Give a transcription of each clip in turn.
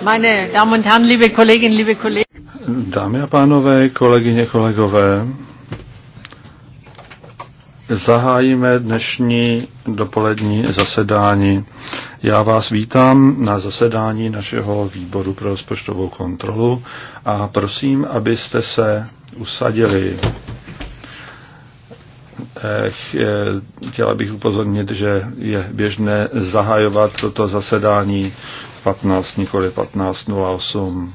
Meine Damen und Herren, liebe Kolleginnen, liebe Kollegen. Dámy a pánové, kolegyně, kolegové, zahájíme dnešní dopolední zasedání. Já vás vítám na zasedání našeho výboru pro rozpočtovou kontrolu a prosím, abyste se usadili. Eh, chtěla bych upozornit, že je běžné zahajovat toto zasedání 15, nikoli 15.08.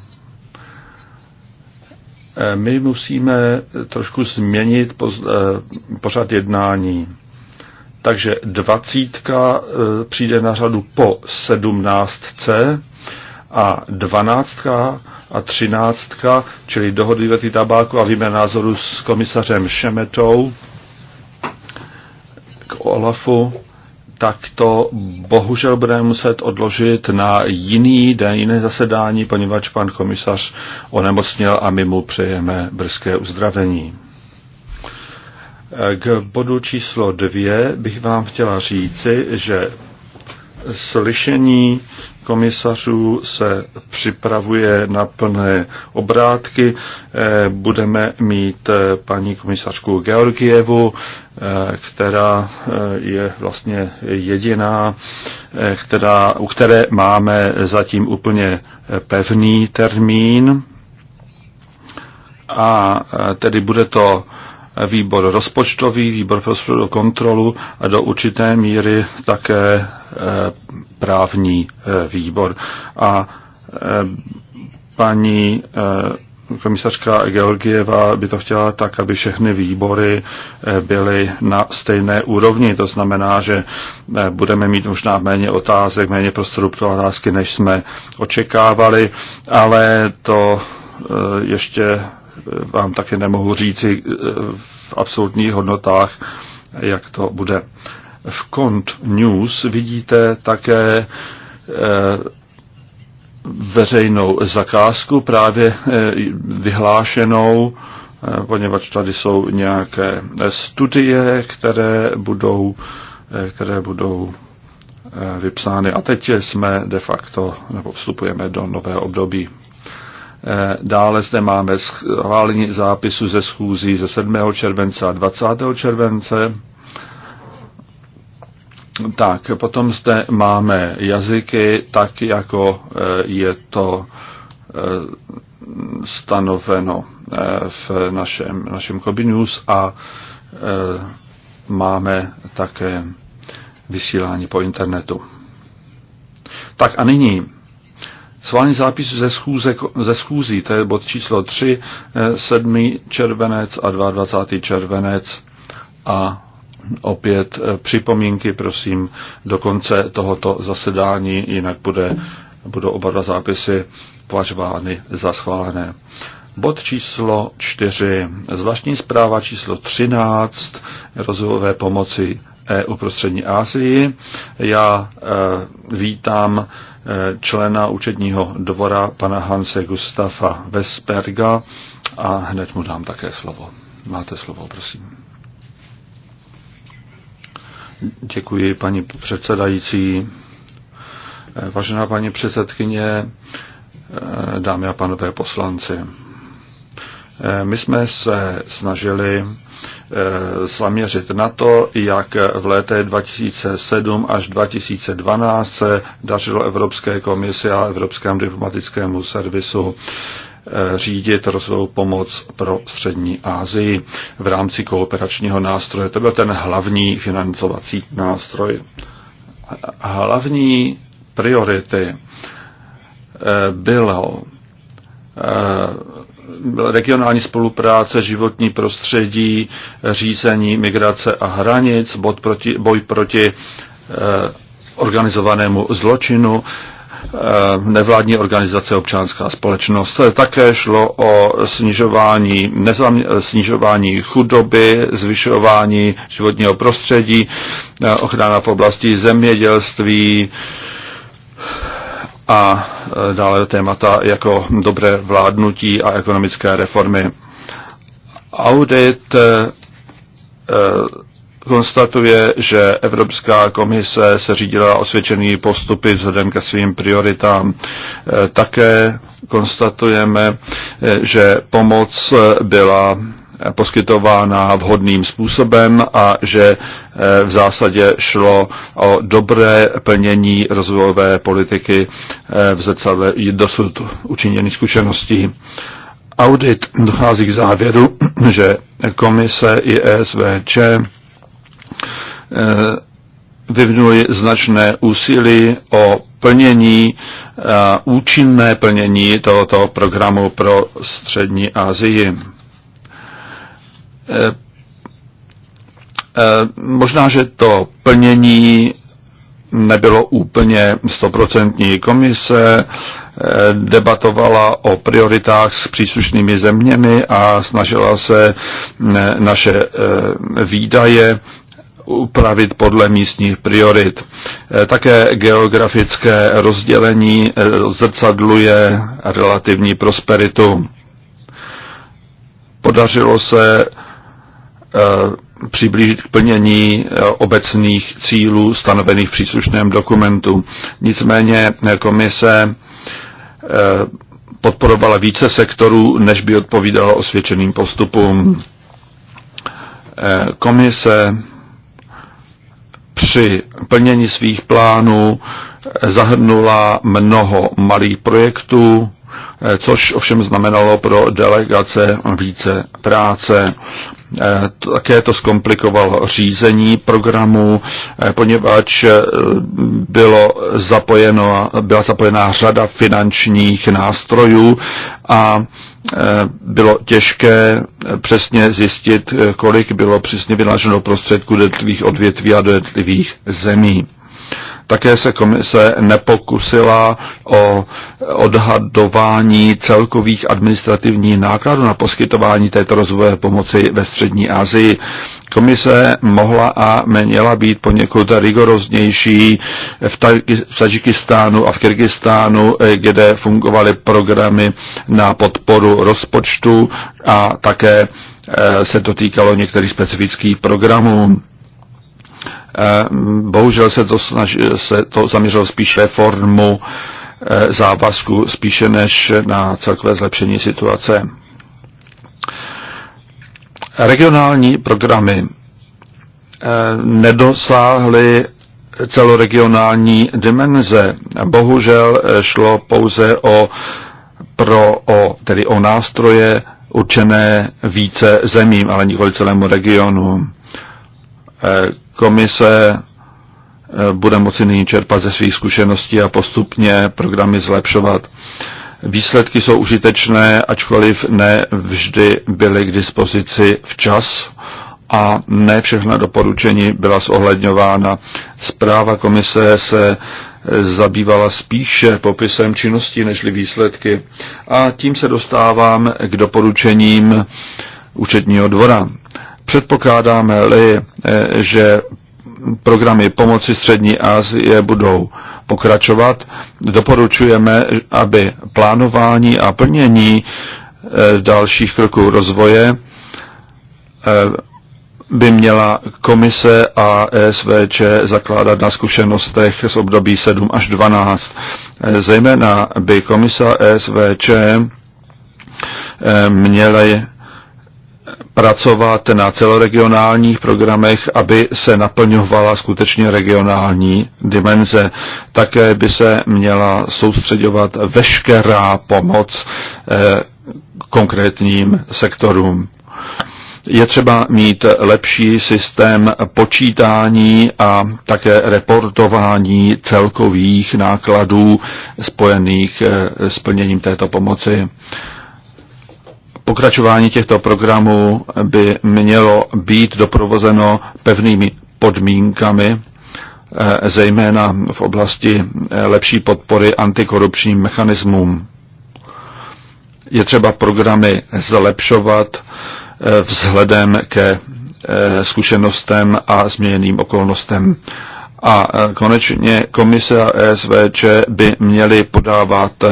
Eh, my musíme trošku změnit eh, pořad jednání. Takže dvacítka eh, přijde na řadu po sedmnáctce a dvanáctka a třináctka, čili dohody ve tabáku a výměna názoru s komisařem Šemetou k Olafu tak to bohužel bude muset odložit na jiný den, jiné zasedání, poněvadž pan komisař onemocněl a my mu přejeme brzké uzdravení. K bodu číslo dvě bych vám chtěla říci, že slyšení komisařů se připravuje na plné obrátky. Eh, budeme mít eh, paní komisařku Georgievu, eh, která je vlastně jediná, která, u které máme zatím úplně pevný termín. A tedy bude to výbor rozpočtový, výbor pro kontrolu a do určité míry také eh, právní eh, výbor. A eh, paní komisařka Georgieva by to chtěla tak, aby všechny výbory byly na stejné úrovni. To znamená, že budeme mít možná méně otázek, méně prostoru pro otázky, než jsme očekávali, ale to ještě vám taky nemohu říci eh, v absolutních hodnotách, jak to bude. V kont News vidíte také eh, veřejnou zakázku právě eh, vyhlášenou, poněvadž tady jsou nějaké studie, které budou, které budou vypsány. A teď jsme de facto, nebo vstupujeme do nového období. Eh, dále zde máme schválení zápisu ze schůzí ze 7. července a 20. července. Tak, potom zde máme jazyky, tak jako eh, je to eh, stanoveno v našem, našem Hobby News a máme také vysílání po internetu. Tak a nyní Schválení zápisu ze, schůze, ze schůzí, to je bod číslo 3, 7. Eh, červenec a 22. červenec a opět eh, připomínky, prosím, do konce tohoto zasedání, jinak bude, budou oba dva zápisy považovány za schválené. Bod číslo 4. Zvláštní zpráva číslo 13. Rozvojové pomoci EU prostřední Asii. Já e, vítám e, člena účetního dvora pana Hanse Gustafa Vesperga a hned mu dám také slovo. Máte slovo, prosím. Děkuji, paní předsedající. Vážená paní předsedkyně, dámy a pánové poslanci, my jsme se snažili Eh, zaměřit na to, jak v letech 2007 až 2012 se dařilo Evropské komisi a Evropskému diplomatickému servisu eh, řídit rozvojovou pomoc pro střední Asii v rámci kooperačního nástroje. To byl ten hlavní financovací nástroj. Hlavní priority eh, bylo regionální spolupráce, životní prostředí, řízení migrace a hranic, bod proti, boj proti eh, organizovanému zločinu, eh, nevládní organizace občanská společnost. Také šlo o snižování, nezam, snižování chudoby, zvyšování životního prostředí, eh, ochrana v oblasti zemědělství, eh, a e, dále témata jako dobré vládnutí a ekonomické reformy. Audit e, konstatuje, že Evropská komise se řídila osvědčený postupy vzhledem ke svým prioritám. E, také konstatujeme, že pomoc byla poskytována vhodným způsobem a že e, v zásadě šlo o dobré plnění rozvojové politiky e, v zrcadle dosud učiněných zkušeností. Audit dochází k závěru, že komise i ESVČ e, vyvinuli značné úsilí o plnění, účinné plnění tohoto programu pro střední Asii. Eh, eh, možná, že to plnění nebylo úplně stoprocentní. Komise eh, debatovala o prioritách s příslušnými zeměmi a snažila se naše výdaje upravit podle místních priorit. Také geografické rozdělení zrcadluje relativní prosperitu. Podařilo se Eh, přiblížit k plnění eh, obecných cílů stanovených v příslušném dokumentu. Nicméně eh, komise podporovala více sektorů, než by odpovídala osvědčeným postupům. Hmm. Komise při plnění svých plánů zahrnula mnoho malých projektů, což ovšem znamenalo pro delegace více práce. Eh, také to zkomplikovalo řízení programu, eh, poněvadž eh, bylo zapojeno, byla zapojená řada finančních nástrojů a bylo těžké přesně zjistit, kolik bylo přesně vynaloženo prostředků do jednotlivých odvětví a do jednotlivých zemí. Také se komise nepokusila o odhadování celkových administrativních nákladů na poskytování této rozvojové pomoci ve střední Asii. Komise mohla a měla být poněkud rigoroznější v, v Tadžikistánu a v Kyrgyzstánu, eh, kde fungovaly programy na podporu rozpočtu a také eh, se to týkalo některých specifických programů. Eh, bohužel se to, snaž, se to zaměřilo spíše formu eh, závazku, spíše než na celkové zlepšení situace. Regionální programy eh, nedosáhly celoregionální dimenze. Bohužel šlo pouze o, pro, o, tedy o nástroje určené více zemím, ale nikoli celému regionu. Komise eh, bude moci nyní čerpat ze svých zkušeností a postupně programy zlepšovat. Výsledky jsou užitečné, ačkoliv ne vždy byly k dispozici včas a ne všechna doporučení byla zohledňována. Zpráva komise se eh, zabývala spíše popisem činnosti nežli výsledky. A tím se dostávám k doporučením účetního dvora. Předpokládáme-li, eh, že programy pomoci Střední Asie budou pokračovat, doporučujeme, aby plánování a plnění eh, dalších kroků rozvoje eh, by měla komise a SVČ zakládat na zkušenostech z období 7 až 12. Zejména by komise a ESVČ měly pracovat na celoregionálních programech, aby se naplňovala skutečně regionální dimenze. Také by se měla soustředovat veškerá pomoc eh, konkrétním sektorům. Je třeba mít lepší systém počítání a také reportování celkových nákladů spojených eh, s plněním této pomoci. Pokračování těchto programů by mělo být doprovozeno pevnými podmínkami, eh, zejména v oblasti eh, lepší podpory antikorupčním mechanismům. Je třeba programy zlepšovat eh, vzhledem ke zkušenostem a změněným okolnostem. A e, konečně komise a SVČ by měly podávat e,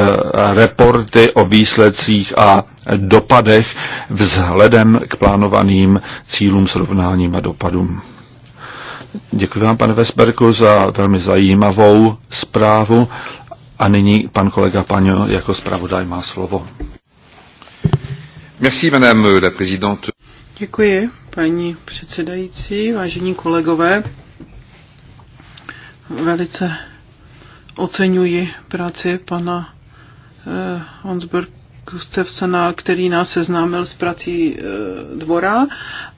reporty o výsledcích a dopadech vzhledem k plánovaným cílům srovnáním a dopadům. Děkuji vám, pane Vesberku, za velmi zajímavou zprávu. A nyní pan kolega Paňo jako zpravodaj má slovo. Merci, madame la présidente. Děkuji, paní předsedající, vážení kolegové velice oceňuji práci pana eh, Hansberg který nás seznámil s prací eh, dvora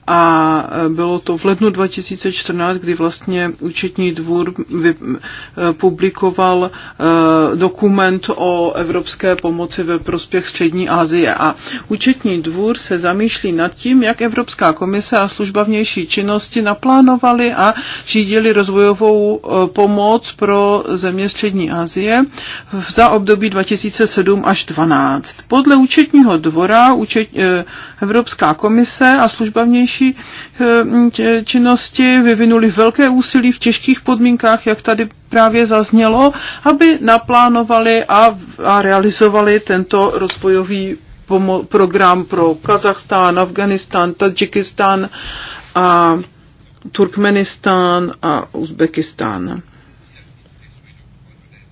a e, bylo to v lednu 2014, kdy vlastně účetní dvůr e, publikoval e, dokument o evropské pomoci ve prospěch Střední Asie. A účetní dvůr se zamýšlí nad tím, jak Evropská komise a služba vnější činnosti naplánovali a řídili rozvojovou pomoc pro země Střední Asie za období 2007 až 2012. Podle účetního dvora účet, Evropská komise a služba vnější vnější eh, činnosti vyvinuli velké úsilí v těžkých podmínkách, jak tady právě zaznělo, aby naplánovali a, a realizovali tento rozvojový program pro Kazachstán, Afganistán, Tadžikistán a Turkmenistán a Uzbekistán.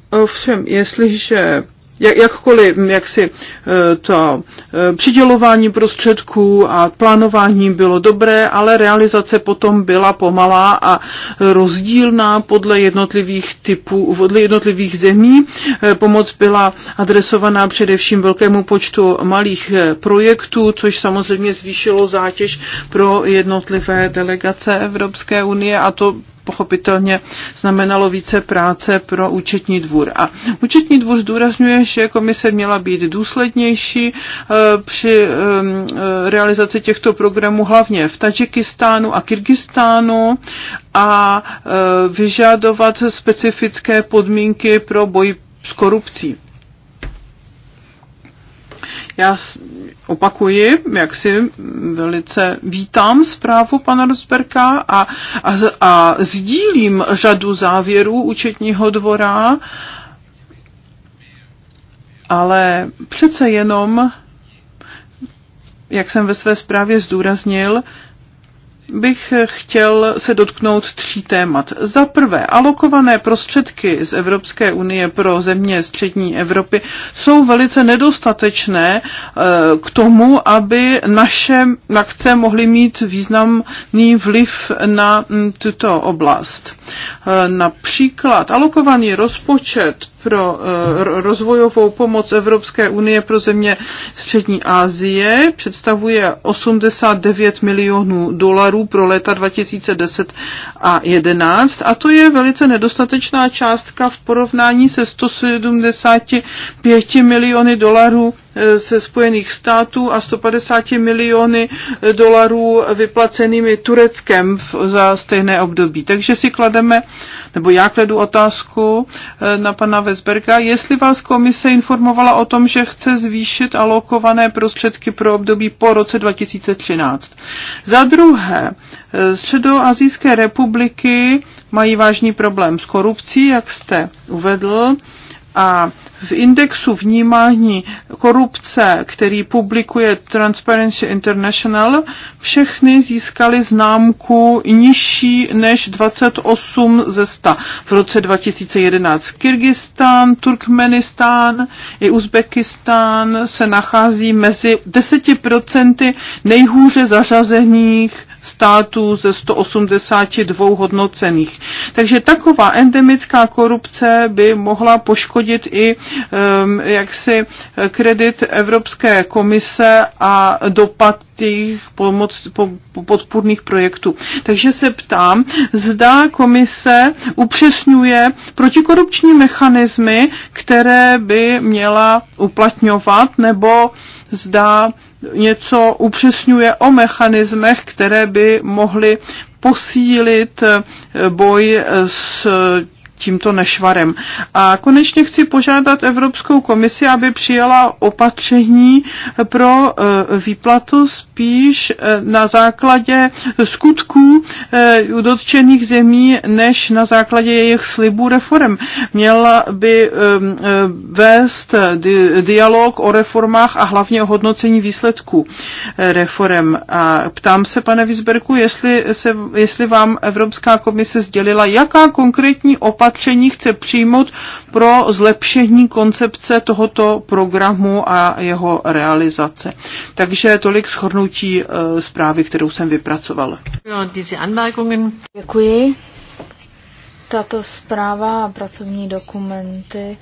Ovšem, jestliže jak, jakkoliv jaksi eh, to eh, přidělování prostředků a plánování bylo dobré, ale realizace potom byla pomalá a rozdílná podle jednotlivých typů, podle jednotlivých zemí. Eh, pomoc byla adresovaná především velkému počtu malých projektů, což samozřejmě zvýšilo zátěž pro jednotlivé delegace Evropské unie a to pochopitelně znamenalo více práce pro účetní dvůr. A účetní dvůr zdůrazňuje, že komise měla být důslednější eh, při ehm, eh, realizaci těchto programů, hlavně v Tadžikistánu a Kyrgyzstánu a eh, vyžadovat specifické podmínky pro boj s korupcí. Já opakuji, jak si velice vítám zprávu pana Rosberka a, a, a sdílím řadu závěrů účetního dvora, ale přece jenom, jak jsem ve své zprávě zdůraznil, bych chtěl se dotknout tří témat. Za prvé, alokované prostředky z Evropské unie pro země střední Evropy jsou velice nedostatečné eh, k tomu, aby naše akce mohly mít významný vliv na mm, tuto oblast. Eh, například alokovaný rozpočet pro eh, rozvojovou pomoc Evropské unie pro země Střední Asie představuje 89 milionů dolarů pro léta 2010 a 2011 a to je velice nedostatečná částka v porovnání se 175 miliony dolarů ze Spojených států a 150 miliony dolarů vyplacenými Tureckem za stejné období. Takže si klademe, nebo já kledu otázku eh, na pana Vesberga, jestli vás komise informovala o tom, že chce zvýšit alokované prostředky pro období po roce 2013. Za druhé, eh, Středoazijské republiky mají vážný problém s korupcí, jak jste uvedl, a v indexu vnímání korupce, který publikuje Transparency International, všechny získaly známku nižší než 28 ze 100. V roce 2011 Kyrgyzstán, Turkmenistán i Uzbekistán se nachází mezi 10% nejhůře zařazených států ze 182 hodnocených. Takže taková endemická korupce by mohla poškodit i jaksi kredit Evropské komise a dopad těch pomoc, po, podpůrných projektů. Takže se ptám, zda komise upřesňuje protikorupční mechanismy, které by měla uplatňovat, nebo zda něco upřesňuje o mechanismech, které by mohly posílit boj s tímto nešvarem. A konečně chci požádat Evropskou komisi, aby přijela opatření pro e, výplatu spíš e, na základě skutků e, dotčených zemí, než na základě jejich slibů reform. Měla by vést dialog o reformách a hlavně o hodnocení výsledků reform. A ptám se, pane Vizberku, jestli, se, jestli vám Evropská komise sdělila, jaká konkrétní opatření opatření chce přijmout pro zlepšení koncepce tohoto programu a jeho realizace. Takže tolik shrnutí eh, zprávy, kterou jsem vypracoval. Děkuji. Tato zpráva a pracovní dokumenty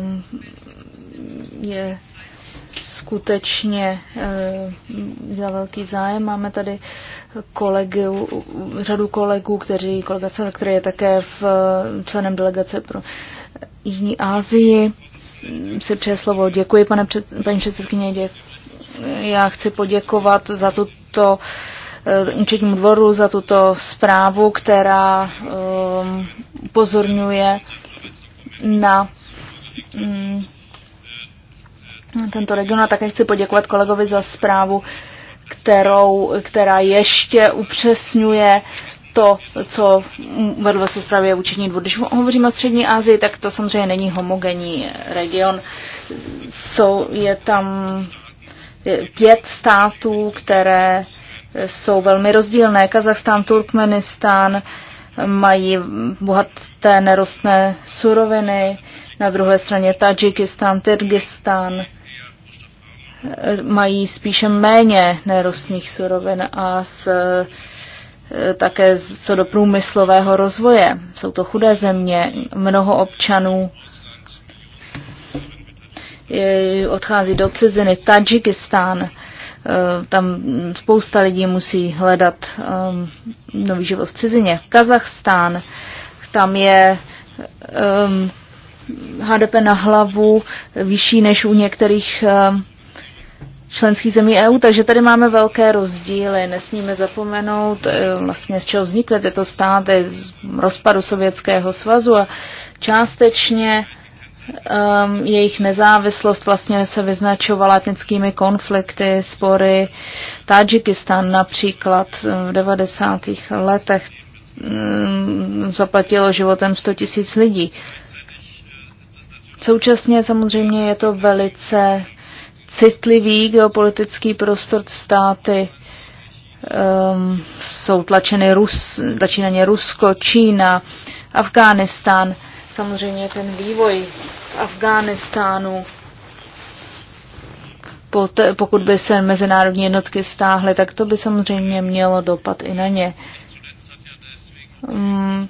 um, je skutečně za eh, velký zájem. Máme tady kolegy, řadu kolegů, kteří, kolega Celer, který je také v, eh, členem delegace pro Jižní Asii, si přeje slovo. Děkuji, pane před, paní předsedkyně. Dě, já chci poděkovat za tuto eh, účetnímu dvoru za tuto zprávu, která um, upozorňuje na um, tento region a také chci poděkovat kolegovi za zprávu, kterou, která ještě upřesňuje to, co vedlo se zprávě účetní dvůr. Když hovoříme o střední Asii, tak to samozřejmě není homogenní region. Jsou, je tam pět států, které jsou velmi rozdílné. Kazachstán, Turkmenistán mají bohaté nerostné suroviny, na druhé straně Tadžikistán, Tyrgyzstán, mají spíše méně nerostných surovin a s, e, také co do průmyslového rozvoje. Jsou to chudé země, mnoho občanů odchází do ciziny, Tadžikistán, e, tam spousta lidí musí hledat e, nový život v cizině. Kazachstán, tam je HDP na hlavu vyšší než u některých um, členských zemí EU, takže tady máme velké rozdíly. Nesmíme zapomenout, eh, vlastně z čeho vznikly tyto státy, z rozpadu Sovětského svazu a částečně um, jejich nezávislost vlastně se vyznačovala etnickými konflikty, spory. Tadžikistán například eh, v 90. letech um, zaplatilo životem 100 000 lidí. Současně samozřejmě je to velice citlivý geopolitický prostor státy. Um, jsou tlačeny Rus, tlačí na ně Rusko, Čína, Afghánistán. Samozřejmě ten vývoj v Afghánistánu pokud by se mezinárodní jednotky stáhly, tak to by samozřejmě mělo dopad i na ně. Um,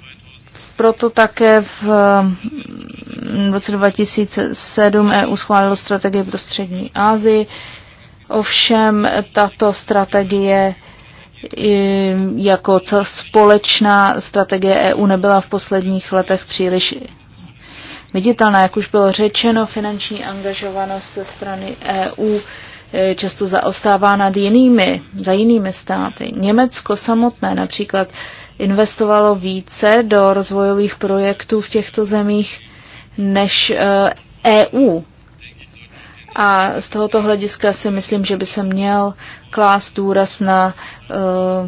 proto také v v roce 2007 EU schválilo strategii pro střední Asii. Ovšem tato strategie jako společná strategie EU nebyla v posledních letech příliš viditelná. Jak už bylo řečeno, finanční angažovanost ze strany EU e, často zaostává nad jinými, za jinými státy. Německo samotné například investovalo více do rozvojových projektů v těchto zemích než EU. Eh, e a z tohoto hlediska si myslím, že by se měl klást důraz na eh,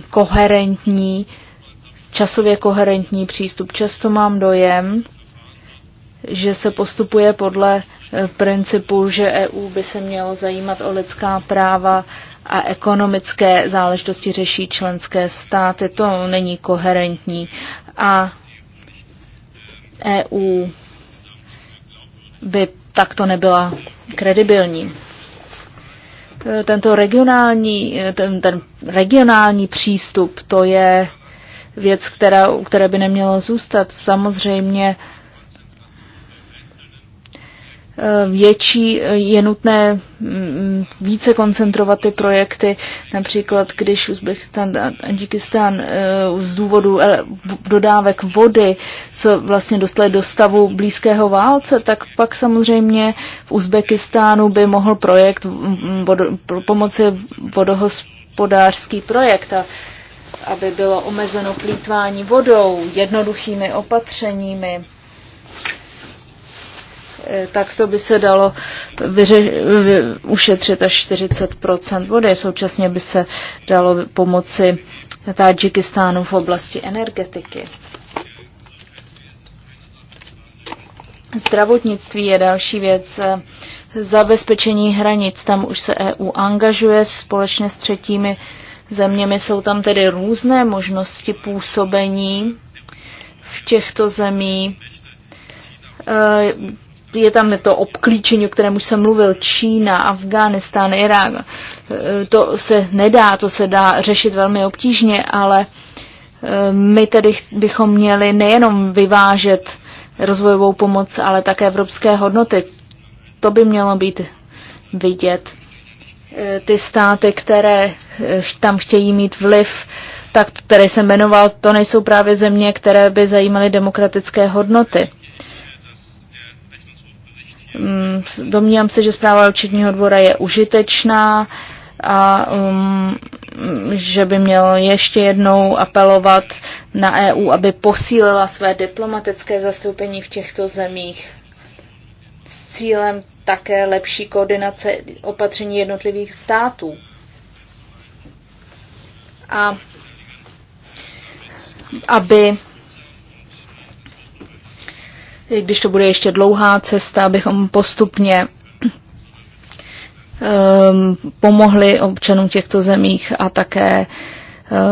koherentní, časově koherentní přístup. Často mám dojem, že se postupuje podle eh, principu, že EU by se mělo zajímat o lidská práva a ekonomické záležitosti řeší členské státy. To není koherentní. A EU by takto nebyla kredibilní. E, tento regionální, e, ten, ten regionální přístup, to je věc, která, které by nemělo zůstat. Samozřejmě Eh, větší, eh, je nutné mm, mm, více koncentrovat ty projekty, například když Uzbekistán a Tadžikistán eh, z důvodu dodávek vody se vlastně dostali do stavu blízkého válce, tak pak samozřejmě v Uzbekistánu by mohl projekt vodo, pomoci vodohospodářský projekt a aby bylo omezeno plítvání vodou jednoduchými opatřeními Eh, tak to by se dalo vyře- vy- ušetřit až 40 vody. Současně by se dalo pomoci Tadžikistánu v oblasti energetiky. Zdravotnictví je další věc. Zabezpečení hranic, tam už se EU angažuje společně s třetími zeměmi. Jsou tam tedy různé možnosti působení v těchto zemí eh, je tam to obklíčení, o kterém už jsem mluvil, Čína, Afghánistán, Irák. E, to se nedá, to se dá řešit velmi obtížně, ale e, my tedy bychom měli nejenom vyvážet rozvojovou pomoc, ale také evropské hodnoty. To by mělo být vidět. E, ty státy, které tam chtějí mít vliv, tak které jsem jmenoval, to nejsou právě země, které by zajímaly demokratické hodnoty. Mm, domnívám se, že zpráva účetního dvora je užitečná a um, že by měl ještě jednou apelovat na EU, aby posílila své diplomatické zastoupení v těchto zemích s cílem také lepší koordinace opatření jednotlivých států. A aby i když to bude ještě dlouhá cesta, abychom postupně um, pomohli občanům těchto zemích a také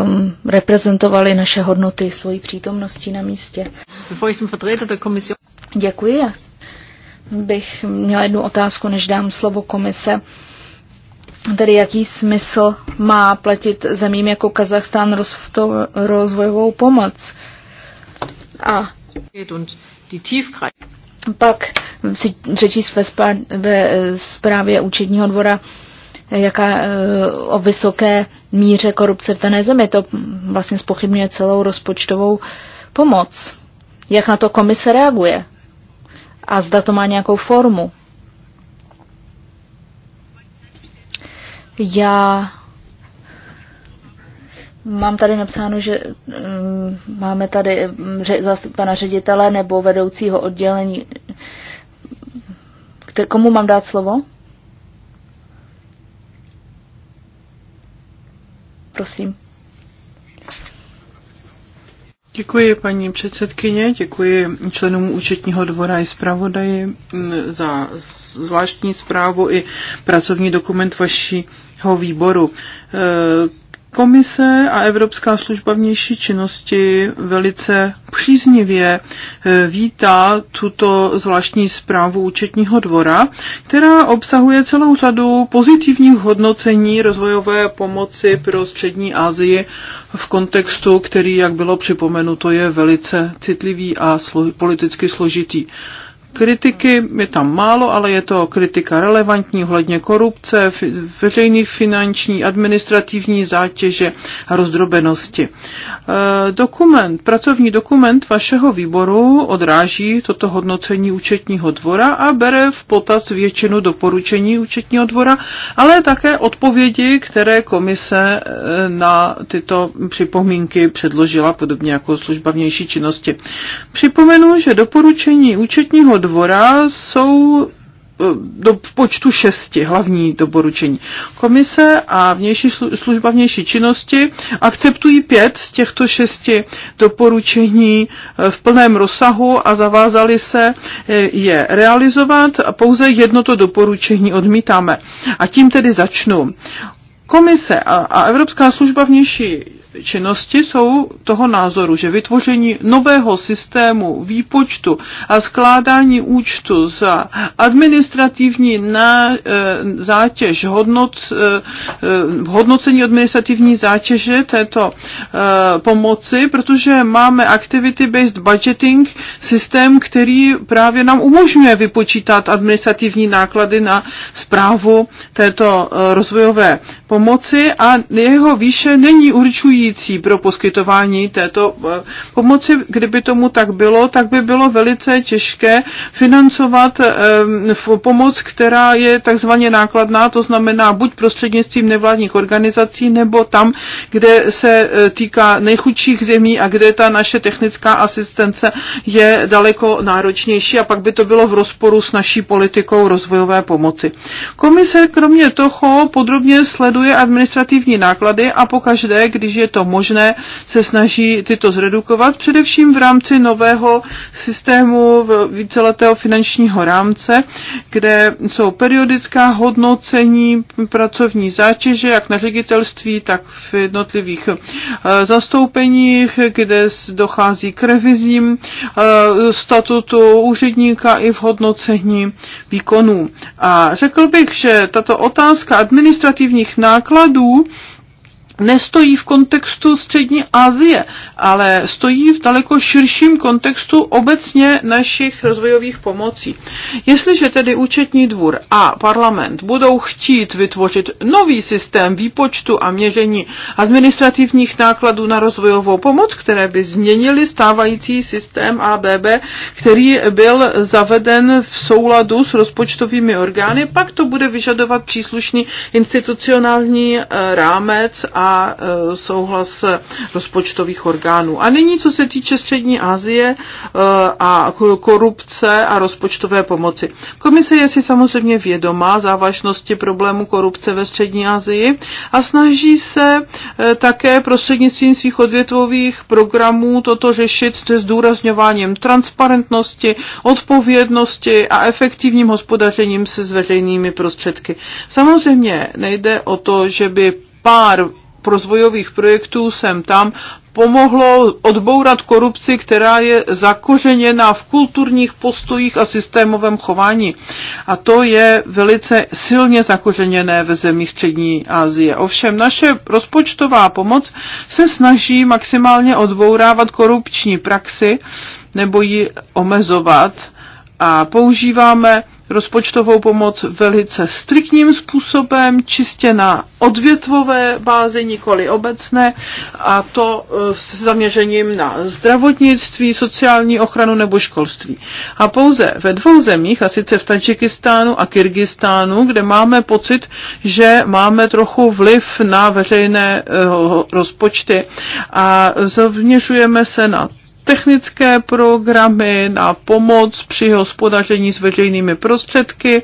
um, reprezentovali naše hodnoty svojí přítomností na místě. Děkuji. Já bych měla jednu otázku, než dám slovo komise. Tedy jaký smysl má platit zemím jako Kazachstán rozvojovou pomoc? A die tiefgreifenden. Pak si řečí ve, ve eh, zprávě účetního dvora, eh, jaká eh, o vysoké míře korupce v dané zemi. To vlastně spochybňuje celou rozpočtovou pomoc. Jak na to komise reaguje? A zda to má nějakou formu? Já Mám tady napsáno, že um, máme tady mm, ře, zástup ředitele nebo vedoucího oddělení. Kte, komu mám dát slovo? Prosím. Děkuji paní předsedkyně, děkuji členům účetního dvora i zpravodaji mm, za zvláštní zprávu i pracovní dokument vašího výboru. E, Komise a Evropská služba vnější činnosti velice příznivě eh, vítá tuto zvláštní zprávu účetního dvora, která obsahuje celou řadu pozitivních hodnocení rozvojové pomoci pro střední Asii v kontextu, který, jak bylo připomenuto, je velice citlivý a politicky složitý kritiky je tam málo, ale je to kritika relevantní ohledně korupce, veřejný finanční, administrativní zátěže a rozdrobenosti. Eh, dokument, pracovní dokument vašeho výboru odráží toto hodnocení účetního dvora a bere v potaz většinu doporučení účetního dvora, ale také odpovědi, které komise eh, na tyto připomínky předložila, podobně jako služba vnější činnosti. Připomenu, že doporučení účetního dvora jsou eh, do, v počtu šesti hlavní doporučení. Komise a vnější služba vnější činnosti akceptují pět z těchto šesti doporučení eh, v plném rozsahu a zavázali se eh, je realizovat a pouze jedno to doporučení odmítáme. A tím tedy začnu. Komise a, a Evropská služba vnější činnosti jsou toho názoru, že vytvoření nového systému výpočtu a skládání účtu za administrativní e, zátěž, hodnot, e, e, hodnocení administrativní zátěže této e, pomoci, protože máme activity-based budgeting, systém, který právě nám umožňuje vypočítat administrativní náklady na zprávu této rozvojové pomoci a jeho výše není určují rozhodující pro poskytování této eh, pomoci. Kdyby tomu tak bylo, tak by bylo velice těžké financovat eh, pomoc, která je takzvaně nákladná, to znamená buď prostřednictvím nevládních organizací, nebo tam, kde se eh, týká nejchudších zemí a kde ta naše technická asistence je daleko náročnější a pak by to bylo v rozporu s naší politikou rozvojové pomoci. Komise kromě toho podrobně sleduje administrativní náklady a pokaždé, když je to možné, se snaží tyto zredukovat, především v rámci nového systému víceletého finančního rámce, kde jsou periodická hodnocení pracovní zátěže, jak na ředitelství, tak v jednotlivých eh, zastoupeních, kde dochází k revizím eh, statutu úředníka i v hodnocení výkonů. A řekl bych, že tato otázka administrativních nákladů nestojí v kontextu střední Asie, ale stojí v daleko širším kontextu obecně našich rozvojových pomocí. Jestliže tedy účetní dvůr a parlament budou chtít vytvořit nový systém výpočtu a měření administrativních nákladů na rozvojovou pomoc, které by změnily stávající systém ABB, který byl zaveden v souladu s rozpočtovými orgány, pak to bude vyžadovat příslušný institucionální eh, rámec a a e, souhlas rozpočtových orgánů. A nyní, co se týče Střední Asie e, a korupce a rozpočtové pomoci. Komise je si samozřejmě vědomá závažnosti problému korupce ve Střední Asii a snaží se e, také prostřednictvím svých odvětvových programů toto řešit s zdůrazňováním transparentnosti, odpovědnosti a efektivním hospodařením se s veřejnými prostředky. Samozřejmě nejde o to, že by pár rozvojových projektů sem tam pomohlo odbourat korupci, která je zakořeněna v kulturních postojích a systémovém chování. A to je velice silně zakořeněné ve zemích Střední Asie. Ovšem naše rozpočtová pomoc se snaží maximálně odbourávat korupční praxi nebo ji omezovat a používáme rozpočtovou pomoc velice striktním způsobem, čistě na odvětvové bázi, nikoli obecné, a to e, s zaměřením na zdravotnictví, sociální ochranu nebo školství. A pouze ve dvou zemích, a sice v Tadžikistánu a Kyrgyzstánu, kde máme pocit, že máme trochu vliv na veřejné e, rozpočty a zaměřujeme se na technické programy na pomoc při hospodaření s veřejnými prostředky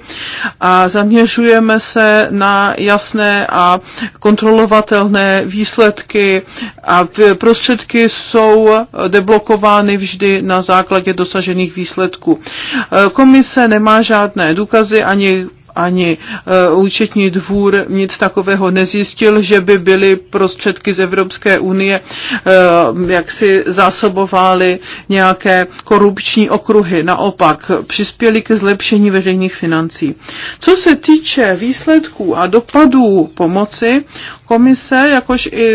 a zaměřujeme se na jasné a kontrolovatelné výsledky a prostředky jsou deblokovány vždy na základě dosažených výsledků. E, komise nemá žádné důkazy ani ani eh, účetní dvůr nic takového nezjistil, že by byly prostředky z Evropské unie, eh, jak si zásobovaly nějaké korupční okruhy. Naopak přispěly ke zlepšení veřejných financí. Co se týče výsledků a dopadů pomoci, komise, jakož i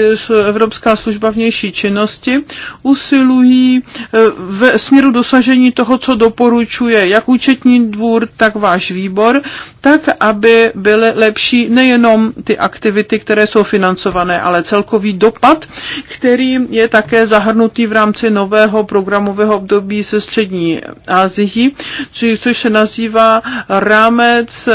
Evropská služba vnější činnosti usilují eh, ve směru dosažení toho, co doporučuje jak účetní dvůr, tak váš výbor, tak tak, aby byly lepší nejenom ty aktivity, které jsou financované, ale celkový dopad, který je také zahrnutý v rámci nového programového období se střední Azií, což se nazývá rámec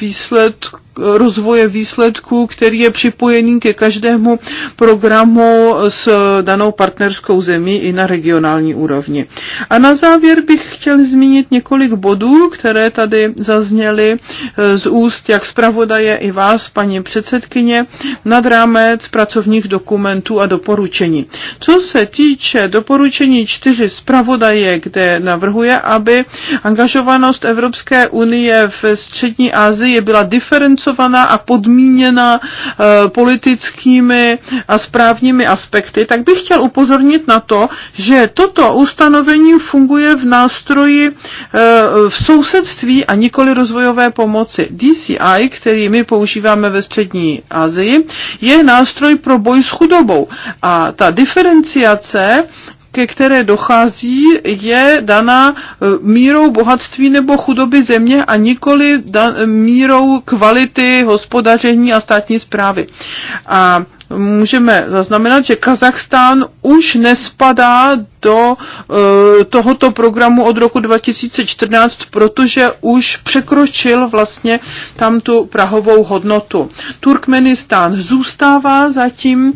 výsledků rozvoje výsledků, který je připojený ke každému programu s danou partnerskou zemí i na regionální úrovni. A na závěr bych chtěl zmínit několik bodů, které tady zazněly eh, z úst jak zpravodaje i vás, paní předsedkyně, nad rámec pracovních dokumentů a doporučení. Co se týče doporučení čtyři zpravodaje, kde navrhuje, aby angažovanost Evropské unie v střední střední Asii byla diferencovaná a podmíněna eh, politickými a správními aspekty, tak bych chtěl upozornit na to, že toto ustanovení funguje v nástroji eh, v sousedství a nikoli rozvojové pomoci. DCI, který my používáme ve střední Asii, je nástroj pro boj s chudobou. A ta diferenciace ke které dochází, je daná e, mírou bohatství nebo chudoby země a nikoli da, e, mírou kvality hospodaření a státní zprávy. A můžeme zaznamenat, že Kazachstán už nespadá do eh, tohoto programu od roku 2014, protože už překročil vlastně tam tu prahovou hodnotu. Turkmenistán zůstává zatím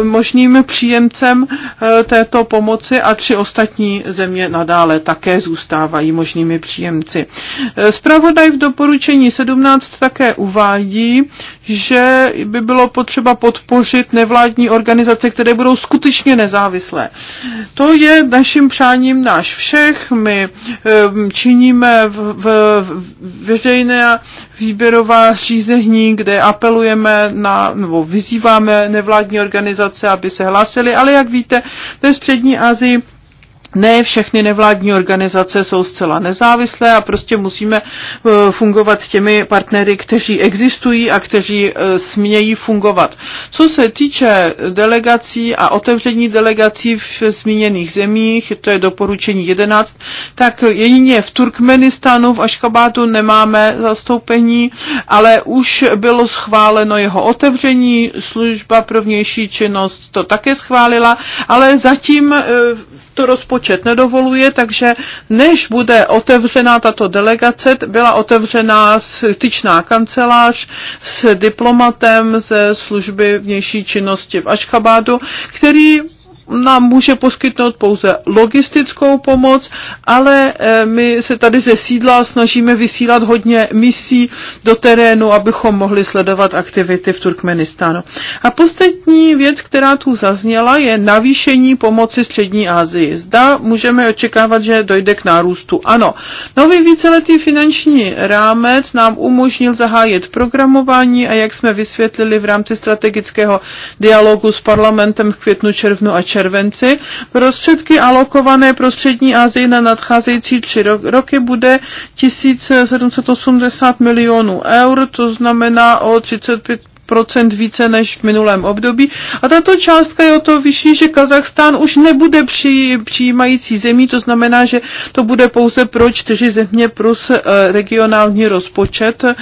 eh, možným příjemcem eh, této pomoci a tři ostatní země nadále také zůstávají možnými příjemci. Spravodaj v doporučení 17 také uvádí, že by bylo potřeba pod podpořit nevládní organizace, které budou skutečně nezávislé. To je naším přáním náš všech. My činíme v, v, veřejné výběrová řízení, kde apelujeme na, nebo vyzýváme nevládní organizace, aby se hlásili, ale jak víte, ve střední Asii ne všechny nevládní organizace jsou zcela nezávislé a prostě musíme eh, fungovat s těmi partnery, kteří existují a kteří eh, smějí fungovat. Co se týče delegací a otevření delegací v zmíněných zemích, to je doporučení 11, tak jedině v Turkmenistánu, v Aškabátu nemáme zastoupení, ale už bylo schváleno jeho otevření, služba pro vnější činnost to také schválila, ale zatím eh, to rozpočet nedovoluje, takže než bude otevřená tato delegace, byla otevřená styčná kancelář s diplomatem ze služby vnější činnosti v Ašchabádu, který nám může poskytnout pouze logistickou pomoc, ale eh, my se tady ze sídla snažíme vysílat hodně misí do terénu, abychom mohli sledovat aktivity v Turkmenistánu. A poslední věc, která tu zazněla, je navýšení pomoci Střední Asii. Zda můžeme očekávat, že dojde k nárůstu. Ano, nový víceletý finanční rámec nám umožnil zahájit programování a jak jsme vysvětlili v rámci strategického dialogu s parlamentem v květnu, červnu a červnu, červenci. Prostředky alokované pro střední Asii na nadcházející tři roky bude 1780 milionů eur, to znamená o 35 více než v minulém období. A tato částka je o to vyšší, že Kazachstán už nebude při, přijímající zemí, to znamená, že to bude pouze pro čtyři země plus eh, regionální rozpočet, eh,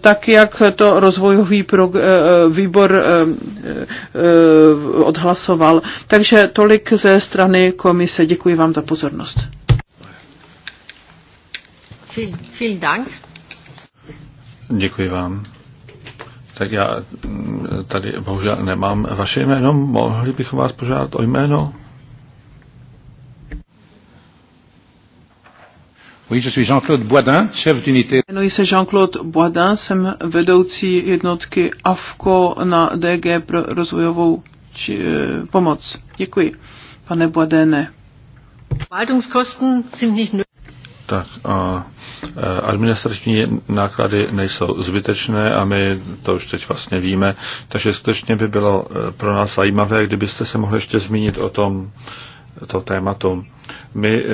tak jak to rozvojový pro, eh, výbor odhlasoval. Takže tolik ze strany komise. Děkuji vám za pozornost. Vielen Dank. Děkuji vám. Tak já mm, tady bohužel nemám vaše jméno. Mohli bychom vás požádat o jméno? Oui, je suis Jean-Claude Boisdin, chef d'unité. Jmenuji se Jean-Claude Boisdin, jsem vedoucí jednotky AFCO na DG pro rozvojovou či, eh, pomoc. Děkuji, pane Boisdine. Tak a Eh, Administrační náklady nejsou zbytečné a my to už teď vlastně víme, takže skutečně by bylo eh, pro nás zajímavé, kdybyste se mohli ještě zmínit o tom, to tématu. My eh,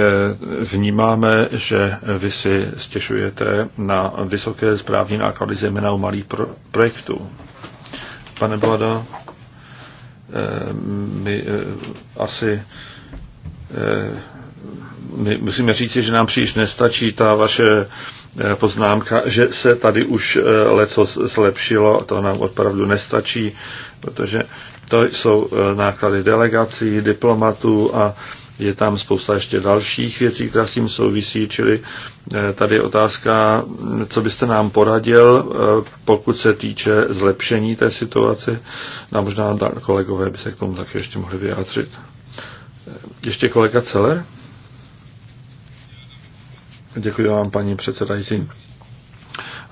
vnímáme, že vy si stěžujete na vysoké správní náklady, zejména u malých pro- projektů. Pane Blada, my asi my musíme říct, že nám příliš nestačí ta vaše eh, poznámka, že se tady už eh, leco zlepšilo, to nám opravdu nestačí, protože to jsou eh, náklady delegací, diplomatů a je tam spousta ještě dalších věcí, která s tím souvisí, čili tady je otázka, co byste nám poradil, pokud se týče zlepšení té situace. No a možná kolegové by se k tomu taky ještě mohli vyjádřit. Ještě kolega Celer? Děkuji vám, paní předsedající.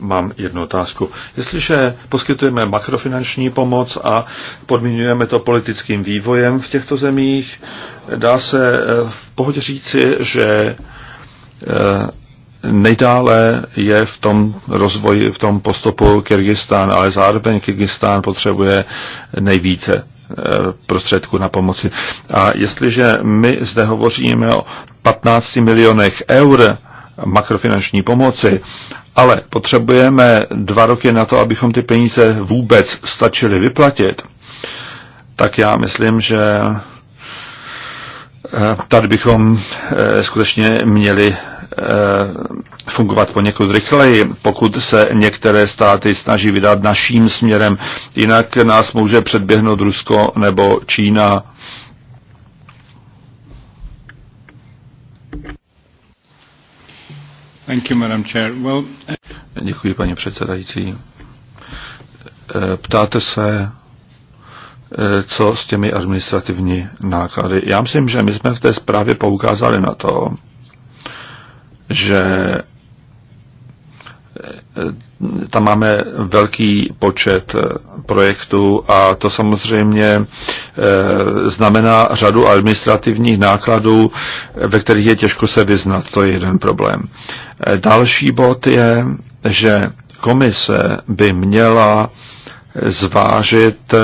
Mám jednu otázku. Jestliže poskytujeme makrofinanční pomoc a podmínujeme to politickým vývojem v těchto zemích, dá se eh, v pohodě říci, že eh, nejdále je v tom rozvoji, v tom postupu Kyrgyzstán, ale zároveň Kyrgyzstán potřebuje nejvíce eh, prostředku na pomoci. A jestliže my zde hovoříme o 15 milionech eur, makrofinanční pomoci, ale potřebujeme dva roky na to, abychom ty peníze vůbec stačili vyplatit, tak já myslím, že eh, tady bychom eh, skutečně měli eh, fungovat poněkud rychleji, pokud se některé státy snaží vydat naším směrem. Jinak nás může předběhnout Rusko nebo Čína. Děkuji, paní předsedající. Eh, ptáte se, eh, co s těmi administrativní náklady. Já myslím, že my jsme v té zprávě poukázali na to, že eh, tam máme velký počet eh, projektů a to samozřejmě eh, znamená řadu administrativních nákladů, ve kterých je těžko se vyznat. To je jeden problém. Eh, další bod je, že komise by měla zvážit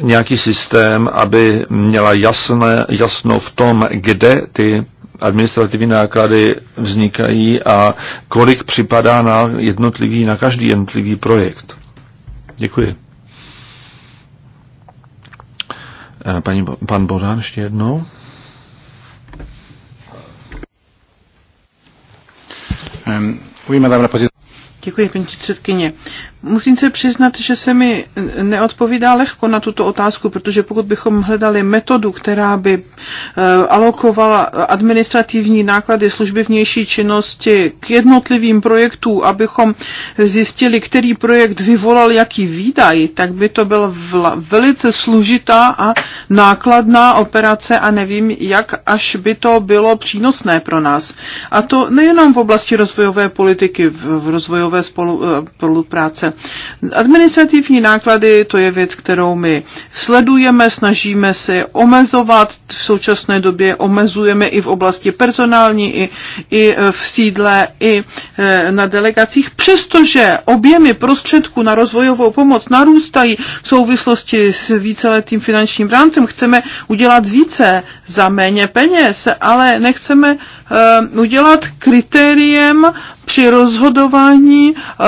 nějaký systém, aby měla jasné, jasno v tom, kde ty administrativní náklady vznikají a kolik připadá na jednotlivý, na každý jednotlivý projekt. Děkuji. Eh, Pani, pan Bořán ještě jednou. Děkuji, paní předsedkyně. Musím se přiznat, že se mi neodpovídá lehko na tuto otázku, protože pokud bychom hledali metodu, která by eh, alokovala administrativní náklady služby vnější činnosti k jednotlivým projektům, abychom zjistili, který projekt vyvolal jaký výdaj, tak by to byla velice služitá a nákladná operace a nevím, jak až by to bylo přínosné pro nás. A to nejenom v oblasti rozvojové politiky, v rozvojové eh, spolupráce, Administrativní náklady, to je věc, kterou my sledujeme, snažíme se omezovat, v současné době omezujeme i v oblasti personální, i, i v sídle, i e, na delegacích, přestože objemy prostředků na rozvojovou pomoc narůstají v souvislosti s víceletým finančním rámcem, chceme udělat více za méně peněz, ale nechceme e, udělat kritériem při rozhodování eh,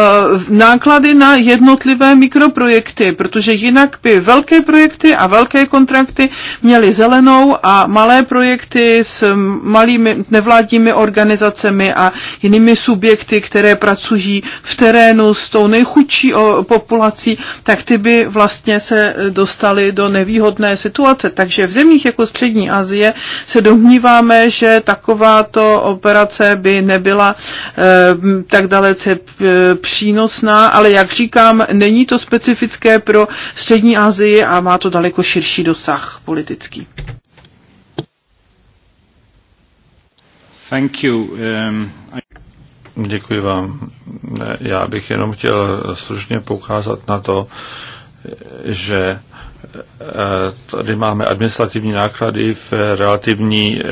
náklady na jednotlivé mikroprojekty, protože jinak by velké projekty a velké kontrakty měly zelenou a malé projekty s malými nevládními organizacemi a jinými subjekty, které pracují v terénu s tou nejchudší populací, tak ty by vlastně se dostaly do nevýhodné situace. Takže v zemích jako Střední Asie se domníváme, že takováto operace by nebyla e, Ehm, tak dalece eh, přínosná, ale jak říkám, není to specifické pro střední Asii a má to daleko širší dosah politický. Thank you. Um, I... Děkuji vám. Já bych jenom chtěl stručně poukázat na to, že eh, tady máme administrativní náklady v relativní eh,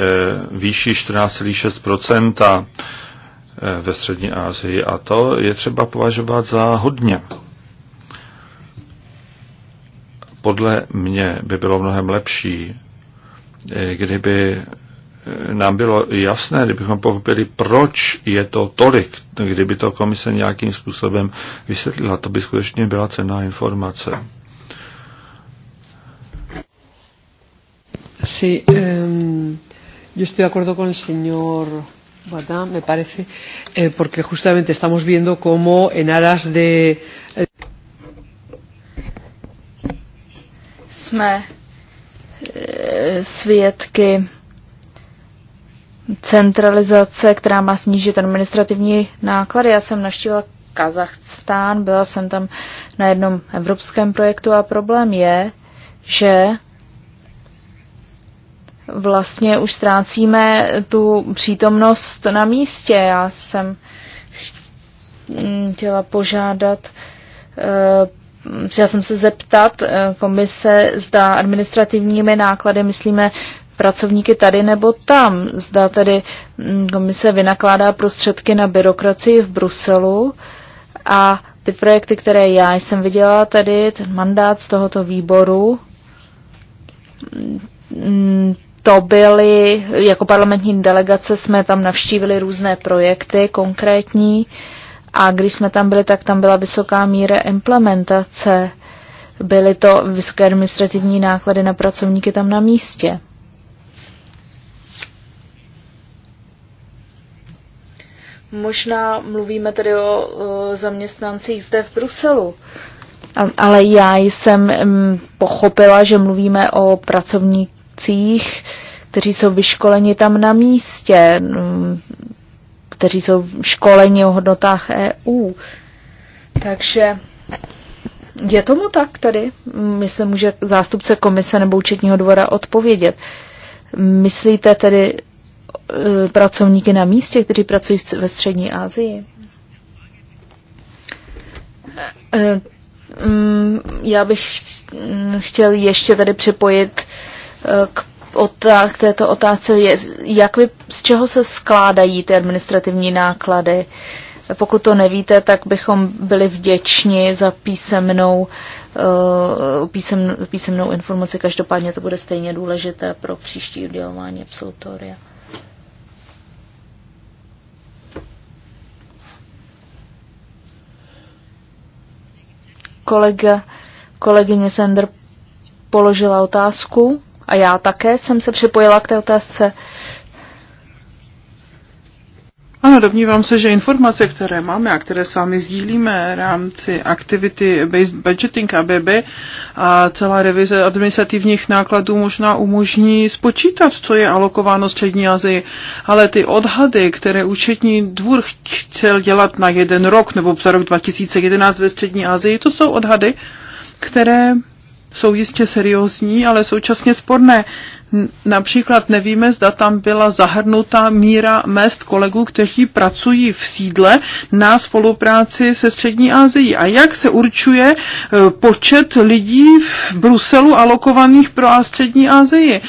výši 14,6 Eh, ve střední Asii a to je třeba považovat za hodně. Podle mě by bylo mnohem lepší, eh, kdyby eh, nám bylo jasné, kdybychom pochopili, proč je to tolik, kdyby to komise nějakým způsobem vysvětlila, to by skutečně byla cená informace. Sí, um, yo estoy de acuerdo con el señor ¿verdad? Me parece, eh, porque justamente estamos viendo cómo en aras de. Eh, Jsme eh, svědky centralizace, která má snížit administrativní náklady. Já jsem naštívila Kazachstán, byla jsem tam na jednom evropském projektu a problém je, že vlastně už ztrácíme tu přítomnost na místě. Já jsem chtěla požádat, eh, chtěla jsem se zeptat eh, komise, zda administrativními náklady myslíme pracovníky tady nebo tam. Zda tedy mm, komise vynakládá prostředky na byrokracii v Bruselu a ty projekty, které já jsem viděla tady, ten mandát z tohoto výboru, mm, to byly, jako parlamentní delegace jsme tam navštívili různé projekty konkrétní a když jsme tam byli, tak tam byla vysoká míra implementace. Byly to vysoké administrativní náklady na pracovníky tam na místě. Možná mluvíme tedy o, o zaměstnancích zde v Bruselu, ale já jsem mm, pochopila, že mluvíme o pracovník poradcích, kteří jsou vyškoleni tam na místě, mm, kteří jsou školeni o hodnotách EU. Takže je tomu tak tady. Myslím, může zástupce komise nebo účetního dvora odpovědět. Myslíte tedy e, pracovníky na místě, kteří pracují ve střední Asii? E, mm, já bych chtěl ještě tady připojit k, otá- k této otázce je, jak vy, z čeho se skládají ty administrativní náklady. Pokud to nevíte, tak bychom byli vděční za písemnou, eh, písem, písemnou informaci. Každopádně to bude stejně důležité pro příští udělování absolutoria. Kolega, kolegyně Sender položila otázku. A já také jsem se připojila k té otázce. Ano, domnívám se, že informace, které máme a které s vámi sdílíme v rámci aktivity Based Budgeting ABB a celá revize administrativních nákladů možná umožní spočítat, co je alokováno střední Azii, ale ty odhady, které účetní dvůr chtěl dělat na jeden rok nebo za rok 2011 ve střední Azii, to jsou odhady, které jsou jistě seriózní, ale současně sporné. Například nevíme, zda tam byla zahrnuta míra mest kolegů, kteří pracují v sídle na spolupráci se Střední Asií. A jak se určuje e, počet lidí v Bruselu alokovaných pro Střední Asii? E,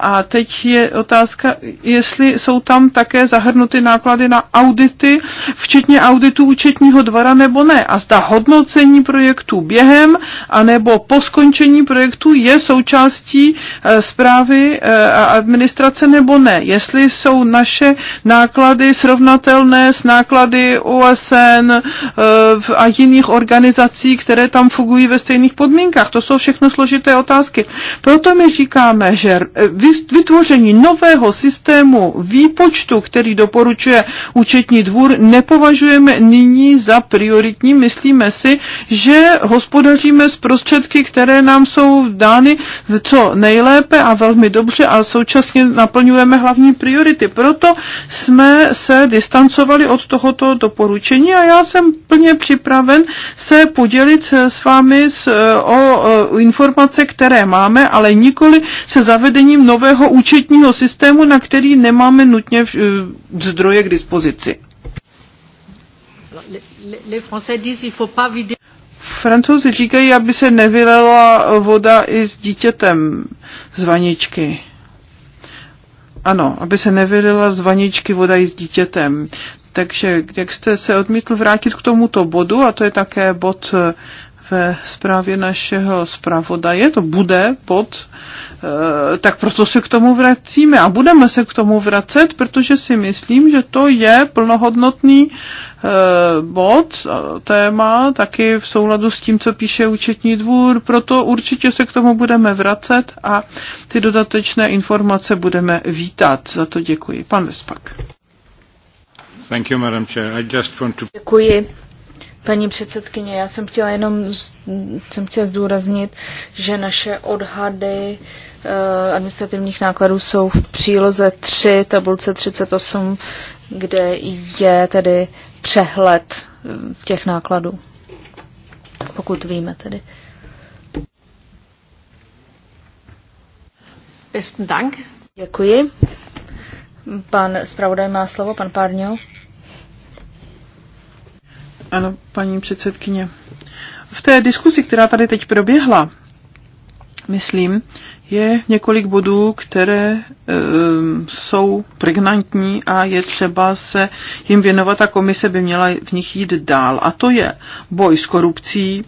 a teď je otázka, jestli jsou tam také zahrnuty náklady na audity, včetně auditu účetního dvora nebo ne. A zda hodnocení projektů během anebo po skončení projektu je součástí e, zprávy zprávy eh, a administrace nebo ne. Jestli jsou naše náklady srovnatelné s náklady OSN eh, a jiných organizací, které tam fungují ve stejných podmínkách. To jsou všechno složité otázky. Proto my říkáme, že eh, vytvoření nového systému výpočtu, který doporučuje účetní dvůr, nepovažujeme nyní za prioritní. Myslíme si, že hospodaříme s prostředky, které nám jsou dány co nejlépe a velmi dobře a současně naplňujeme hlavní priority. Proto jsme se distancovali od tohoto doporučení a já jsem plně připraven se podělit s vámi s, e, o, o e, informace, které máme, ale nikoli se zavedením nového účetního systému, na který nemáme nutně v, e, zdroje k dispozici francouzi říkají, aby se nevylela voda i s dítětem z vaničky. Ano, aby se nevylila z vaničky voda i s dítětem. Takže jak jste se odmítl vrátit k tomuto bodu, a to je také bod eh, ve zprávě našeho zpravodaje, to bude bod Eh, tak proto se k tomu vracíme a budeme se k tomu vracet, protože si myslím, že to je plnohodnotný eh, bod, eh, téma, taky v souladu s tím, co píše účetní dvůr, proto určitě se k tomu budeme vracet a ty dodatečné informace budeme vítat. Za to děkuji. Pan Vespak. Thank you, Madam Chair. I just want to... Děkuji. Paní předsedkyně, já jsem chtěla jenom jsem chtěla zdůraznit, že naše odhady uh, Eh, administrativních nákladů jsou v příloze 3, tabulce 38, kde je tedy přehled eh, těch nákladů, pokud víme tedy. Besten Dank. Děkuji. Pan zpravodaj má slovo, pan Párňo. Ano, paní předsedkyně. V té diskusi, která tady teď proběhla, myslím, je několik bodů, které um, jsou pregnantní a je třeba se jim věnovat a komise by měla v nich jít dál. A to je boj s korupcí.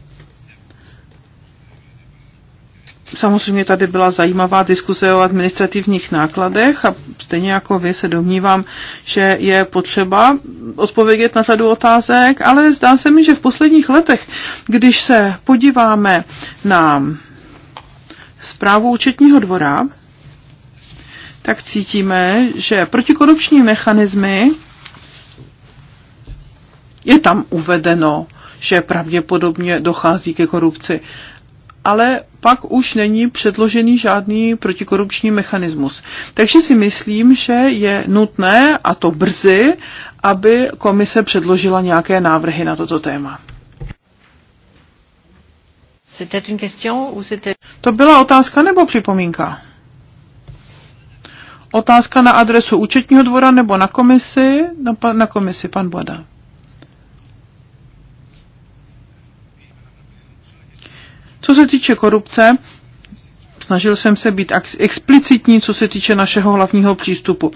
Samozřejmě tady byla zajímavá diskuse o administrativních nákladech a stejně jako vy se domnívám, že je potřeba odpovědět na řadu otázek, ale zdá se mi, že v posledních letech, když se podíváme na zprávu účetního dvora, tak cítíme, že protikorupční mechanismy je tam uvedeno, že pravděpodobně dochází ke korupci. Ale pak už není předložený žádný protikorupční mechanismus. Takže si myslím, že je nutné, a to brzy, aby komise předložila nějaké návrhy na toto téma. To byla otázka nebo připomínka? Otázka na adresu účetního dvora nebo na komisi? Na, na komisi, pan Boda. Co se týče korupce, Snažil jsem se být explicitní, co se týče našeho hlavního přístupu.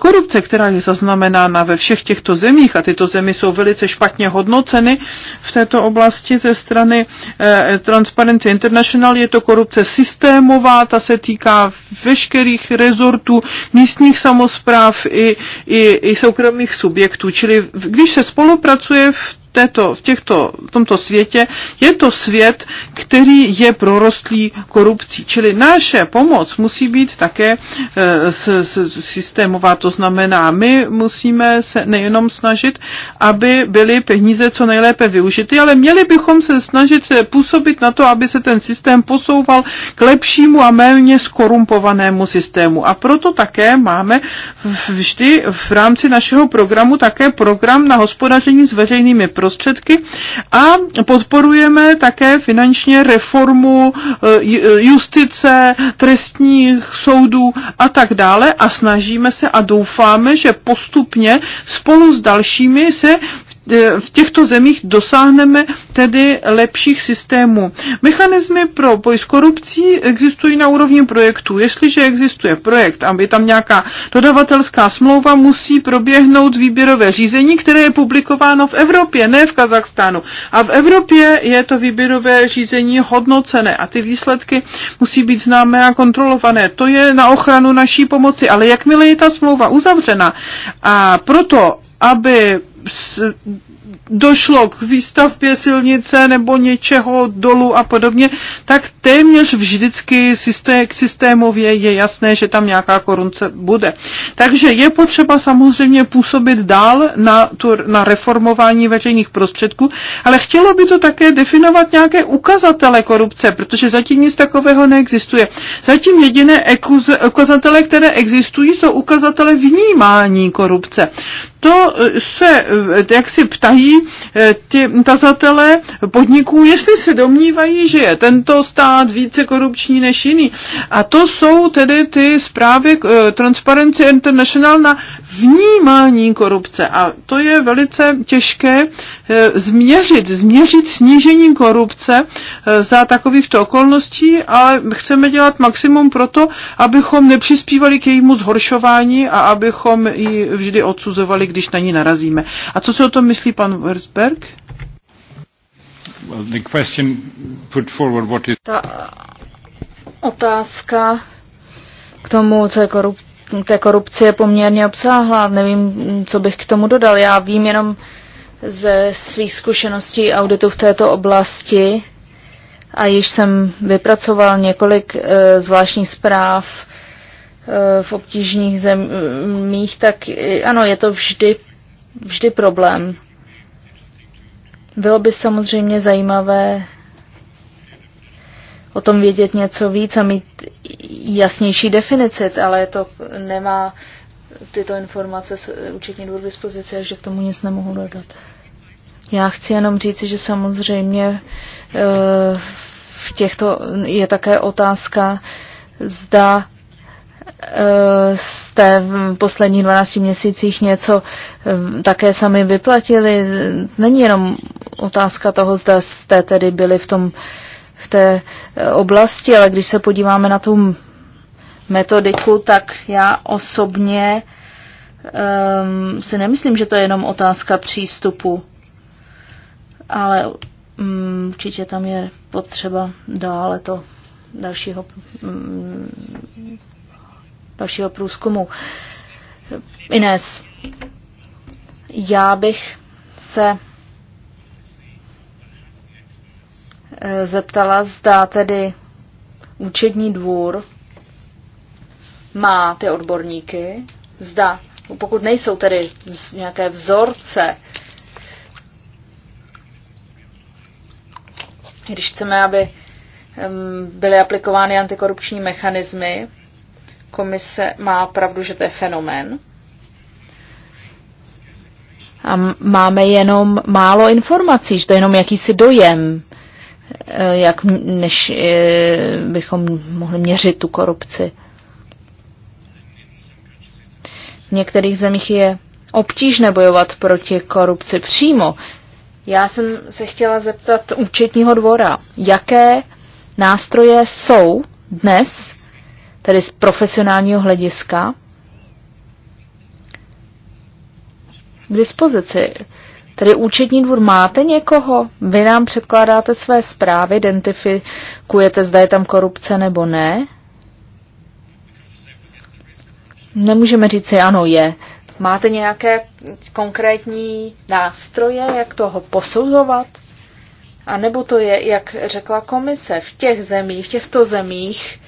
Korupce, která je zaznamenána ve všech těchto zemích, a tyto zemi jsou velice špatně hodnoceny v této oblasti ze strany eh, Transparency International, je to korupce systémová, ta se týká veškerých rezortů, místních samozpráv i, i, i soukromých subjektů. Čili když se spolupracuje v této, v, těchto, v tomto světě, je to svět, který je prorostlý korupcí. Čili naše pomoc musí být také eh, s, s, systémová, to znamená, my musíme se nejenom snažit, aby byly peníze co nejlépe využity, ale měli bychom se snažit eh, působit na to, aby se ten systém posouval k lepšímu a méně skorumpovanému systému. A proto také máme vždy v rámci našeho programu také program na hospodaření s veřejnými prostředky prostředky a podporujeme také finančně reformu eh, eh, justice, trestních soudů a tak dále a snažíme se a doufáme, že postupně spolu s dalšími se E, v těchto zemích dosáhneme tedy lepších systémů. Mechanismy pro boj s korupcí existují na úrovni projektů. Jestliže existuje projekt aby tam nějaká dodavatelská smlouva, musí proběhnout výběrové řízení, které je publikováno v Evropě, ne v Kazachstánu. A v Evropě je to výběrové řízení hodnocené a ty výsledky musí být známé a kontrolované. To je na ochranu naší pomoci, ale jakmile je ta smlouva uzavřena a proto, aby došlo k výstavbě silnice nebo něčeho dolu a podobně, tak téměř vždycky systém, systémově je jasné, že tam nějaká korunce bude. Takže je potřeba samozřejmě působit dál na, tu, na reformování veřejných prostředků, ale chtělo by to také definovat nějaké ukazatele korupce, protože zatím nic takového neexistuje. Zatím jediné ukazatele, které existují, jsou ukazatele vnímání korupce. To se Eh, eh, jak si ptají eh, ti tazatele podniků, jestli se domnívají, že je tento stát více korupční než jiný. A to jsou tedy ty zprávy Transparency International na vnímání korupce. A to je velice těžké změřit, změřit snížení korupce za takovýchto okolností, ale chceme dělat maximum pro to, abychom nepřispívali k jejímu zhoršování a abychom ji vždy odsuzovali, když na ní narazíme. A co si o tom myslí pan Wurzberg? Well, the question put forward what is... Ta otázka k tomu, co je korup... té korupce je poměrně obsáhlá. Nevím, co bych k tomu dodal. Já vím jenom ze svých zkušeností auditu v této oblasti a již jsem vypracoval několik e, zvláštních zpráv e, v obtížných zemích, tak ano, je to vždy vždy problém. Bylo by samozřejmě zajímavé o tom vědět něco víc a mít jasnější definici, ale to nemá tyto informace účetní dvůr dispozici, takže k tomu nic nemohu dodat. Já chci jenom říci, že samozřejmě eh, v těchto je také otázka, zda Eh, jste v posledních 12 měsících něco eh, také sami vyplatili. Není jenom otázka toho, zda jste tedy byli v, tom, v té eh, oblasti, ale když se podíváme na tu metodiku, tak já osobně um, si nemyslím, že to je jenom otázka přístupu, ale um, určitě tam je potřeba dále to dalšího um, dalšího průzkumu. Ines, já bych se eh, zeptala, zda tedy účetní dvůr má ty odborníky, zda, pokud nejsou tedy nějaké vzorce, když chceme, aby byly aplikovány antikorupční mechanismy, komise má pravdu, že to je fenomén. A máme jenom málo informací, že to je jenom jakýsi dojem, eh, jak než eh, bychom mohli měřit tu korupci. V některých zemích je obtížné bojovat proti korupci přímo. Já jsem se chtěla zeptat účetního dvora, jaké nástroje jsou dnes tedy z profesionálního hlediska, k dispozici. Tedy účetní dvůr, máte někoho? Vy nám předkládáte své zprávy, identifikujete, zda je tam korupce nebo ne? Nemůžeme říct si, ano, je. Máte nějaké konkrétní nástroje, jak toho posouzovat? A nebo to je, jak řekla komise, v těch zemích, v těchto zemích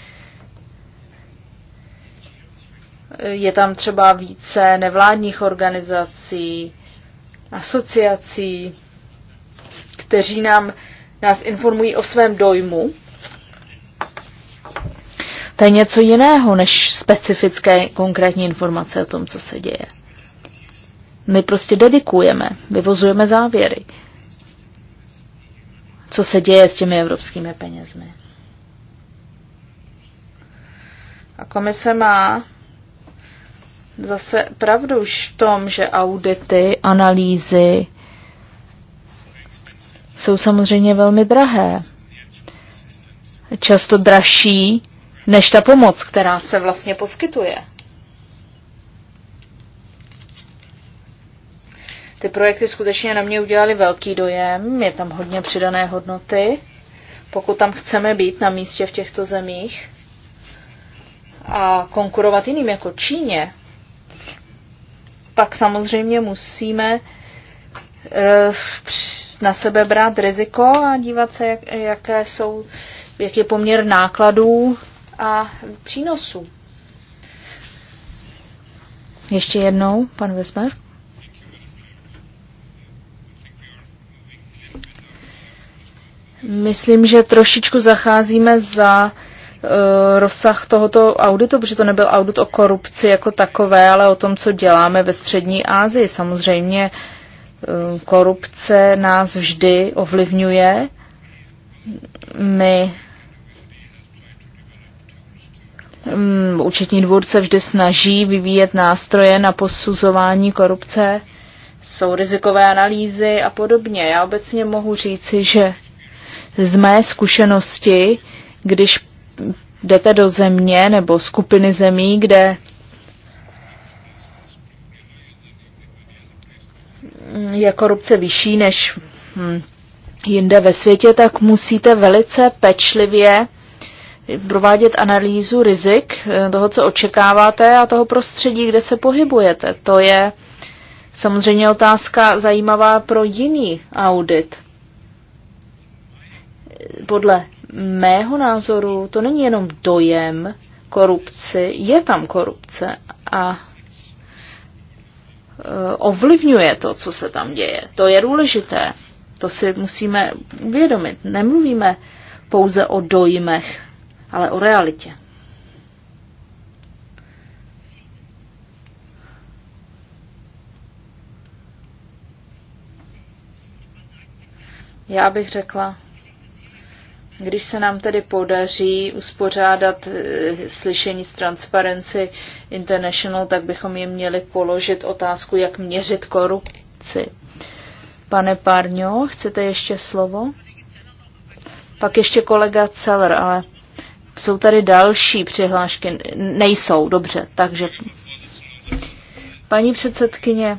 Je tam třeba více nevládních organizací, asociací, kteří nám, nás informují o svém dojmu. To je něco jiného než specifické konkrétní informace o tom, co se děje. My prostě dedikujeme, vyvozujeme závěry, co se děje s těmi evropskými penězmi. A komise má zase pravdu už v tom, že audity, analýzy jsou samozřejmě velmi drahé. Často dražší než ta pomoc, která se vlastně poskytuje. Ty projekty skutečně na mě udělaly velký dojem, je tam hodně přidané hodnoty, pokud tam chceme být na místě v těchto zemích a konkurovat jiným jako Číně, pak samozřejmě musíme e, na sebe brát riziko a dívat se, jak, jaké jsou, jak je poměr nákladů a přínosů. Ještě jednou, pan Vesmer. Myslím, že trošičku zacházíme za Eh, rozsah tohoto auditu, protože to nebyl audit o korupci jako takové, ale o tom, co děláme ve střední Asii. Samozřejmě eh, korupce nás vždy ovlivňuje. My mm, Účetní dvůr se vždy snaží vyvíjet nástroje na posuzování korupce, jsou rizikové analýzy a podobně. Já obecně mohu říci, že z mé zkušenosti, když jdete do země nebo skupiny zemí, kde je korupce vyšší než hm, jinde ve světě, tak musíte velice pečlivě provádět analýzu rizik eh, toho, co očekáváte a toho prostředí, kde se pohybujete. To je samozřejmě otázka zajímavá pro jiný audit. Podle mého názoru to není jenom dojem korupce, je tam korupce a e, ovlivňuje to, co se tam děje. To je důležité. To si musíme uvědomit. Nemluvíme pouze o dojmech, ale o realitě. Já bych řekla, když se nám tedy podaří uspořádat eh, slyšení z Transparency International, tak bychom jim měli položit otázku, jak měřit korupci. Pane Párňo, chcete ještě slovo? Pak ještě kolega Celer, ale jsou tady další přihlášky. Nejsou, dobře, takže. Paní předsedkyně,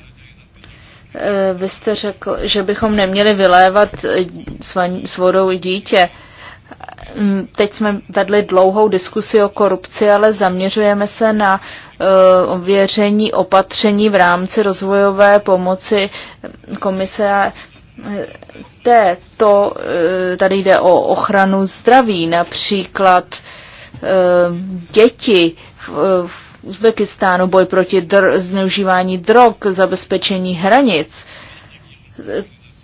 eh, vy jste řekl, že bychom neměli vylévat eh, s vodou dítě. Mm, teď jsme vedli dlouhou diskusi o korupci, ale zaměřujeme se na eh, ověření opatření v rámci rozvojové pomoci komise té, eh, to, eh, tady jde o ochranu zdraví, například děti v Uzbekistánu, boj proti dr- zneužívání drog, zabezpečení hranic.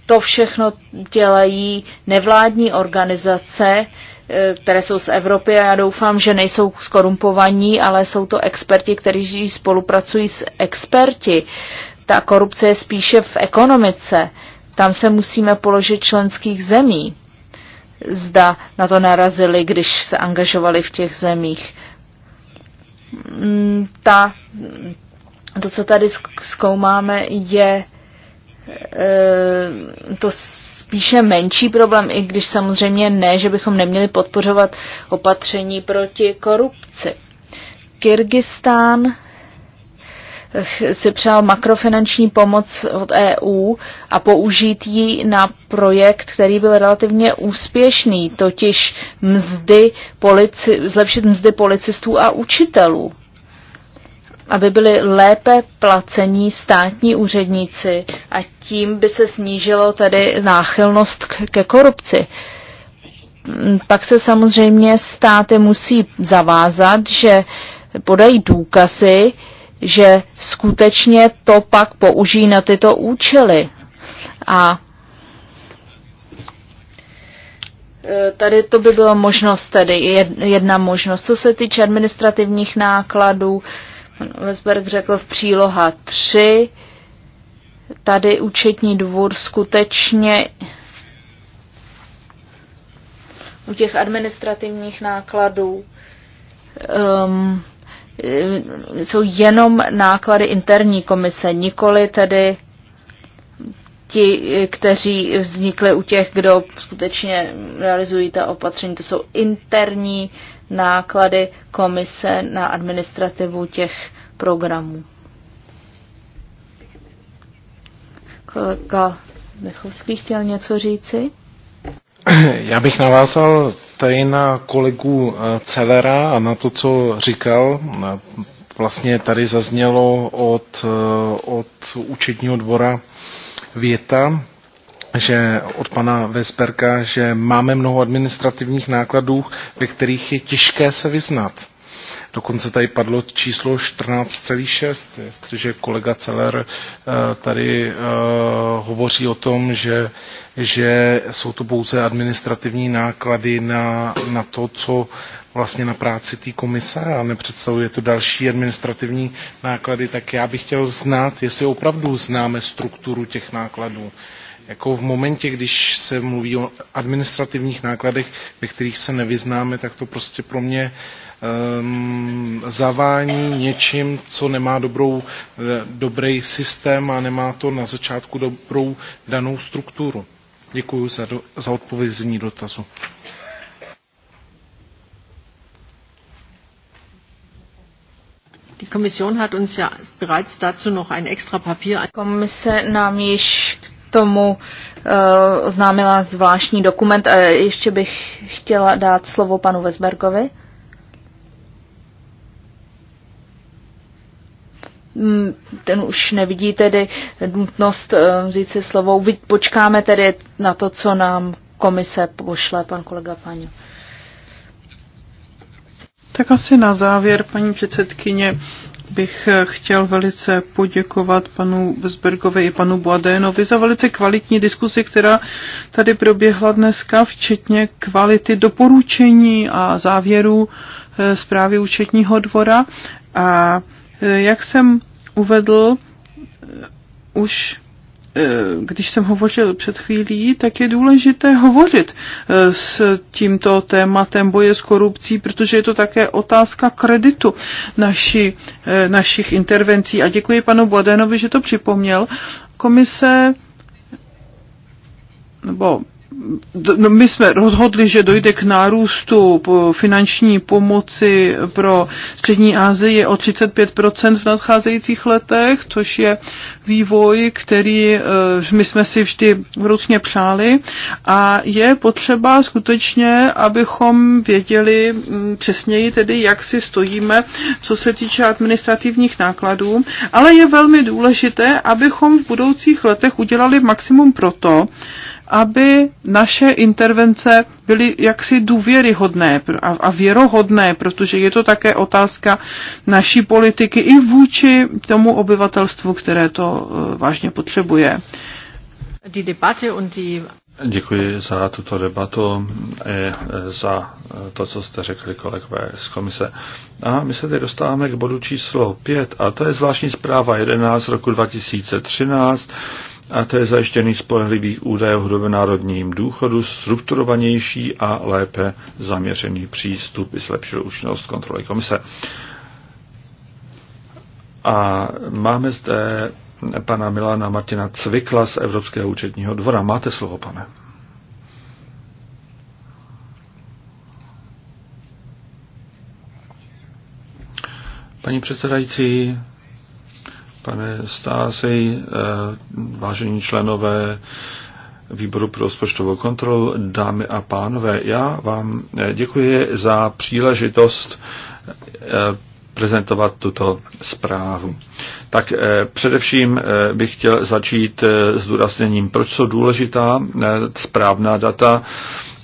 To všechno dělají nevládní organizace, Eh, které jsou z Evropy a já doufám, že nejsou skorumpovaní, ale jsou to experti, kteří spolupracují s experti. Ta korupce je spíše v ekonomice. Tam se musíme položit členských zemí. Zda na to narazili, když se angažovali v těch zemích. Mm, ta, to, co tady zkoumáme, je eh, to spíše menší problém, i když samozřejmě ne, že bychom neměli podpořovat opatření proti korupci. Kyrgyzstán eh, si přál makrofinanční pomoc od EU a použít ji na projekt, který byl relativně úspěšný, totiž mzdy polici- zlepšit mzdy policistů a učitelů aby byli lépe placení státní úředníci a tím by se snížilo tedy náchylnost ke korupci. Mm, pak se samozřejmě státy musí zavázat, že podají důkazy, že skutečně to pak použijí na tyto účely. A e, tady to by byla možnost, tedy jedna možnost, co se týče administrativních nákladů, Vesberg řekl v příloha 3, tady účetní dvůr skutečně u těch administrativních nákladů um, jsou jenom náklady interní komise, nikoli tedy ti, kteří vznikli u těch, kdo skutečně realizují ta opatření. To jsou interní náklady komise na administrativu těch programů. Kolega Dechovský chtěl něco říci? Já bych navázal tady na kolegu eh, Celera a na to, co říkal. Vlastně tady zaznělo od, eh, od účetního dvora věta, že od pana Vesberka, že máme mnoho administrativních nákladů, ve kterých je těžké se vyznat. Dokonce tady padlo číslo 14,6, jestliže kolega Celer eh, tady eh, hovoří o tom, že, že jsou to pouze administrativní náklady na, na to, co vlastně na práci té komise a nepředstavuje to další administrativní náklady, tak já bych chtěl znát, jestli opravdu známe strukturu těch nákladů jako v momentě, když se mluví o administrativních nákladech, ve kterých se nevyznáme, tak to prostě pro mě um, zavání něčím, co nemá dobrou, e, dobrý systém a nemá to na začátku dobrou danou strukturu. Děkuji za, do, za odpovězení dotazu. Die Kommission hat uns ja bereits dazu noch ein extra Papier Komise nám již k tomu eh, oznámila zvláštní dokument. A eh, ještě bych chtěla dát slovo panu Vesbergovi. Hmm, ten už nevidí tedy nutnost eh, vzít si slovo. Počkáme tedy na to, co nám komise pošle pan kolega Páňo. Tak asi na závěr, paní předsedkyně, bych eh, chtěl velice poděkovat panu Vesbergovi i panu Boadénovi za velice kvalitní diskusi, která tady proběhla dneska, včetně kvality doporučení a závěrů eh, zprávy účetního dvora. A eh, jak jsem uvedl, už Eh, když jsem hovořil před chvílí, tak je důležité hovořit eh, s tímto tématem boje s korupcí, protože je to také otázka kreditu naši, eh, našich intervencí. A děkuji panu Bodenovi, že to připomněl. Komise nebo no my jsme rozhodli, že dojde k nárůstu finanční pomoci pro střední Asii o 35% v nadcházejících letech, což je vývoj, který eh, my jsme si vždy vrůcně přáli a je potřeba skutečně, abychom věděli mm, přesněji tedy, jak si stojíme, co se týče administrativních nákladů, ale je velmi důležité, abychom v budoucích letech udělali maximum proto, aby naše intervence byly jaksi důvěryhodné a věrohodné, protože je to také otázka naší politiky i vůči tomu obyvatelstvu, které to eh, vážně potřebuje. Děkuji za tuto debatu i za eh, to, co jste řekli kolegové z komise. A my se teď dostáváme k bodu číslo 5 a to je zvláštní zpráva 11 roku 2013 a to je zajištěný spolehlivých údajů hrubě národním důchodu, strukturovanější a lépe zaměřený přístup by zlepšil účinnost kontroly komise. A máme zde pana Milana Martina Cvikla z Evropského účetního dvora. Máte slovo, pane. Paní předsedající, pane Stásej, eh, vážení členové výboru pro rozpočtovou kontrolu, dámy a pánové, já vám eh, děkuji za příležitost eh, prezentovat tuto zprávu. Tak především bych chtěl začít s důrazněním, proč jsou důležitá správná data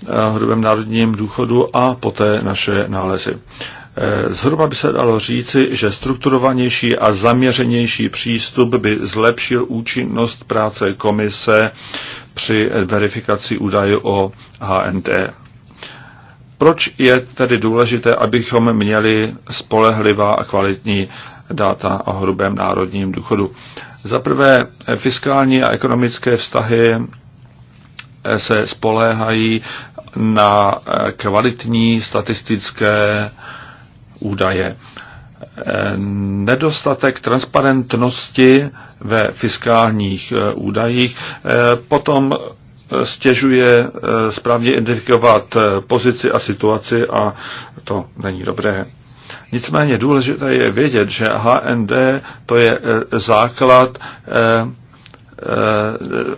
Eh, hrubém národním důchodu a poté naše nálezy. Eh, zhruba by se dalo říci, že strukturovanější a zaměřenější přístup by zlepšil účinnost práce komise při verifikaci údajů o HNT. Proč je tedy důležité, abychom měli spolehlivá a kvalitní data o hrubém národním důchodu? Za prvé, fiskální a ekonomické vztahy eh, se spoléhají na eh, kvalitní statistické údaje. Eh, nedostatek transparentnosti ve fiskálních eh, údajích potom stěžuje správně identifikovat pozici a situaci a to není dobré. Nicméně důležité je vědět, že HND to je základ Eh,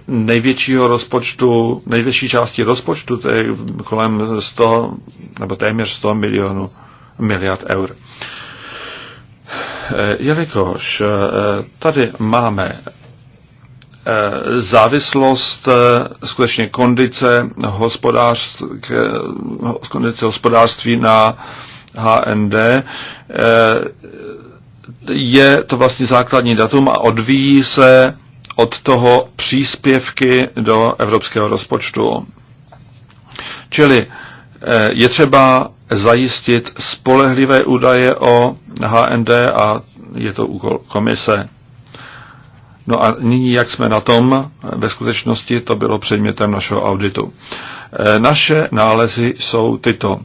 největšího rozpočtu, největší části rozpočtu, to je kolem 100 nebo téměř 100 milionů miliard eur. Eh, jelikož eh, tady máme závislost skutečně kondice hospodářství, kondice hospodářství na HND je to vlastně základní datum a odvíjí se od toho příspěvky do evropského rozpočtu. Čili eh, je třeba zajistit spolehlivé údaje o HND a je to úkol komise. No a nyní, jak jsme na tom, ve skutečnosti to bylo předmětem našeho auditu. Eh, naše nálezy jsou tyto.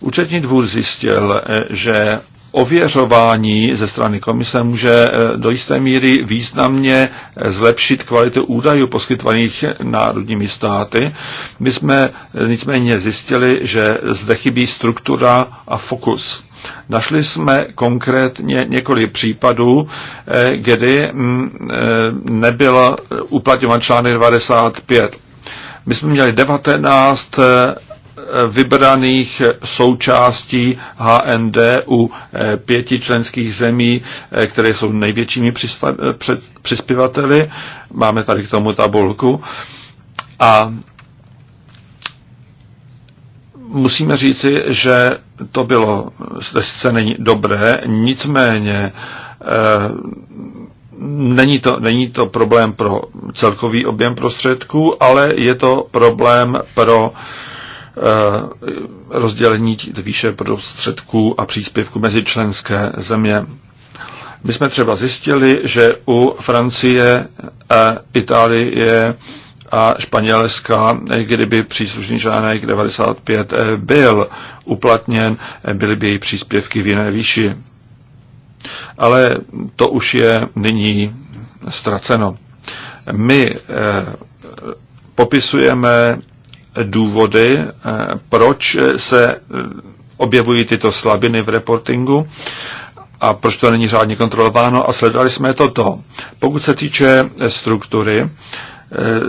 Účetní dvůr zjistil, eh, že ověřování ze strany komise může eh, do jisté míry významně eh, zlepšit kvalitu údajů poskytovaných národními státy. My jsme eh, nicméně zjistili, že zde chybí struktura a fokus. Našli jsme konkrétně několik případů, kdy mm, nebyl uplatňován článek 95. My jsme měli 19 vybraných součástí HND u eh, pěti členských zemí, eh, které jsou největšími přispěvateli. Máme tady k tomu tabulku. A musíme říci, že to bylo sice není dobré, nicméně eh, není to, není to problém pro celkový objem prostředků, ale je to problém pro uh, Eh, rozdělení výše prostředků a příspěvku mezi členské země. My jsme třeba zjistili, že u Francie, Itálie a Španělska, kdyby příslušný článek 95 eh, byl uplatněn, eh, byly by její příspěvky v jiné výši. Ale to už je nyní ztraceno. My popisujeme důvody, eh, proč se eh, objevují tyto slabiny v reportingu a proč to není řádně kontrolováno a sledovali jsme toto. Pokud se týče struktury,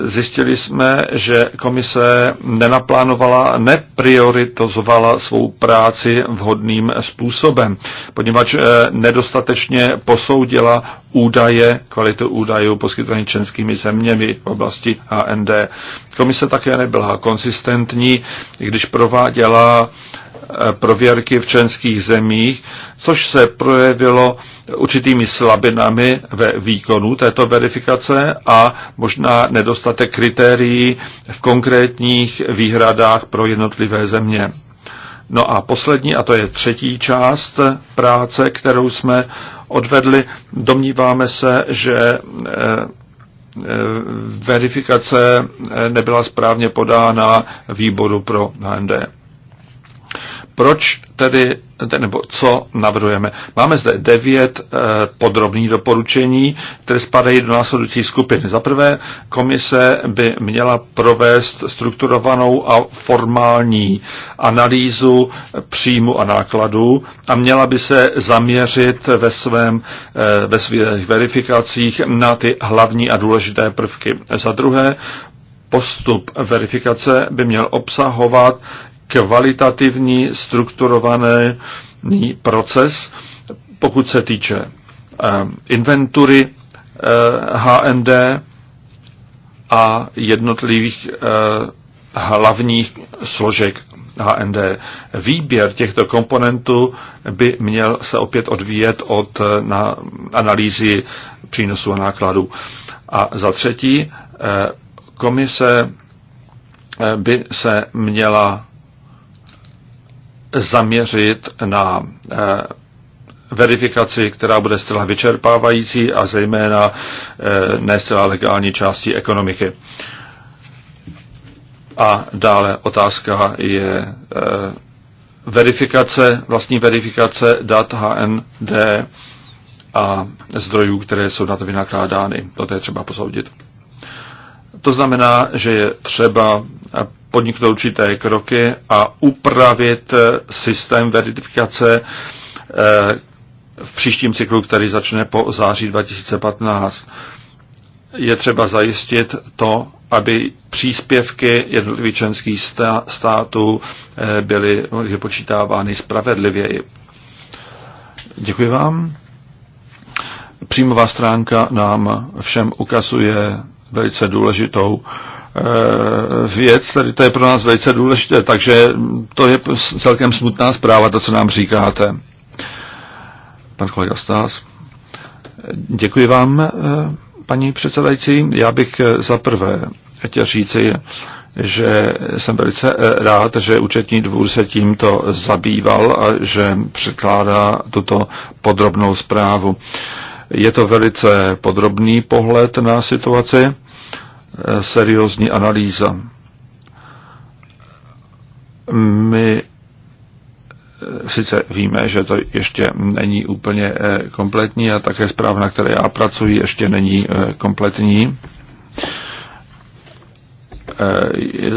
zjistili jsme, že komise nenaplánovala, neprioritozovala svou práci vhodným způsobem, poněvadž eh, nedostatečně posoudila údaje, kvalitu údajů poskytovaných členskými zeměmi v oblasti AND. Komise také nebyla konsistentní, když prováděla Eh, prověrky v členských zemích, což se projevilo určitými slabinami ve výkonu této verifikace a možná nedostatek kritérií v konkrétních výhradách pro jednotlivé země. No a poslední, a to je třetí část práce, kterou jsme odvedli, domníváme se, že eh, eh, verifikace nebyla správně podána výboru pro HND. Proč tedy, nebo co navrhujeme? Máme zde devět eh, podrobných doporučení, které spadají do následující skupiny. Za prvé, komise by měla provést strukturovanou a formální analýzu příjmu a nákladů a měla by se zaměřit ve, svém, eh, ve svých verifikacích na ty hlavní a důležité prvky. Za druhé, Postup verifikace by měl obsahovat kvalitativní, strukturovaný proces, pokud se týče eh, inventury HND eh, a jednotlivých eh, hlavních složek HND. Výběr těchto komponentů by měl se opět odvíjet od na analýzy přínosu a nákladů. A za třetí, komise by se měla zaměřit na eh, verifikaci, která bude zcela vyčerpávající a zejména eh, ne zcela legální části ekonomiky. A dále otázka je eh, verifikace, vlastní verifikace dat HND a zdrojů, které jsou na to vynakládány. To je třeba posoudit. To znamená, že je třeba podniknout určité kroky a upravit eh, systém verifikace eh, v příštím cyklu, který začne po září 2015. Je třeba zajistit to, aby příspěvky jednotlivých členských států eh, byly vypočítávány spravedlivěji. Děkuji vám. Přímová stránka nám všem ukazuje velice důležitou Eh, věc, tady to je pro nás velice důležité, takže to je celkem smutná zpráva, to, co nám říkáte. Pan kolega Stás. Děkuji vám, eh, paní předsedající. Já bych eh, za prvé chtěl říci, že jsem velice rád, že účetní dvůr se tímto zabýval a že překládá tuto podrobnou zprávu. Je to velice podrobný pohled na situaci Eh, seriózní analýza. My eh, sice víme, že to ještě není úplně eh, kompletní a také zpráv, na které já pracuji, ještě není kompletní.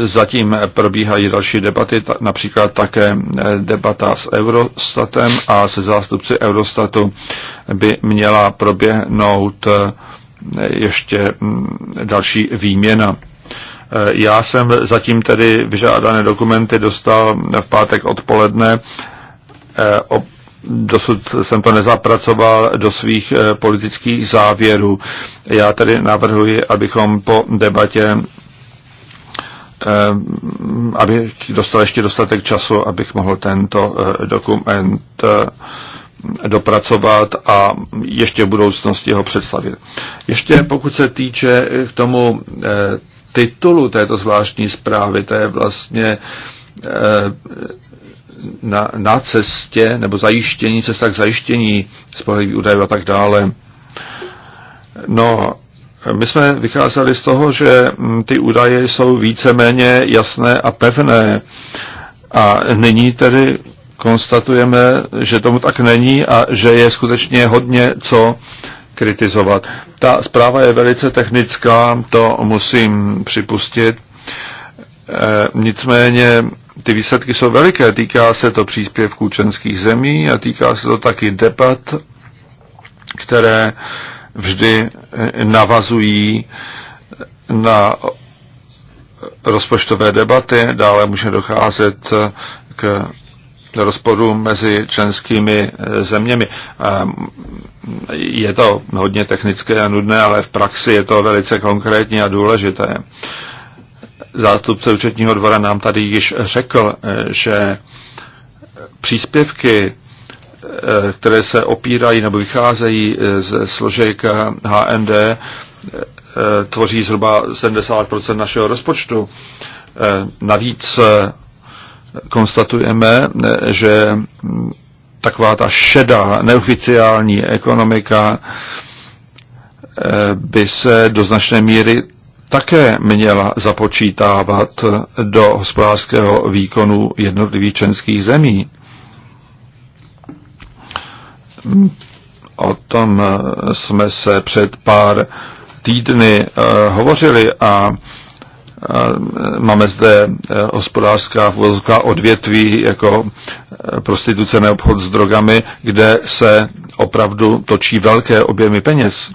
Zatím probíhají další debaty, například také debata s Eurostatem a se zástupci Eurostatu by měla proběhnout ještě mm, další výměna. Eh, já jsem zatím tedy vyžádané dokumenty dostal v pátek odpoledne. Eh, dosud jsem to nezapracoval do svých eh, politických závěrů. Já tedy navrhuji, abychom po debatě abych dostal ještě dostatek času, abych mohl tento dokument dopracovat a ještě v budoucnosti ho představit. Ještě pokud se týče k tomu eh, titulu této zvláštní zprávy, to je vlastně eh, na, na cestě nebo zajištění, cesta k zajištění spolehlivých údajů a tak dále. No, my jsme vycházeli z toho, že hm, ty údaje jsou víceméně jasné a pevné. A nyní tedy konstatujeme, že tomu tak není a že je skutečně hodně co kritizovat. Ta zpráva je velice technická, to musím připustit. E, nicméně ty výsledky jsou veliké, týká se to příspěvků členských zemí a týká se to taky debat, které vždy eh, navazují na rozpočtové debaty, dále může docházet eh, k rozporu mezi členskými eh, zeměmi. Mm, je to hodně technické a nudné, ale v praxi je to velice konkrétní a důležité. Zástupce účetního dvora nám tady již řekl, eh, že příspěvky, eh, které se opírají nebo vycházejí ze složek HND, tvoří zhruba 70 našeho rozpočtu. Navíc konstatujeme, že taková ta šedá, neoficiální ekonomika eh, by se do značné míry také měla započítávat do hospodářského výkonu jednotlivých členských zemí. O tom eh, jsme se před pár týdny eh, hovořili a E, máme zde e, hospodářská vozovka odvětví jako e, prostituce na obchod s drogami, kde se opravdu točí velké objemy peněz.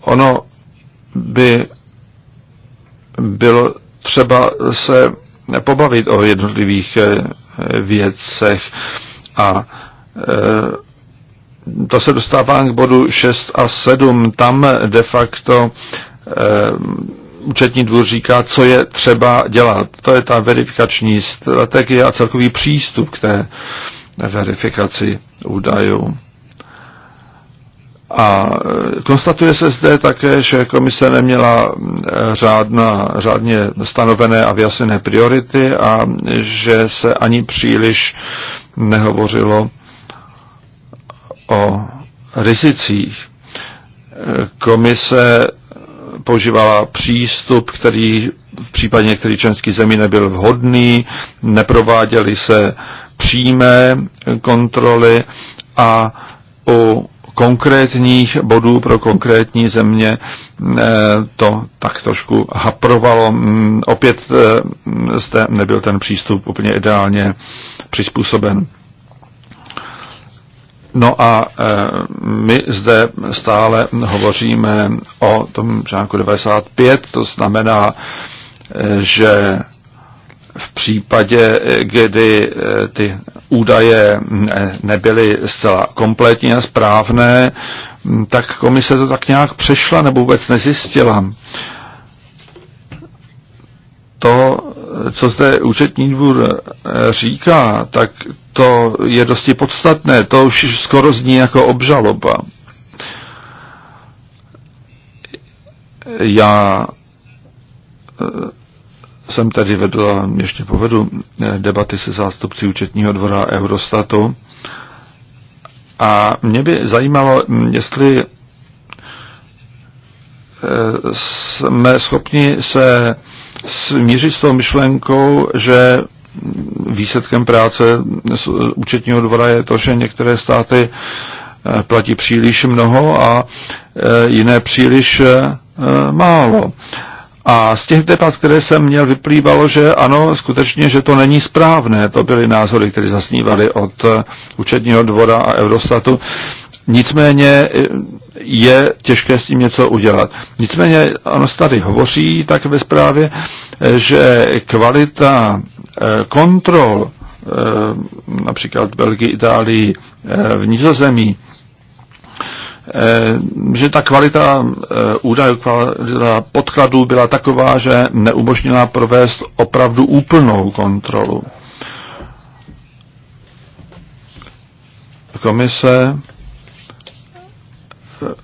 Ono by bylo třeba se pobavit o jednotlivých věcech a to se dostává k bodu 6 a 7. Tam de facto Eh, účetní dvůr říká, co je třeba dělat. To je ta verifikační strategie a celkový přístup k té verifikaci údajů. A eh, konstatuje se zde také, že komise neměla eh, řádna, řádně stanovené a vyjasněné priority a že se ani příliš nehovořilo o rizicích. Komise používala přístup, který v případě některých členských zemí nebyl vhodný, neprováděly se přímé kontroly a u konkrétních bodů pro konkrétní země eh, to tak trošku haprovalo. Mm, opět eh, zde nebyl ten přístup úplně ideálně přizpůsoben. No a e, my zde stále hovoříme o tom článku 95, to znamená, e, že v případě, kdy e, ty údaje nebyly zcela kompletní a správné, tak komise to tak nějak přešla nebo vůbec nezjistila to, co zde účetní dvůr eh, říká, tak to je dosti podstatné. To už skoro zní jako obžaloba. Já eh, jsem tady vedl, ještě povedu, eh, debaty se zástupci účetního dvora Eurostatu a mě by zajímalo, hm, jestli jsme schopni se smířit s tou myšlenkou, že výsledkem práce účetního dvora je to, že některé státy eh, platí příliš mnoho a eh, jiné příliš eh, málo. A z těch debat, které jsem měl, vyplývalo, že ano, skutečně, že to není správné. To byly názory, které zasnívaly od účetního dvora a Eurostatu. Nicméně eh, je těžké s tím něco udělat. Nicméně ono se tady hovoří tak ve zprávě, eh, že kvalita eh, kontrol například v Belgii, Itálii, v Nizozemí, že ta kvalita údajů, kvalita podkladů byla taková, že neumožnila provést opravdu úplnou kontrolu. Komise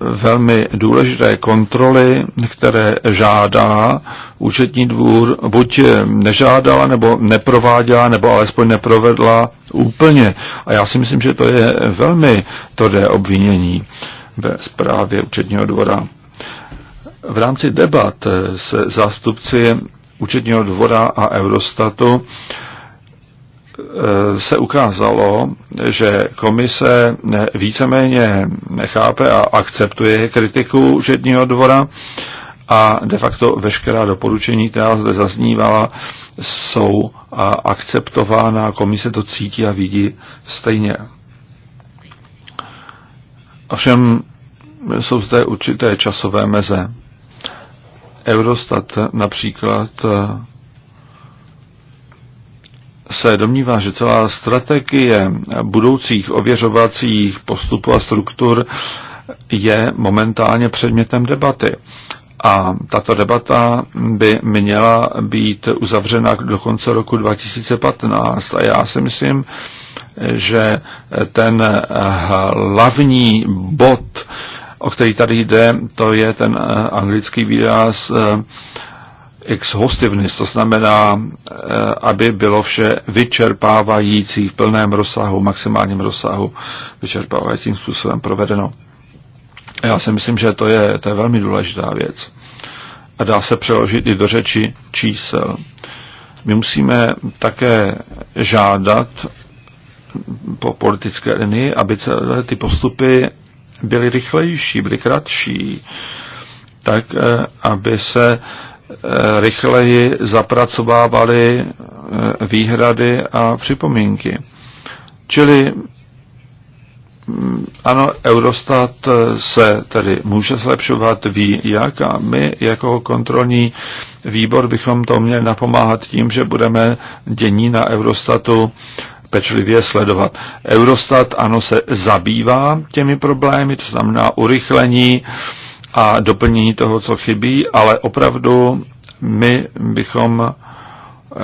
velmi důležité kontroly, které žádá účetní dvůr, buď nežádala, nebo neprováděla, nebo alespoň neprovedla úplně. A já si myslím, že to je velmi tvrdé obvinění ve zprávě účetního dvora. V rámci debat se zástupci účetního dvora a Eurostatu Eh, se ukázalo, že komise víceméně nechápe a akceptuje kritiku Žedního dvora a de facto veškerá doporučení, která zde zaznívala, jsou akceptována, komise to cítí a vidí stejně. Ovšem jsou zde určité časové meze. Eurostat například eh, se domnívá, že celá strategie budoucích ověřovacích postupů a struktur je momentálně předmětem debaty. A tato debata by měla být uzavřena do konce roku 2015. A já si myslím, že ten hlavní bod, o který tady jde, to je ten anglický výraz exhaustiveness, to znamená, e, aby bylo vše vyčerpávající v plném rozsahu, maximálním rozsahu, vyčerpávajícím způsobem provedeno. Já si myslím, že to je, to je velmi důležitá věc. A dá se přeložit i do řeči čísel. My musíme také žádat po politické linii, aby celé ty postupy byly rychlejší, byly kratší, tak e, aby se Eh, rychleji zapracovávali eh, výhrady a připomínky. Čili mm, ano, Eurostat eh, se tedy může zlepšovat, ví jak a my jako kontrolní výbor bychom to měli napomáhat tím, že budeme dění na Eurostatu pečlivě sledovat. Eurostat ano se zabývá těmi problémy, to znamená urychlení eh, a doplnění toho, co chybí, ale opravdu my bychom eh,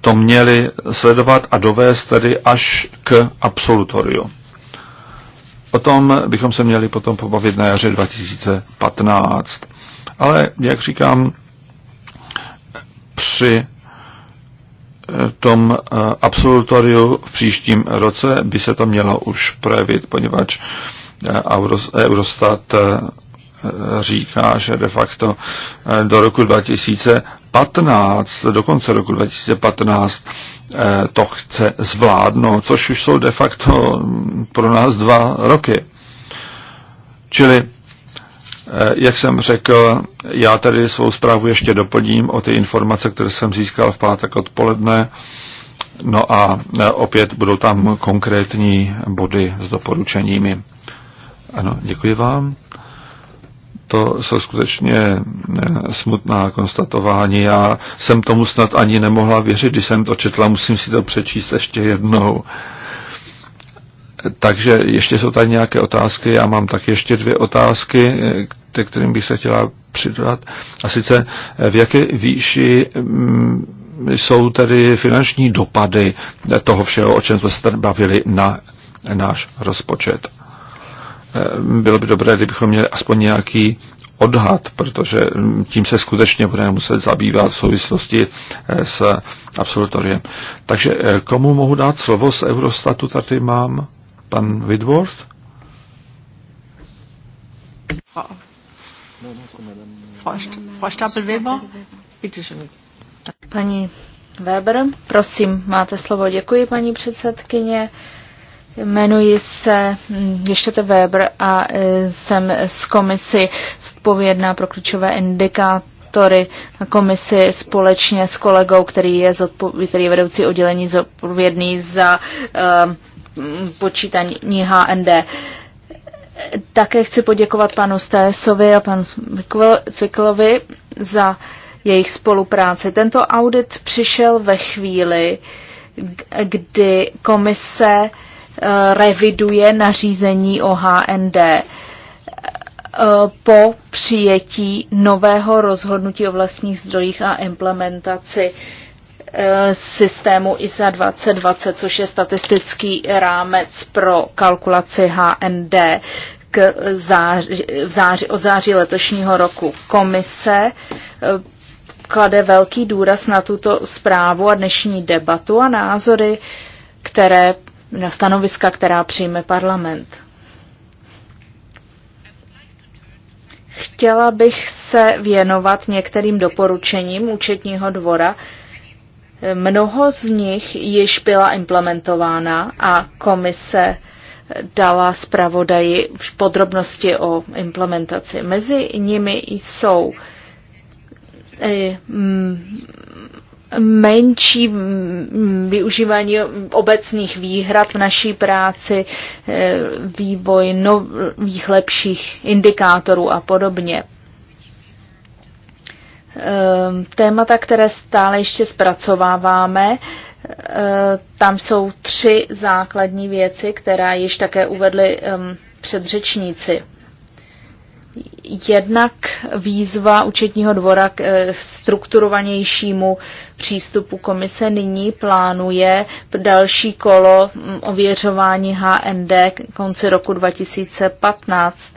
to měli sledovat a dovést tedy až k absolutoriu. O tom bychom se měli potom pobavit na jaře 2015. Ale, jak říkám, při eh, tom eh, absolutoriu v příštím roce by se to mělo už projevit, poněvadž Eurostat říká, že de facto eh, do roku 2015, do konce roku 2015 eh, to chce zvládnout, což už jsou de facto mm, pro nás dva roky. Čili eh, jak jsem řekl, já tady svou zprávu ještě doplním o ty informace, které jsem získal v pátek odpoledne. No a opět budou tam konkrétní body s doporučeními. Ano, děkuji vám. To jsou skutečně eh, smutná konstatování. Já jsem tomu snad ani nemohla věřit, když jsem to četla, musím si to přečíst ještě jednou. Takže ještě jsou tady nějaké otázky. Já mám tak ještě dvě otázky, eh, ke kterým bych se chtěla přidat. A sice eh, v jaké výši mm, jsou tedy finanční dopady toho všeho, o čem jsme se tady bavili na náš rozpočet. Eh, bylo by dobré, kdybychom měli aspoň nějaký odhad, protože hm, tím se skutečně budeme muset zabývat v souvislosti eh, s absolutoriem. Takže eh, komu mohu dát slovo z Eurostatu? Tady mám pan Whitworth. Paní Weber, prosím, máte slovo. Děkuji, paní předsedkyně. Jmenuji se hm, Ještěte Weber a e, jsem z komisy zodpovědná pro klíčové indikátory komisi společně s kolegou, který je, zodpov- který je vedoucí oddělení zodpovědný za e, počítání HND. Také chci poděkovat panu Stésovi a panu Cviklovi za jejich spolupráci. Tento audit přišel ve chvíli, kdy komise uh, reviduje nařízení o HND e, po přijetí nového rozhodnutí o vlastních zdrojích a implementaci e, systému ISA 2020, což je statistický rámec pro kalkulaci HND k září, v září, od září letošního roku. Komise e, klade velký důraz na tuto zprávu a dnešní debatu a názory, které na stanoviska, která přijme parlament. Chtěla bych se věnovat některým doporučením účetního dvora. Mnoho z nich již byla implementována a komise dala zpravodaji v podrobnosti o implementaci. Mezi nimi jsou eh, menší využívání obecných výhrad v naší práci, e, vývoj nových lepších indikátorů a podobně. Ehm, témata, které stále ještě zpracováváme, e, tam jsou tři základní věci, která již také uvedly ehm, předřečníci jednak výzva účetního dvora k eh, strukturovanějšímu přístupu komise nyní plánuje další kolo hm, ověřování HND konci roku 2015,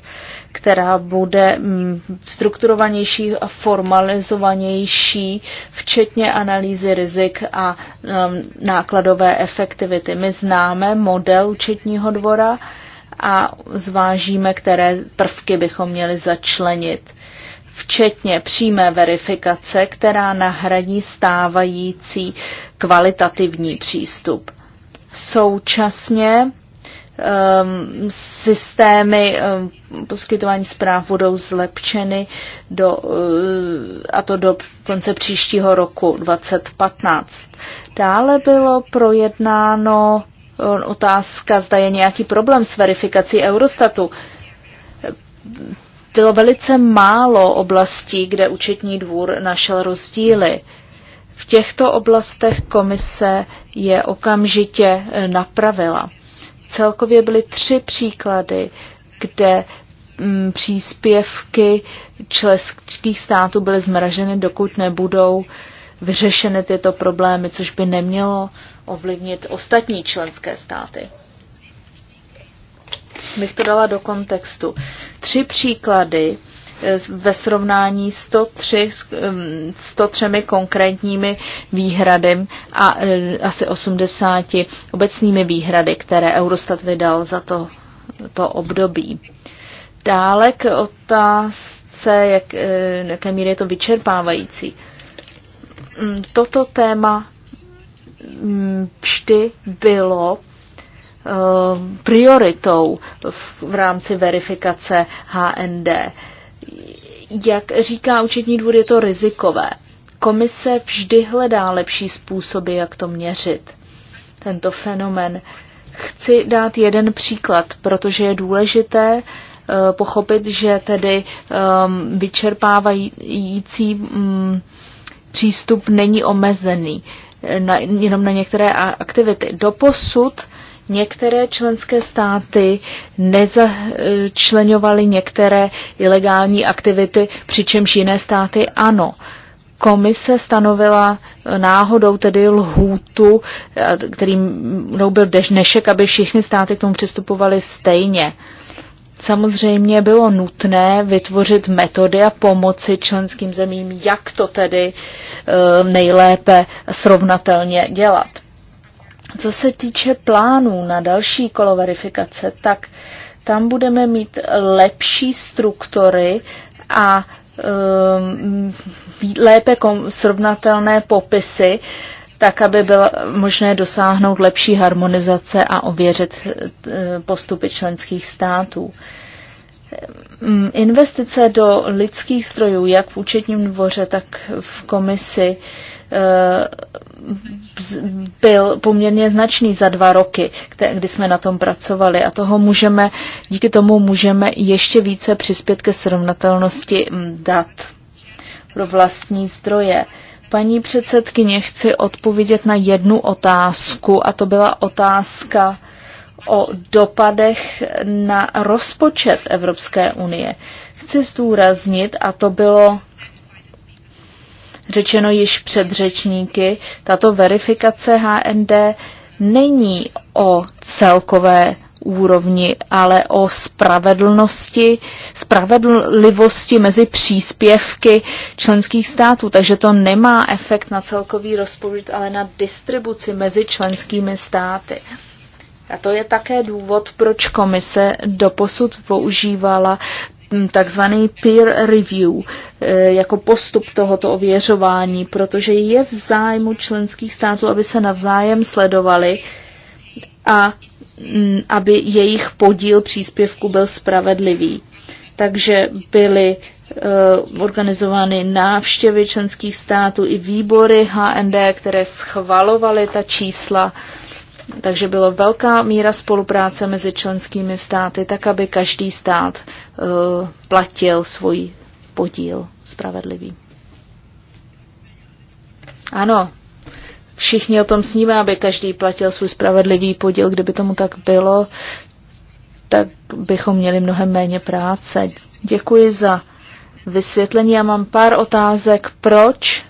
která bude hm, strukturovanější a formalizovanější, včetně analýzy rizik a hm, nákladové efektivity. My známe model účetního dvora, a zvážíme, které prvky bychom měli začlenit, včetně přímé verifikace, která nahradí stávající kvalitativní přístup. Současně um, systémy um, poskytování zpráv budou zlepšeny do, uh, a to do konce příštího roku 2015. Dále bylo projednáno otázka, zda je nějaký problém s verifikací Eurostatu. Bylo velice málo oblastí, kde účetní dvůr našel rozdíly. V těchto oblastech komise je okamžitě napravila. Celkově byly tři příklady, kde mm, příspěvky členských států byly zmraženy, dokud nebudou vyřešeny tyto problémy, což by nemělo ovlivnit ostatní členské státy. Bych to dala do kontextu. Tři příklady eh, ve srovnání 103, 103 konkrétními výhrady a eh, asi 80 obecnými výhrady, které Eurostat vydal za to, to období. Dále k otázce, jak, eh, jaké míry je to vyčerpávající. Mm, toto téma vždy bylo eh, prioritou v rámci verifikace HND. Jak říká účetní dvůr, je to rizikové. Komise vždy hledá lepší způsoby, jak to měřit. Tento fenomen. Chci dát jeden příklad, protože je důležité eh, pochopit, že tedy ehm, vyčerpávající mm, přístup není omezený na, jenom na některé aktivity. Doposud některé členské státy nezačlenovaly některé ilegální aktivity, přičemž jiné státy ano. Komise stanovila náhodou tedy lhůtu, kterým byl dnešek, aby všichni státy k tomu přistupovali stejně. Uh, samozřejmě bylo nutné vytvořit metody a pomoci členským zemím, jak to tedy eh, nejlépe srovnatelně dělat. Co se týče plánů na další kolo verifikace, tak tam budeme mít lepší struktury a eh, lépe srovnatelné popisy tak aby bylo možné dosáhnout lepší harmonizace a ověřit eh, postupy členských států. Mm, investice do lidských strojů, jak v účetním dvoře, tak v komisi, eh, byl poměrně značný za dva roky, kdy jsme na tom pracovali a toho můžeme, díky tomu můžeme ještě více přispět ke srovnatelnosti mm, dat pro vlastní zdroje. Uh, Paní předsedkyně, chci odpovědět na jednu otázku a to byla otázka o dopadech na rozpočet Evropské unie. Chci zdůraznit, a to bylo řečeno již před řečníky, tato verifikace HND není o celkové úrovni, ale o spravedlnosti, spravedlivosti mezi příspěvky členských států. Takže to nemá efekt na celkový rozpočet, ale na distribuci mezi členskými státy. A to je také důvod, proč komise doposud používala takzvaný peer review e, jako postup tohoto ověřování, protože je v zájmu členských států, aby se navzájem sledovali a Mm, aby jejich podíl příspěvku byl spravedlivý. Takže byly eh, organizovány návštěvy členských států i výbory HND, které schvalovaly ta čísla. Takže byla velká míra spolupráce mezi členskými státy, tak aby každý stát eh, platil svůj podíl spravedlivý. Ano, všichni o tom sníme, aby každý platil svůj spravedlivý podíl. Kdyby tomu tak bylo, tak bychom měli mnohem méně práce. Děkuji za vysvětlení. Já mám pár otázek, proč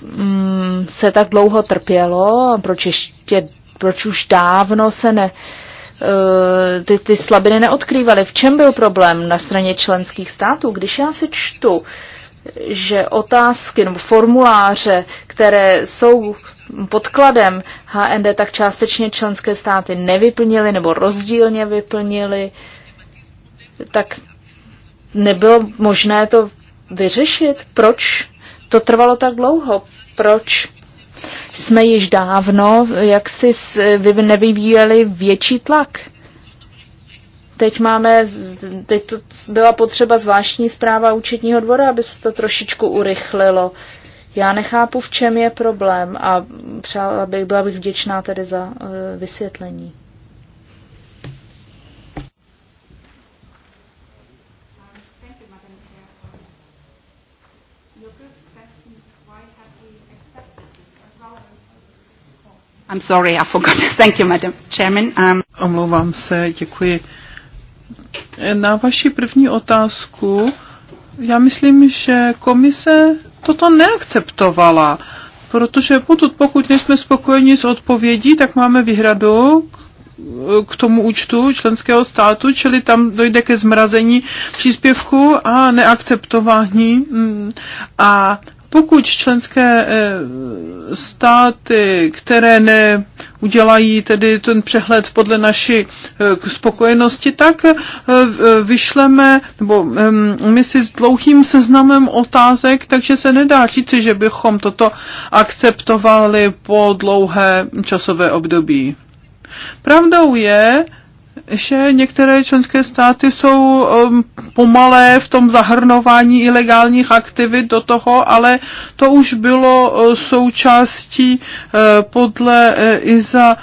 mm, se tak dlouho trpělo, proč, ještě, proč už dávno se ne, eh, ty, ty slabiny neodkrývaly. V čem byl problém na straně členských států? Když já si čtu že otázky nebo formuláře, které jsou podkladem HND, tak částečně členské státy nevyplnily nebo rozdílně vyplnily, tak nebylo možné to vyřešit. Proč to trvalo tak dlouho? Proč jsme již dávno jaksi nevyvíjeli větší tlak? teď máme, teď to byla potřeba zvláštní zpráva účetního dvora, aby se to trošičku urychlilo. Já nechápu, v čem je problém a přála bych, byla bych vděčná tedy za uh, vysvětlení. I'm sorry, I forgot. Thank you, Madam Chairman. Um... Omlouvám se, děkuji na vaši první otázku, já myslím, že komise toto neakceptovala, protože potud, pokud nejsme spokojeni s odpovědí, tak máme výhradu k tomu účtu členského státu, čili tam dojde ke zmrazení příspěvku a neakceptování. Mm, a pokud členské eh, státy, které neudělají tedy ten přehled podle naší eh, spokojenosti, tak eh, vyšleme nebo my si s dlouhým seznamem otázek, takže se nedá říci, že bychom toto akceptovali po dlouhé časové období. Pravdou je, že některé členské státy jsou um, pomalé v tom zahrnování ilegálních aktivit do toho, ale to už bylo uh, součástí uh, podle uh, ISA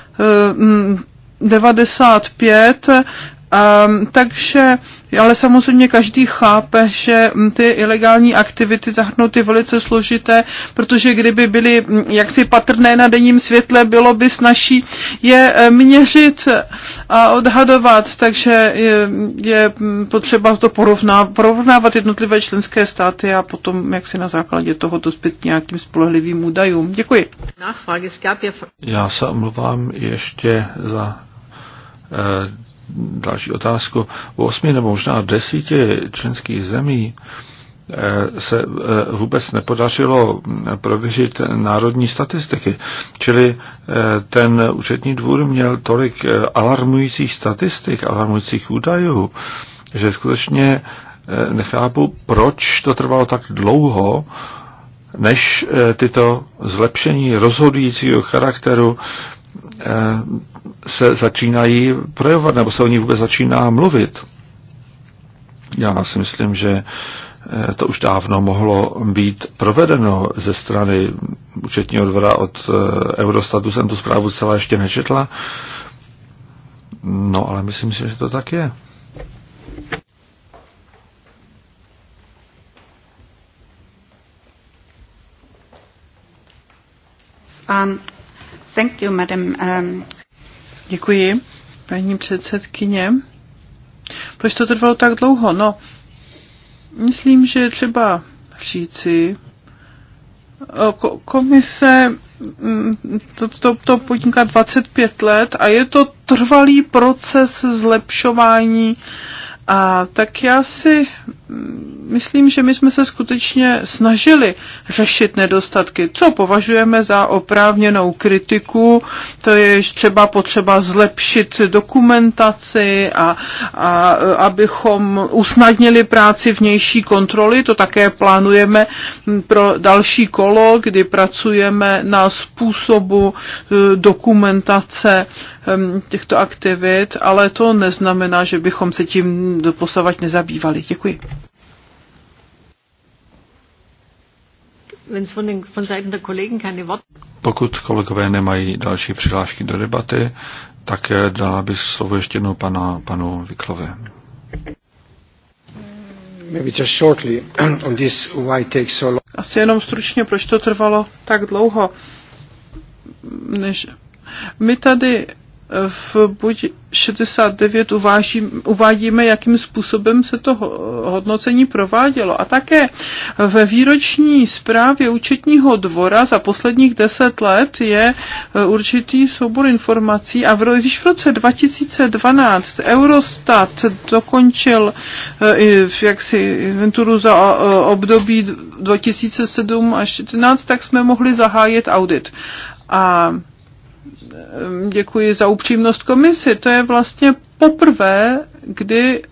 uh, 95 mm, Um, takže, ale samozřejmě každý chápe, že mm, ty ilegální aktivity zahrnou ty velice složité, protože kdyby byly mm, jaksi patrné na denním světle, bylo by snaží je eh, měřit a odhadovat, takže je, je mm, potřeba to porovnávat, porovnávat jednotlivé členské státy a potom jak si na základě toho dospět nějakým spolehlivým údajům. Děkuji. Já se omluvám ještě za eh, další otázku. U osmi nebo možná desíti členských zemí eh, se eh, vůbec nepodařilo hm, prověřit národní statistiky. Čili eh, ten účetní dvůr měl tolik alarmujících statistik, alarmujících údajů, že skutečně nechápu, proč to trvalo tak dlouho, než tyto zlepšení rozhodujícího charakteru Eh, se začínají projevovat, nebo se o ní vůbec začíná mluvit. Já si myslím, že eh, to už dávno mohlo být provedeno ze strany účetního dvora od eh, Eurostatu. Jsem tu zprávu celá ještě nečetla. No, ale myslím si, že to tak je. Um, Thank you, madam. Um... Děkuji, paní předsedkyně. Proč to trvalo tak dlouho? No, myslím, že třeba říci, komise mm, to, to, to podniká 25 let a je to trvalý proces zlepšování a tak já si myslím, že my jsme se skutečně snažili řešit nedostatky. Co považujeme za oprávněnou kritiku, to je třeba potřeba zlepšit dokumentaci a, a abychom usnadnili práci vnější kontroly, to také plánujeme pro další kolo, kdy pracujeme na způsobu eh, dokumentace těchto aktivit, ale to neznamená, že bychom se tím doposavat nezabývali. Děkuji. Pokud kolegové nemají další přihlášky do debaty, tak eh, dala bych slovo ještě jednou pana, panu Viklové. Asi jenom stručně, proč to trvalo tak dlouho, než my tady v buď 69 uvážím, uvádíme, jakým způsobem se to hodnocení provádělo. A také ve výroční zprávě účetního dvora za posledních deset let je e, určitý soubor informací a když v roce 2012 Eurostat dokončil e, jaksi inventuru za e, období 2007 až 2014, tak jsme mohli zahájit audit. A Ehm, děkuji za upřímnost komisi. To je vlastně poprvé, kdy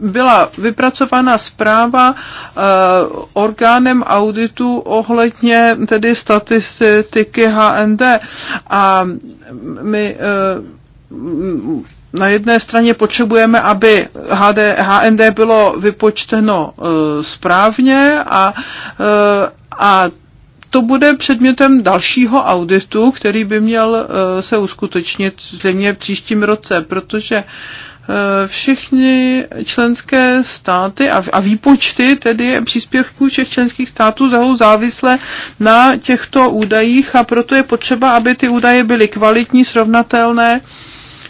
byla vypracována zpráva uh, orgánem auditu ohledně tedy statistiky HND. A my uh, na jedné straně potřebujeme, aby HD, HND bylo vypočteno uh, správně a, uh, a to bude předmětem dalšího auditu, který by měl eh, se uskutečnit zřejmě v příštím roce, protože eh, všechny členské státy a, a výpočty tedy příspěvků všech členských států jsou závislé na těchto údajích a proto je potřeba, aby ty údaje byly kvalitní, srovnatelné,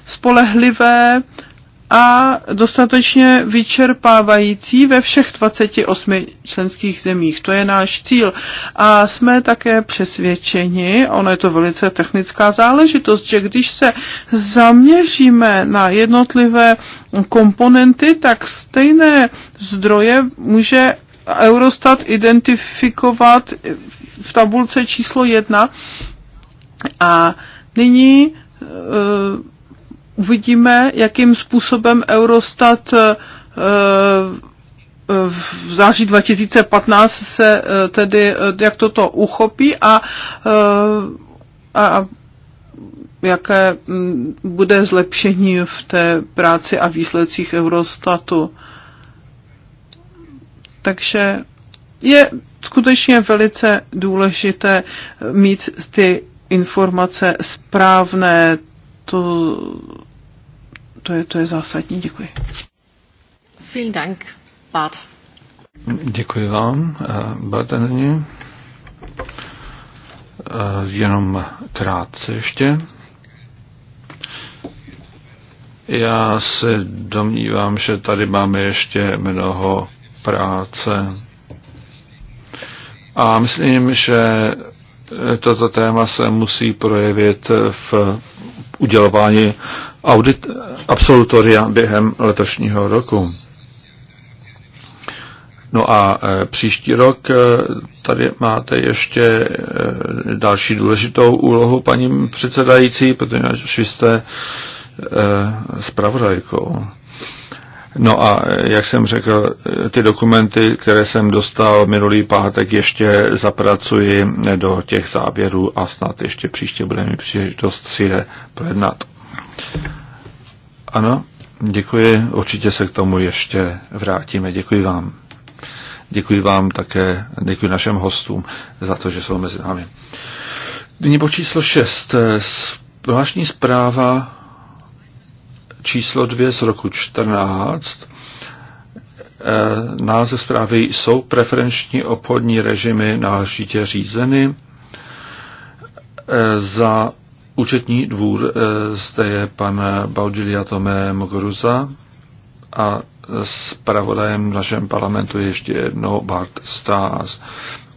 spolehlivé a dostatečně vyčerpávající ve všech 28 členských zemích. To je náš cíl. A jsme také přesvědčeni, ono je to velice technická záležitost, že když se zaměříme na jednotlivé komponenty, tak stejné zdroje může Eurostat identifikovat v tabulce číslo 1 a nyní eh, uvidíme, jakým způsobem Eurostat eh, eh, v září 2015 se eh, tedy, jak toto uchopí a, a jaké mm, bude zlepšení v té práci a výsledcích Eurostatu. Takže je skutečně velice důležité mít ty informace správné, to, to, je, to je zásadní. Děkuji. Vielen Dank, Bart. Děkuji vám, eh, Bart eh, Jenom krátce ještě. Já se domnívám, že tady máme ještě mnoho práce. A myslím, že toto téma se musí projevit v udělování audit, absolutoria během letošního roku. No a e, příští rok e, tady máte ještě e, další důležitou úlohu, paní předsedající, protože vy jste zpravodajkou. No a eh, jak jsem řekl, eh, ty dokumenty, které jsem dostal minulý pátek, ještě zapracuji eh, do těch závěrů a snad ještě příště budeme mít příležitost si je projednat. Ano, děkuji, určitě se k tomu ještě vrátíme. Děkuji vám. Děkuji vám také, děkuji našem hostům za to, že jsou mezi námi. Nyní po číslo 6. Zvláštní zpráva číslo 2 z roku 14 eh, název zprávy jsou preferenční obchodní režimy náležitě řízeny. Eh, za účetní dvůr eh, zde je pan Baudilia Tomé Mogoruza a pravodajem v našem parlamentu ještě jednou Bart Stas.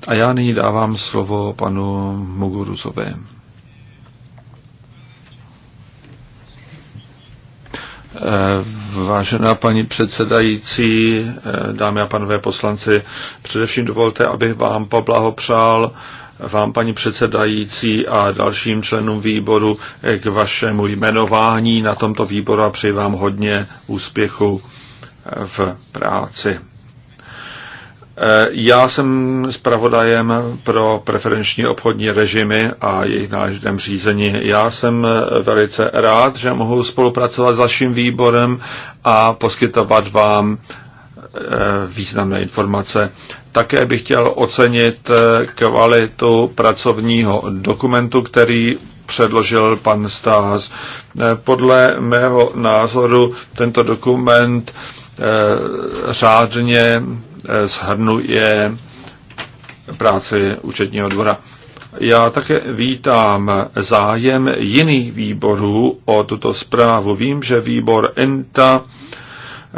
A já nyní dávám slovo panu Moguruzovi. Eh, vážená paní předsedající, eh, dámy a panové poslanci, především dovolte, abych vám poblahopřál eh, vám, paní předsedající, a dalším členům výboru k vašemu jmenování na tomto výboru a přeji vám hodně úspěchu v práci. Eh, já jsem zpravodajem pro preferenční obchodní režimy a jejich náležitém řízení. Já jsem eh, velice rád, že mohu spolupracovat s vaším výborem a poskytovat vám eh, významné informace. Také bych chtěl ocenit kvalitu pracovního dokumentu, který předložil pan Stáz. Podle mého názoru tento dokument řádně Eh, shrnuje práci účetního dvora. Já také vítám zájem jiných výborů o tuto zprávu. Vím, že výbor ENTA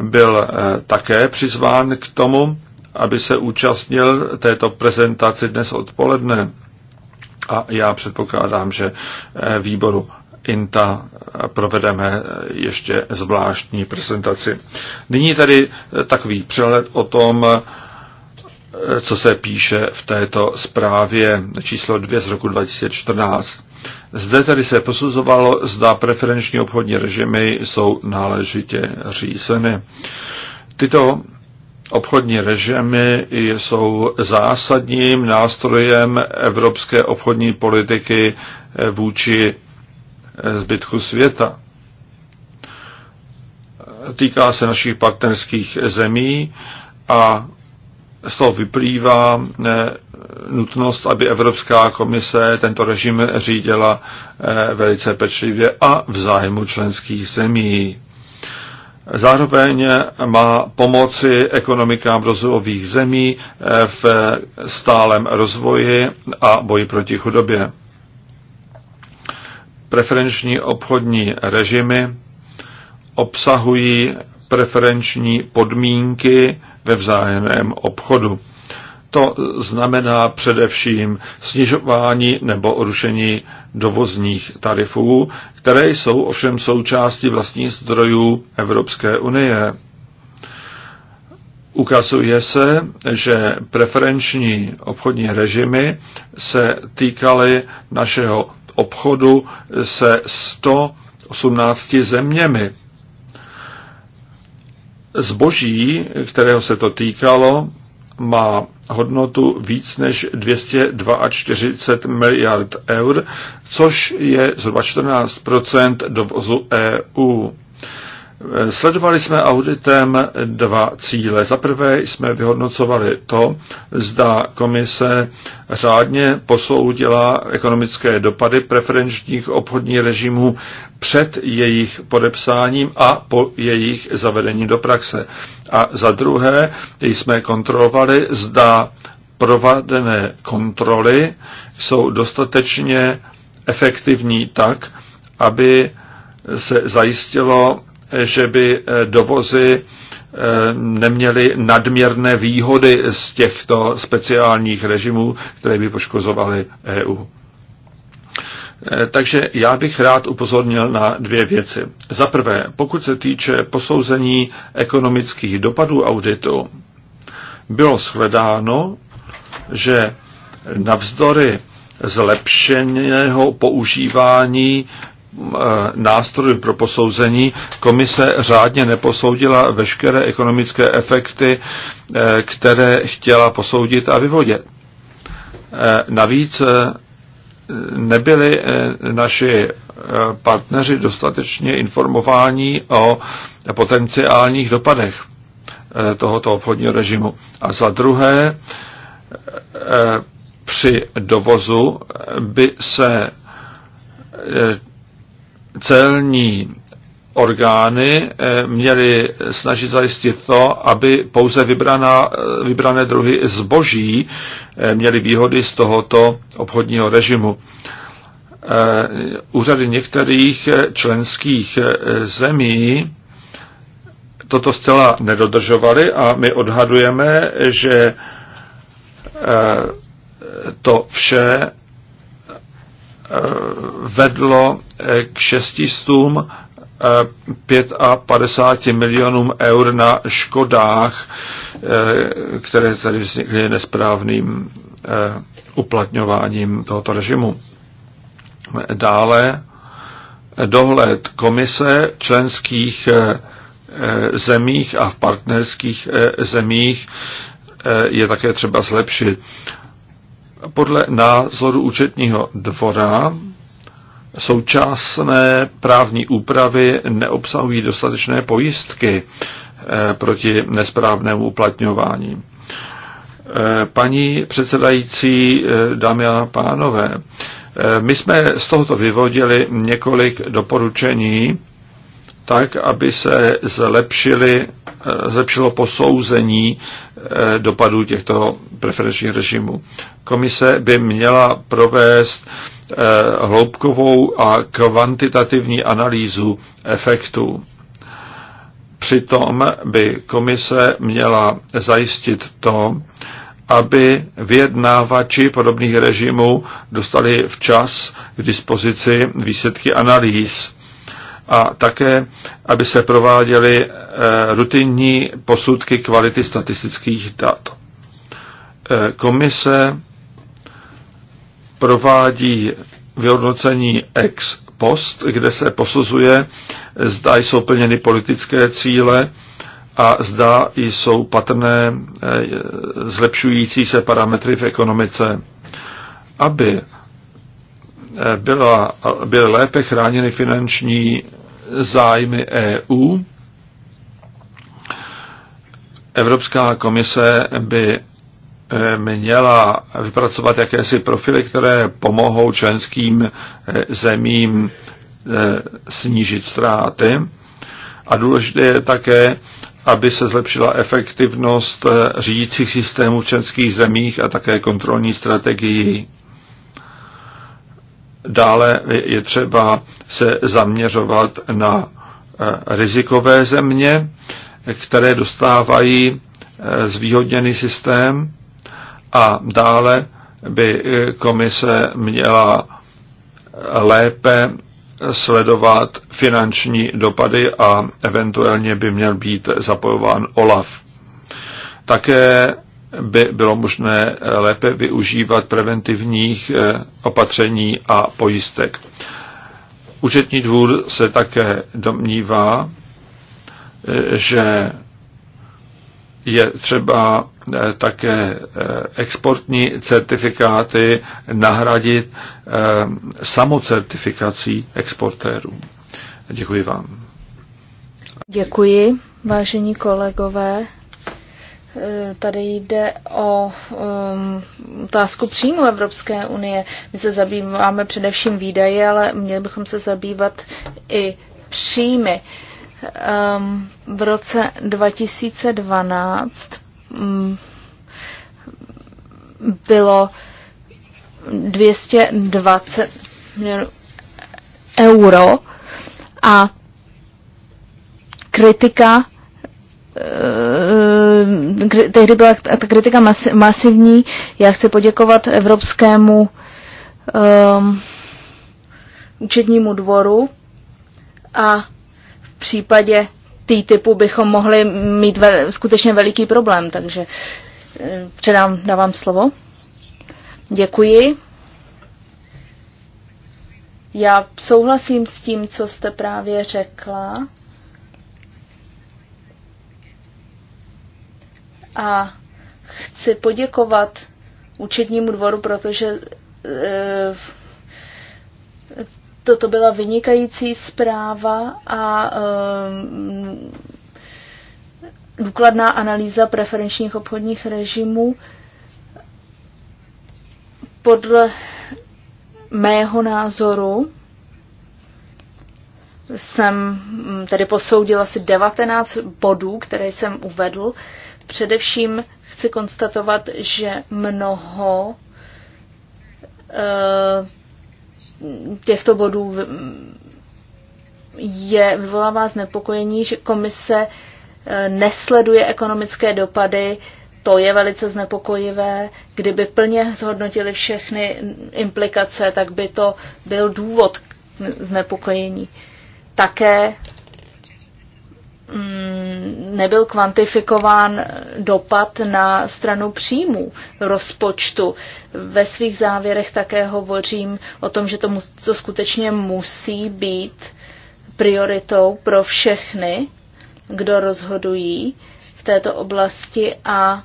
byl eh, také přizván k tomu, aby se účastnil této prezentaci dnes odpoledne. A já předpokládám, že eh, výboru INTA provedeme ještě zvláštní prezentaci. Nyní tady takový přehled o tom, co se píše v této zprávě číslo 2 z roku 2014. Zde tedy se posuzovalo, zda preferenční obchodní režimy jsou náležitě řízeny. Tyto obchodní režimy jsou zásadním nástrojem evropské obchodní politiky vůči zbytku světa. Týká se našich partnerských zemí a z toho vyplývá eh, nutnost, aby Evropská komise tento režim řídila eh, velice pečlivě a v zájmu členských zemí. Zároveň má pomoci ekonomikám rozvojových zemí eh, v stálem rozvoji a boji proti chudobě preferenční obchodní režimy obsahují preferenční podmínky ve vzájemném obchodu. To znamená především snižování nebo rušení dovozních tarifů, které jsou ovšem součástí vlastních zdrojů Evropské unie. Ukazuje se, že preferenční obchodní režimy se týkaly našeho obchodu se 118 zeměmi. Zboží, kterého se to týkalo, má hodnotu víc než 242 miliard eur, což je zhruba 14 dovozu EU. Sledovali jsme auditem dva cíle. Za prvé jsme vyhodnocovali to, zda komise řádně posoudila ekonomické dopady preferenčních obchodních režimů před jejich podepsáním a po jejich zavedení do praxe. A za druhé jsme kontrolovali, zda prováděné kontroly jsou dostatečně efektivní tak, aby se zajistilo že by eh, dovozy eh, neměly nadměrné výhody z těchto speciálních režimů, které by poškozovaly EU. Eh, takže já bych rád upozornil na dvě věci. Za prvé, pokud se týče posouzení ekonomických dopadů auditu, bylo shledáno, že navzdory zlepšeného používání Eh, nástroj pro posouzení komise řádně neposoudila veškeré ekonomické efekty, eh, které chtěla posoudit a vyvodit. Eh, navíc nebyli naši partneři dostatečně informováni o potenciálních dopadech tohoto obchodního režimu. A za druhé, při dovozu by se celní orgány eh, měly snažit zajistit to, aby pouze vybraná, eh, vybrané druhy zboží eh, měly výhody z tohoto obchodního režimu. Úřady některých členských zemí toto zcela nedodržovaly a my odhadujeme, že to vše Eh, vedlo eh, k 55 eh, milionům eur na škodách, které tady vznikly nesprávným uplatňováním tohoto režimu. Dále dohled komise členských zemích a v partnerských zemích je také třeba zlepšit podle názoru účetního dvora současné právní úpravy neobsahují dostatečné pojistky eh, proti nesprávnému uplatňování. Eh, paní předsedající, eh, dámy a pánové, my jsme z tohoto vyvodili několik doporučení, tak, aby se zlepšili, eh, zlepšilo posouzení eh, dopadů těchto preferenčních režimů. Komise by měla provést eh, hloubkovou a kvantitativní analýzu efektů. Přitom by komise měla zajistit to, aby vyjednávači podobných režimů dostali včas k dispozici výsledky analýz a také, aby se prováděly eh, rutinní posudky kvality statistických dat. Eh, komise provádí vyhodnocení ex post, kde se posuzuje, zda jsou plněny politické cíle a zda jsou patrné eh, zlepšující se parametry v ekonomice. Aby byla, byly lépe chráněny finanční zájmy EU. Evropská komise by eh, měla vypracovat jakési profily, které pomohou členským eh, zemím eh, snížit ztráty. A důležité je také, aby se zlepšila efektivnost řídících systémů v členských zemích a také kontrolní strategii. Dále je třeba se zaměřovat na eh, rizikové země, které dostávají eh, zvýhodněný systém a dále by eh, komise měla lépe sledovat finanční dopady a eventuálně by měl být zapojován OLAF. Také by bylo možné lépe využívat preventivních eh, opatření a pojistek. Účetní dvůr se také domnívá, eh, že je třeba eh, také exportní certifikáty nahradit samocertifikací exportérů. Děkuji vám. Děkuji, vážení kolegové. Eh, tady jde o um, otázku příjmu Evropské unie. My se zabýváme především výdaje, ale měli bychom se zabývat i příjmy. Um, v roce 2012 um, mm, bylo 220 milionů euro a kritika Eh, tehdy byla ta kritika masivní. Já chci poděkovat Evropskému um, účetnímu dvoru a v případě tý typu bychom mohli mít ve, skutečně veliký problém, takže eh, předám, dávám slovo. Děkuji. Já souhlasím s tím, co jste právě řekla. A chci poděkovat účetnímu dvoru, protože e, toto byla vynikající zpráva a e, důkladná analýza preferenčních obchodních režimů. Podle mého názoru jsem tedy posoudila asi 19 bodů, které jsem uvedl. E, Především chci konstatovat, že mnoho eh, těchto bodů je, vyvolává znepokojení, že komise eh, nesleduje ekonomické dopady, to je velice znepokojivé. Kdyby plně zhodnotili všechny implikace, tak by to byl důvod znepokojení. Také Mm, nebyl kvantifikován dopad na stranu příjmů rozpočtu. Ve svých závěrech také hovořím o tom, že to, mu, to skutečně musí být prioritou pro všechny, kdo rozhodují v této oblasti a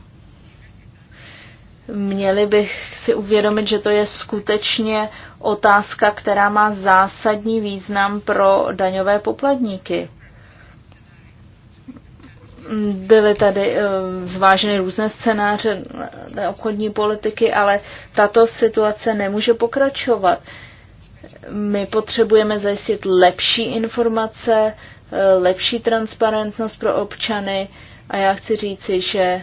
měli bych si uvědomit, že to je skutečně otázka, která má zásadní význam pro daňové poplatníky byly tady eh, zváženy různé scénáře obchodní politiky, ale tato situace nemůže pokračovat. My potřebujeme zajistit lepší informace, eh, lepší transparentnost pro občany a já chci říci, že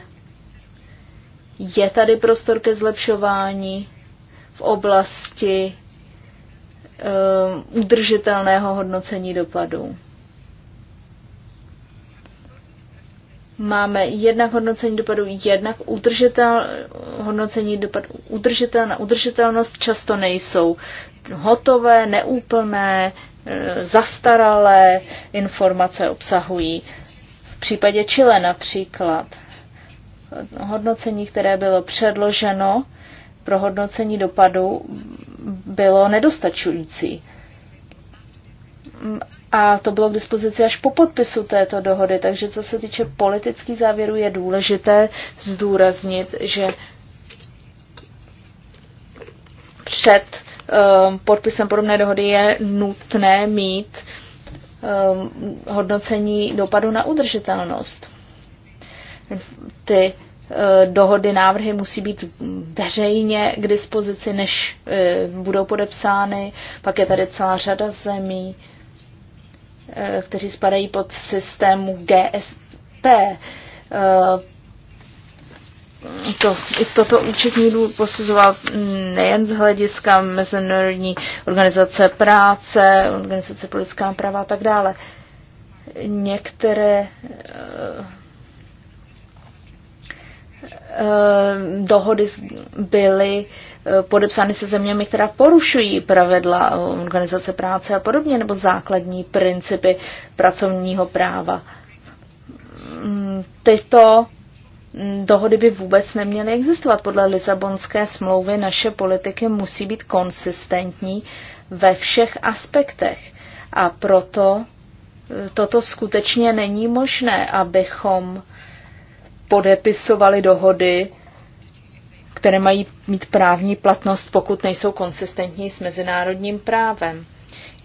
je tady prostor ke zlepšování v oblasti eh, udržitelného hodnocení dopadů. máme jednak hodnocení dopadů, jednak udržitel, hodnocení dopadů udržitel na udržitelnost často nejsou hotové, neúplné, e, zastaralé informace obsahují. V případě Chile například hodnocení, které bylo předloženo pro hodnocení dopadu, bylo nedostačující a to bylo k dispozici až po podpisu této dohody. Takže co se týče politických závěrů, je důležité zdůraznit, že před um, podpisem podobné dohody je nutné mít um, hodnocení dopadu na udržitelnost. Ty uh, dohody, návrhy musí být veřejně k dispozici, než uh, budou podepsány. Pak je tady celá řada zemí, Eh, kteří spadají pod systému GSP. Eh, to, I toto účetní důl posuzoval nejen z hlediska Mezinárodní organizace práce, organizace pro lidská práva a tak dále. Některé eh, dohody byly Eh, podepsány se zeměmi, která porušují pravidla eh, organizace práce a podobně, nebo základní principy pracovního práva. Mm, tyto dohody by vůbec neměly existovat. Podle Lisabonské smlouvy naše politiky musí být konsistentní ve všech aspektech. A proto eh, toto skutečně není možné, abychom podepisovali dohody, které mají mít právní platnost, pokud nejsou konsistentní s mezinárodním právem.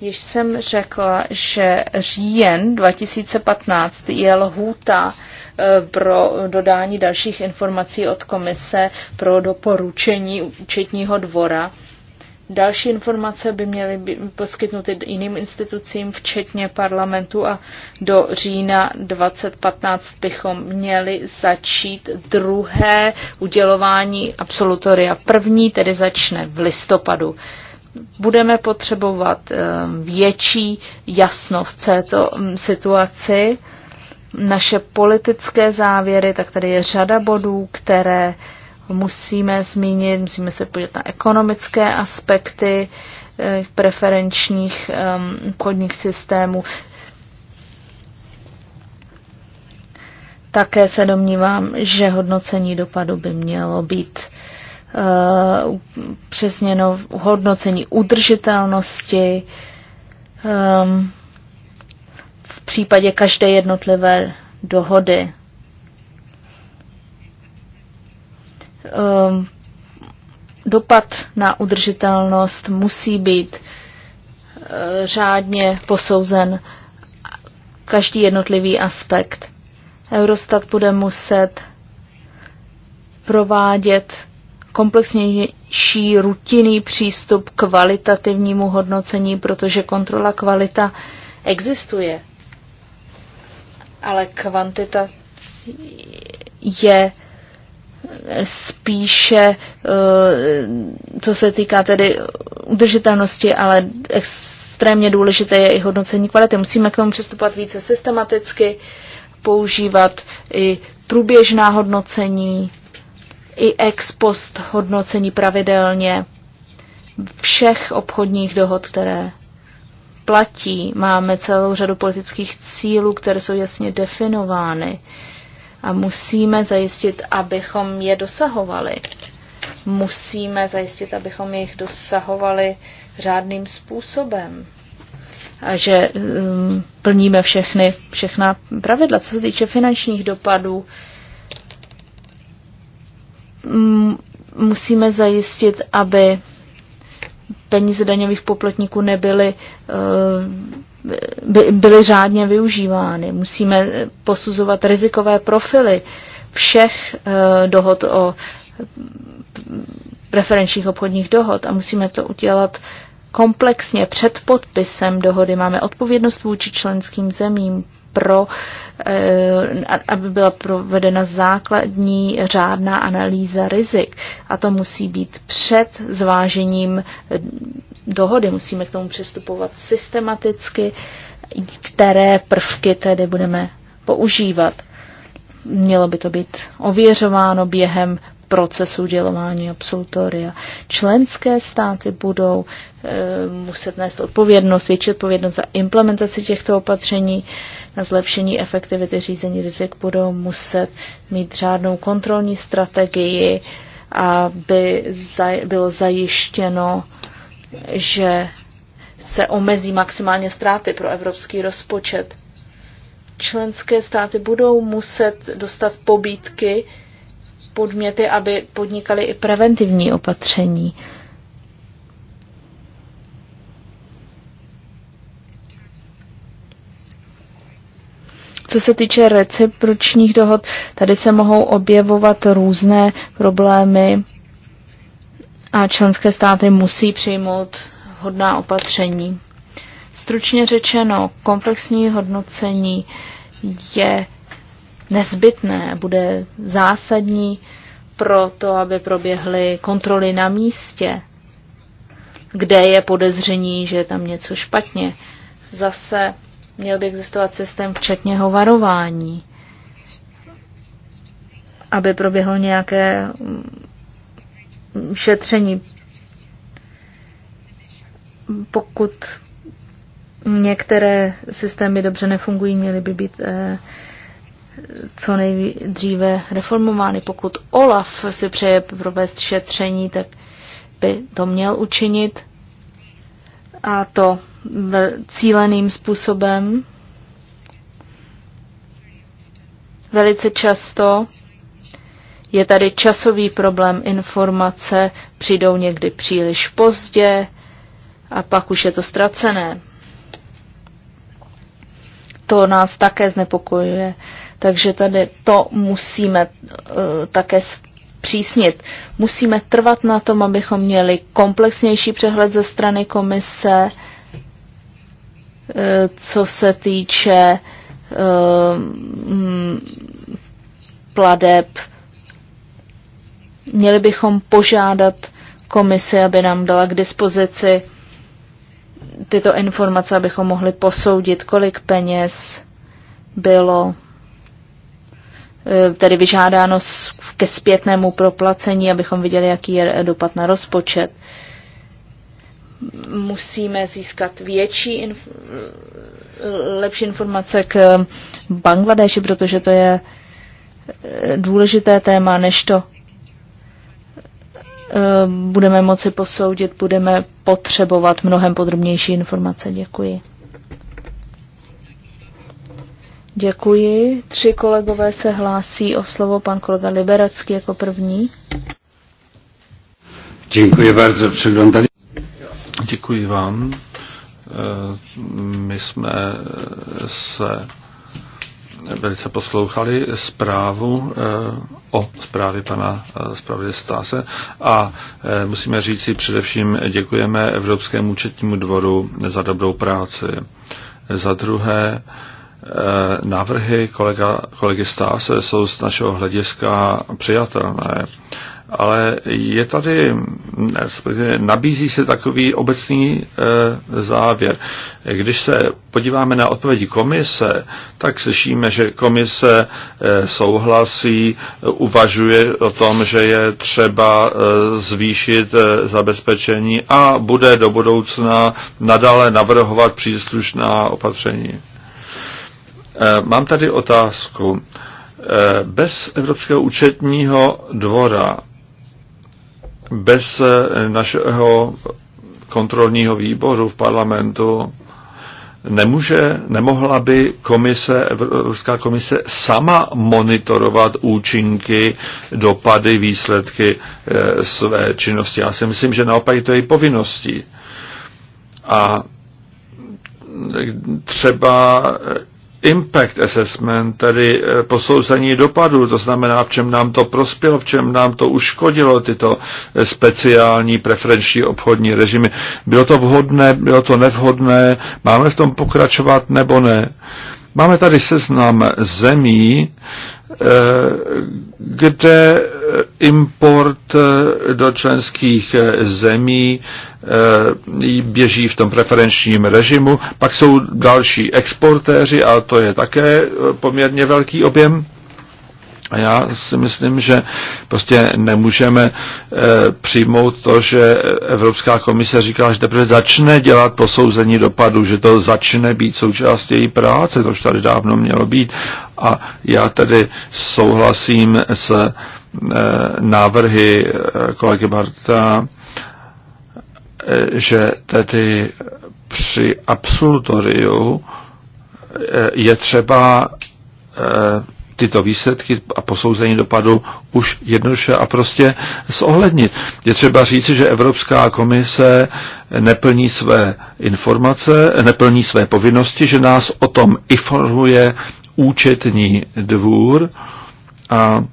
Již jsem řekla, že říjen 2015 je lhůta eh, pro dodání dalších informací od komise pro doporučení účetního dvora Další informace by měly být poskytnuty jiným institucím, včetně parlamentu a do října 2015 bychom měli začít druhé udělování absolutoria. První tedy začne v listopadu. Budeme potřebovat ehm, větší jasno v této mm, situaci. Naše politické závěry, tak tady je řada bodů, které musíme zmínit, musíme se podívat na ekonomické aspekty eh, preferenčních ehm, obchodních systémů. Také se domnívám, že hodnocení dopadu by mělo být eh, přesněno hodnocení udržitelnosti ehm, v případě každé jednotlivé dohody Um, dopad na udržitelnost musí být uh, řádně posouzen každý jednotlivý aspekt. Eurostat bude muset provádět komplexnější rutinný přístup k kvalitativnímu hodnocení, protože kontrola kvalita existuje, ale kvantita je spíše, eh, co se týká tedy udržitelnosti, ale extrémně důležité je i hodnocení kvality. Musíme k tomu přistupovat více systematicky, používat i průběžná hodnocení, i ex post hodnocení pravidelně všech obchodních dohod, které platí. Máme celou řadu politických cílů, které jsou jasně definovány. Uh, a musíme zajistit, abychom je dosahovali. Musíme zajistit, abychom jich dosahovali řádným způsobem a že um, plníme všechny, všechna pravidla. Co se týče finančních dopadů, mm, musíme zajistit, aby peníze daňových poplatníků nebyly uh, by byly řádně využívány. Musíme posuzovat rizikové profily všech eh, dohod o preferenčních obchodních dohod a musíme to udělat komplexně před podpisem dohody. Máme odpovědnost vůči členským zemím, pro, eh, aby byla provedena základní řádná analýza rizik. A to musí být před zvážením eh, dohody. Musíme k tomu přistupovat systematicky, které prvky tedy budeme používat. Mělo by to být ověřováno během procesu udělování absolutoria. Členské státy budou e, muset nést odpovědnost, větší odpovědnost za implementaci těchto opatření na zlepšení efektivity řízení rizik, budou muset mít řádnou kontrolní strategii, aby zaj, bylo zajištěno, že se omezí maximálně ztráty pro evropský rozpočet. Členské státy budou muset dostat pobídky, podměty, aby podnikali i preventivní opatření. Co se týče recipročních dohod, tady se mohou objevovat různé problémy a členské státy musí přijmout hodná opatření. Stručně řečeno, komplexní hodnocení je nezbytné, bude zásadní pro to, aby proběhly kontroly na místě, kde je podezření, že je tam něco špatně. Zase měl by existovat systém včetně varování, aby proběhlo nějaké mm, šetření. Pokud některé systémy dobře nefungují, měly by být eh, co nejdříve reformovány. Pokud Olaf si přeje provést šetření, tak by to měl učinit a to cíleným způsobem. Velice často je tady časový problém, informace přijdou někdy příliš pozdě a pak už je to ztracené. To nás také znepokojuje takže tady to musíme eh, také přísnit. Musíme trvat na tom, abychom měli komplexnější přehled ze strany komise, eh, co se týče eh, mm, pladeb. Měli bychom požádat komisi, aby nám dala k dispozici tyto informace, abychom mohli posoudit, kolik peněz bylo Eh, tedy vyžádáno ke zpětnému proplacení, abychom viděli, jaký je dopad na rozpočet. Musíme získat větší, inf- lepší informace k Bangladeši, protože to je eh, důležité téma, než to eh, budeme moci posoudit, budeme potřebovat mnohem podrobnější informace. Děkuji. Děkuji. Tři kolegové se hlásí o slovo pan kolega Liberacký jako první. Děkuji bardzo. Přiglądali... Děkuji vám. Eh, my jsme se velice poslouchali zprávu eh, o zprávě pana eh, zprávy Stáse a musíme říct si především děkujeme Evropskému účetnímu dvoru za dobrou práci. Za druhé, Eh, návrhy kolega, kolegy Stáse jsou z našeho hlediska přijatelné, ale je tady, nabízí se takový obecný eh, závěr. Když se podíváme na odpovědi komise, tak slyšíme, že komise eh, souhlasí, uvažuje o tom, že je třeba zvýšit zabezpečení a bude do budoucna nadále navrhovat příslušná opatření. Eh, mám tady otázku. Eh, bez Evropského účetního dvora, bez eh, našeho kontrolního výboru v parlamentu, nemůže, nemohla by komise, Evropská komise sama monitorovat účinky, dopady, výsledky své činnosti. Já si myslím, že naopak je to její povinností. A třeba impact assessment, tedy eh, posouzení dopadů, to znamená, v čem nám to prospělo, v čem nám to uškodilo, tyto eh, speciální preferenční obchodní režimy. Bylo to vhodné, bylo to nevhodné, máme v tom pokračovat nebo ne? Máme tady seznam zemí, Eh, kde eh, import eh, do členských zemí běží v tom preferenčním režimu. Pak jsou další exportéři, a to je také poměrně velký objem. A já si myslím, že prostě nemůžeme e, přijmout to, že Evropská komise říká, že teprve začne dělat posouzení dopadu, že to začne být součástí její práce, to už tady dávno mělo být. A já tedy souhlasím s e, návrhy eh, kolegy Barta, e, že tedy při absolutoriu e, je třeba e, tyto výsledky a posouzení dopadu už jednoduše a prostě zohlednit. Je třeba říci, že Evropská komise neplní své informace, neplní své povinnosti, že nás o tom informuje účetní dvůr a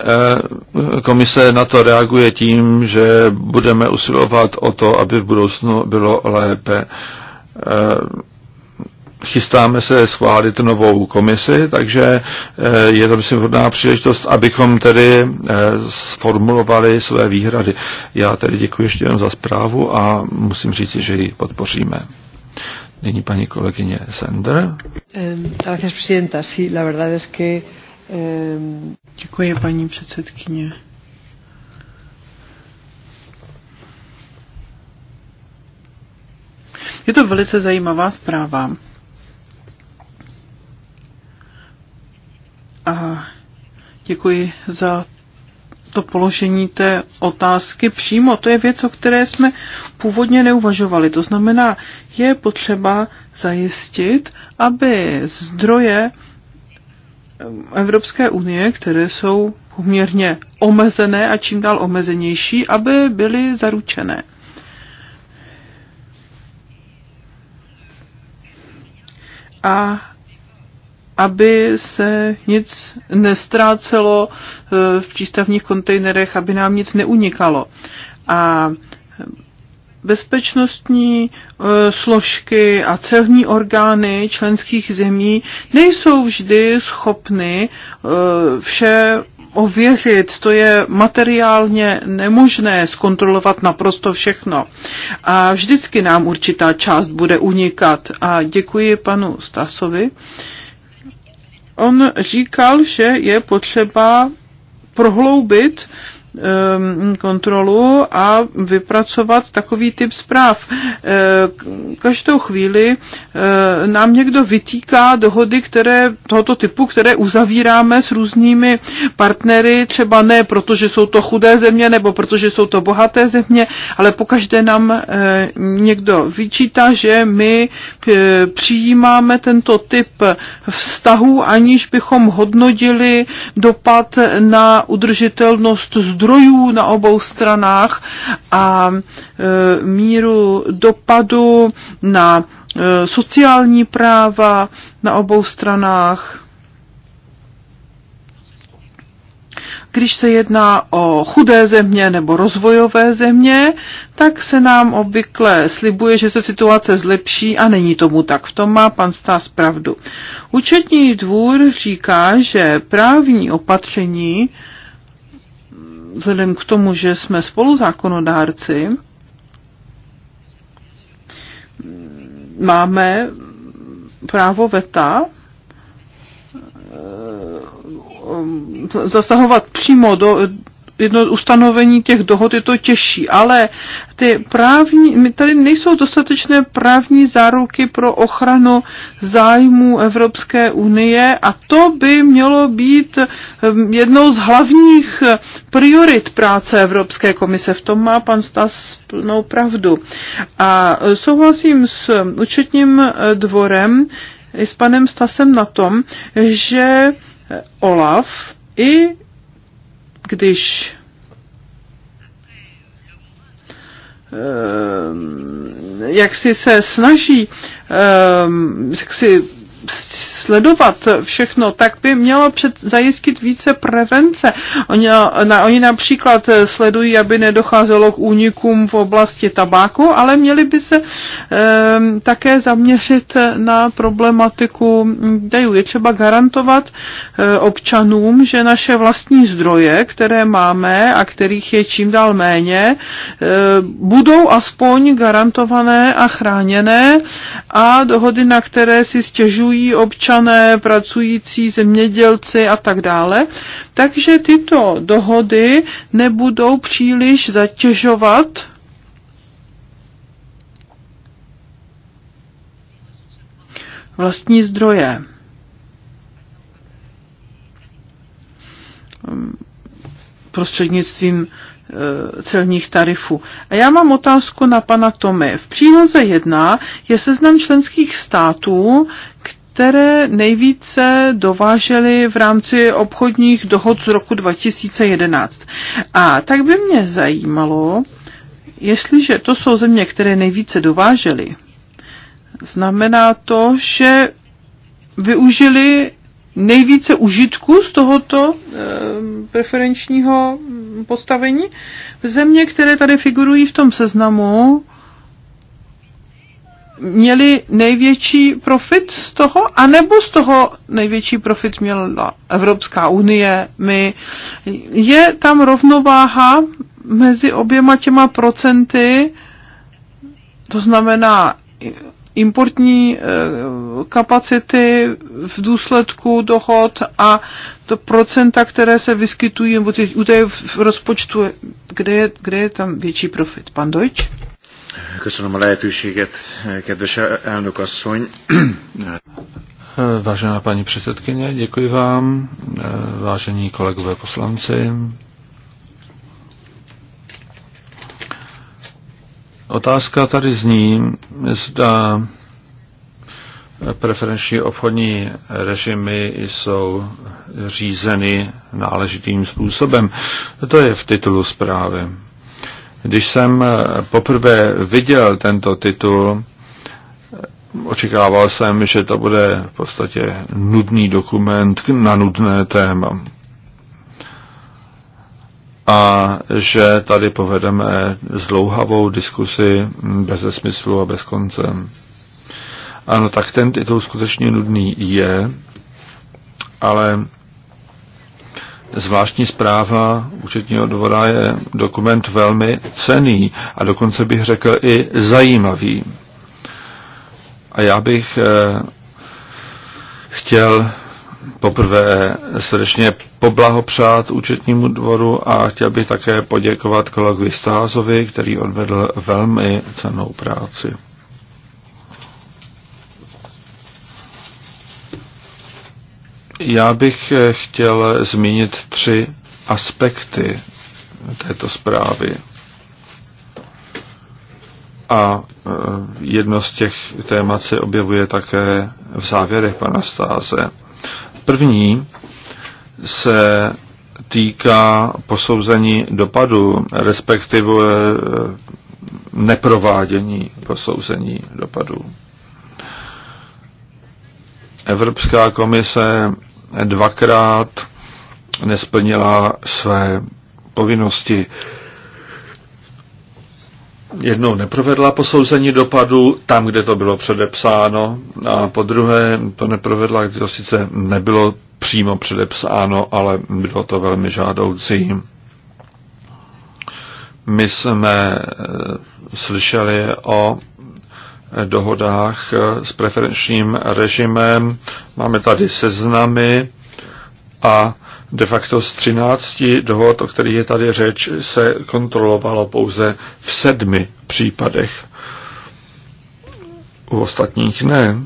eh, Komise na to reaguje tím, že budeme usilovat o to, aby v budoucnu bylo lépe. Eh, chystáme se schválit novou komisi, takže eh, je to, myslím, hodná příležitost, abychom tedy eh, sformulovali své výhrady. Já tedy děkuji ještě jenom za zprávu a musím říct, že ji podpoříme. Nyní paní kolegyně Sender. Děkuji, paní předsedkyně. Je to velice zajímavá zpráva. A děkuji za to položení té otázky přímo. To je věc, o které jsme původně neuvažovali. To znamená, je potřeba zajistit, aby zdroje Evropské unie, které jsou poměrně omezené a čím dál omezenější, aby byly zaručené. A aby se nic nestrácelo eh, v přístavních kontejnerech, aby nám nic neunikalo. A bezpečnostní eh, složky a celní orgány členských zemí nejsou vždy schopny eh, vše ověřit, to je materiálně nemožné zkontrolovat naprosto všechno. A vždycky nám určitá část bude unikat. A děkuji panu Stasovi on říkal, že je potřeba prohloubit Ehm, kontrolu a vypracovat takový typ zpráv. Ehm, každou chvíli ehm, nám někdo vytýká dohody které, tohoto typu, které uzavíráme s různými partnery, třeba ne protože jsou to chudé země nebo protože jsou to bohaté země, ale pokaždé nám někdo vyčítá, že my eh, přijímáme tento typ vztahů, aniž bychom hodnotili dopad na udržitelnost zdrojů zdrojů na obou stranách a e, míru dopadu na e, sociální práva na obou stranách. Když se jedná o chudé země nebo rozvojové země, tak se nám obvykle slibuje, že se situace zlepší a není tomu tak. V tom má pan Stás pravdu. Účetní dvůr říká, že právní opatření vzhledem k tomu, že jsme spoluzákonodárci, máme právo veta eh, zasahovat přímo do, jedno ustanovení těch dohod je to těžší, ale ty právní, tady nejsou dostatečné právní záruky pro ochranu zájmů Evropské unie a to by mělo být ehm, jednou z hlavních eh, priorit práce Evropské komise. V tom má pan Stas plnou pravdu. A eh, souhlasím s ehm, účetním eh, dvorem i s panem Stasem na tom, že Olaf i když eh, jak si se snaží eh, jak si sledovat všechno, tak by mělo před, zajistit více prevence. Oni, na, oni například sledují, aby nedocházelo k únikům v oblasti tabáku, ale měli by se e, také zaměřit na problematiku dejů. Je třeba garantovat e, občanům, že naše vlastní zdroje, které máme a kterých je čím dál méně, e, budou aspoň garantované a chráněné a dohody, na které si stěžují pracují občané, pracující zemědělci a tak dále. Takže tyto dohody nebudou příliš zatěžovat vlastní zdroje. prostřednictvím eh, celních tarifů. A já mám otázku na pana Tomy. V příloze 1 je seznam členských států, které nejvíce dovážely v rámci obchodních dohod z roku 2011. A tak by mě zajímalo, jestliže to jsou země, které nejvíce dovážely, znamená to, že využili nejvíce užitku z tohoto e, preferenčního postavení. Země, které tady figurují v tom seznamu, měli největší profit z toho, anebo z toho největší profit měla Evropská unie, my. Je tam rovnováha mezi oběma těma procenty, to znamená importní eh, kapacity v důsledku dohod a to procenta, které se vyskytují, nebo ty v rozpočtu, kde je, kde je tam větší profit? Pan Deutsch? Köszönöm a lehetőséget, kedves elnök asszony. Vážená paní předsedkyně, děkuji vám, vážení kolegové poslanci. Otázka tady zní, zda preferenční obchodní režimy jsou řízeny náležitým způsobem. To je v titulu zprávy. Když jsem eh, poprvé viděl tento titul, očekával jsem, že to bude v podstatě nudný dokument na nudné téma. A že tady povedeme zlouhavou diskusi bez smyslu a bez konce. Ano, tak ten titul skutečně nudný je, ale Zvláštní zpráva účetního dvora je dokument velmi cený a dokonce bych řekl i zajímavý. A já bych eh, chtěl poprvé srdečně poblahopřát účetnímu dvoru a chtěl bych také poděkovat kolegovi Stázovi, který odvedl velmi cenou práci. Já bych eh, chtěl eh, zmínit tři aspekty této zprávy. A eh, jedno z těch témat se objevuje také v závěrech pana Stáze. První se týká posouzení dopadu, respektive neprovádění posouzení dopadů. Evropská komise dvakrát nesplnila své povinnosti. Jednou neprovedla posouzení dopadu tam, kde to bylo předepsáno, a po druhé to neprovedla, kde to sice nebylo přímo předepsáno, ale bylo to velmi žádoucí. My jsme eh, slyšeli o dohodách eh, s preferenčním režimem. Máme tady seznamy a de facto z 13 dohod, o kterých je tady řeč, se kontrolovalo pouze v sedmi případech. U ostatních ne.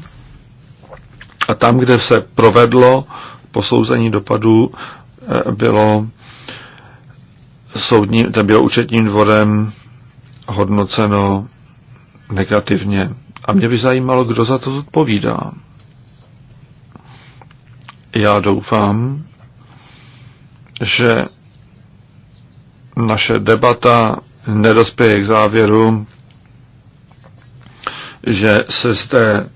A tam, kde se provedlo posouzení dopadů, eh, bylo soudním, bylo účetním dvorem hodnoceno negativně. A mě by zajímalo, kdo za to odpovídá. Já doufám, že naše debata nedospěje k závěru, že se zde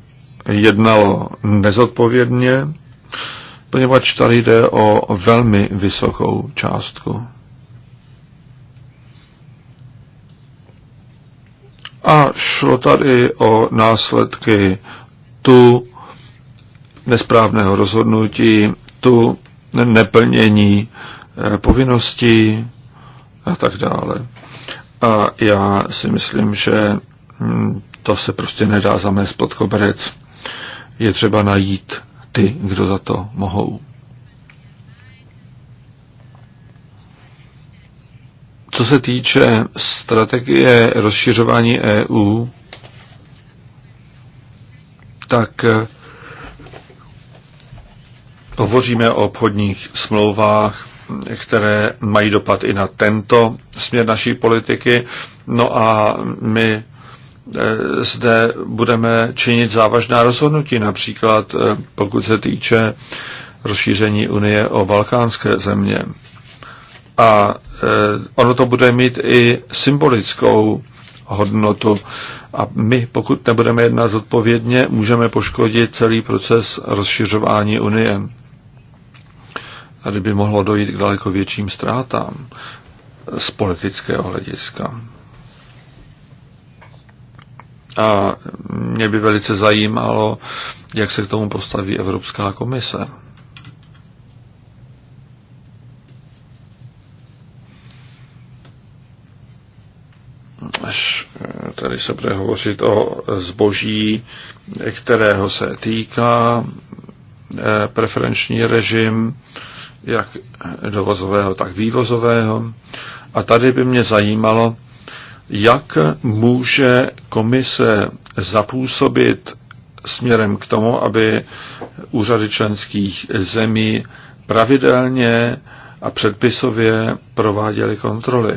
jednalo nezodpovědně, poněvadž tady jde o velmi vysokou částku. A šlo tady o následky tu nesprávného rozhodnutí, tu neplnění eh, povinností a tak dále. A já si myslím, že hm, to se prostě nedá zamést pod koberec. Je třeba najít ty, kdo za to mohou. Co se týče strategie rozšiřování EU, tak eh, hovoříme o obchodních smlouvách, které mají dopad i na tento směr naší politiky. No a my eh, zde budeme činit závažná rozhodnutí, například eh, pokud se týče rozšíření Unie o balkánské země. A Eh, ono to bude mít i symbolickou hodnotu. A my, pokud nebudeme jednat zodpovědně, můžeme poškodit celý proces rozšiřování Unie. Tady by mohlo dojít k daleko větším ztrátám z politického hlediska. A mě by velice zajímalo, jak se k tomu postaví Evropská komise. až eh, tady se bude hovořit o zboží, eh, kterého se týká eh, preferenční režim, jak dovozového, tak vývozového. A tady by mě zajímalo, jak může komise zapůsobit směrem k tomu, aby úřady členských zemí pravidelně a předpisově prováděly kontroly.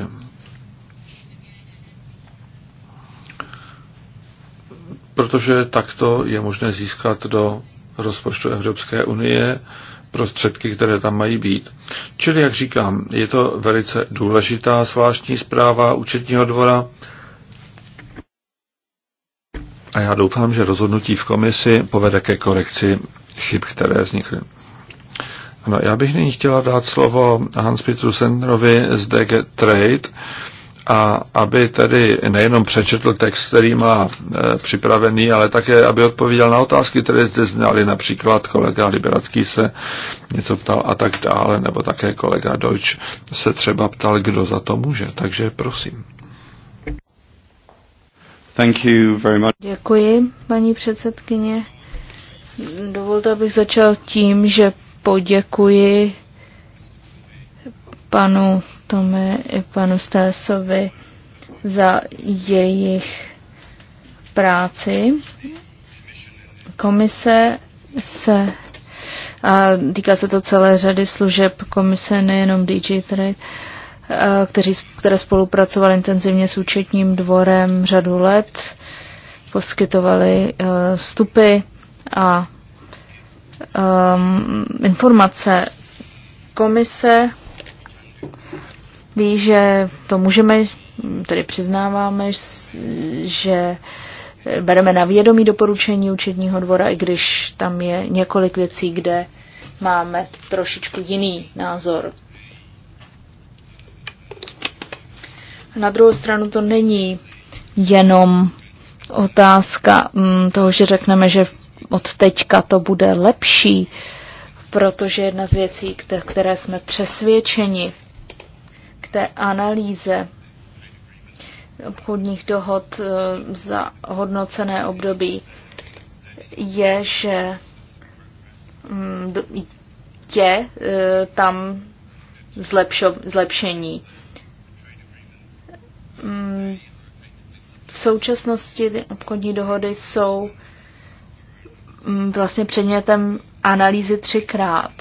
protože takto je možné získat do rozpočtu Evropské unie prostředky, které tam mají být. Čili, jak říkám, je to velice důležitá zvláštní zpráva účetního dvora a já doufám, že rozhodnutí v komisi povede ke korekci chyb, které vznikly. No, já bych nyní chtěla dát slovo Hans-Petru Sendrovi z DG Trade, a aby tedy nejenom přečetl text, který má e, připravený, ale také, aby odpověděl na otázky, které zde znali, například kolega Liberacký se něco ptal a tak dále, nebo také kolega Deutsch se třeba ptal, kdo za to může. Takže prosím. Thank you very much. Děkuji, paní předsedkyně. Dovolte, abych začal tím, že poděkuji panu Tome i panu Stásovi za jejich práci. Komise se a týká se to celé řady služeb komise, nejenom DJ Trade, kteří, které spolupracovali intenzivně s účetním dvorem řadu let, poskytovali e, vstupy a um, informace komise ví, že to můžeme, tedy přiznáváme, že bereme na vědomí doporučení účetního dvora, i když tam je několik věcí, kde máme trošičku jiný názor. Na druhou stranu to není jenom otázka mm, toho, že řekneme, že od teďka to bude lepší, protože jedna z věcí, které jsme přesvědčeni, té analýze obchodních dohod eh, za hodnocené období je, že mm, je eh, tam zlepšo, zlepšení. Mm, v současnosti ty obchodní dohody jsou mm, vlastně předmětem analýzy třikrát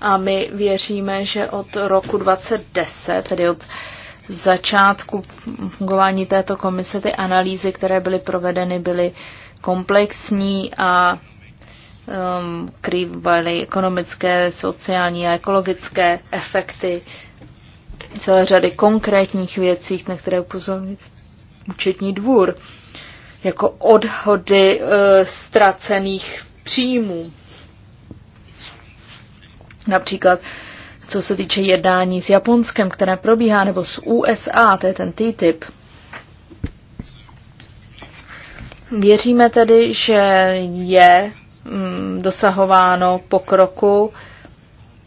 a my věříme, že od roku 2010, tedy od začátku fungování této komise, ty analýzy, které byly provedeny, byly komplexní a um, krývaly ekonomické, sociální a ekologické efekty celé řady konkrétních věcí, na které upozornil účetní dvůr, jako odhody uh, ztracených příjmů. Například co se týče jednání s Japonskem, které probíhá, nebo s USA, to je ten TTIP. Věříme tedy, že je mm, dosahováno pokroku,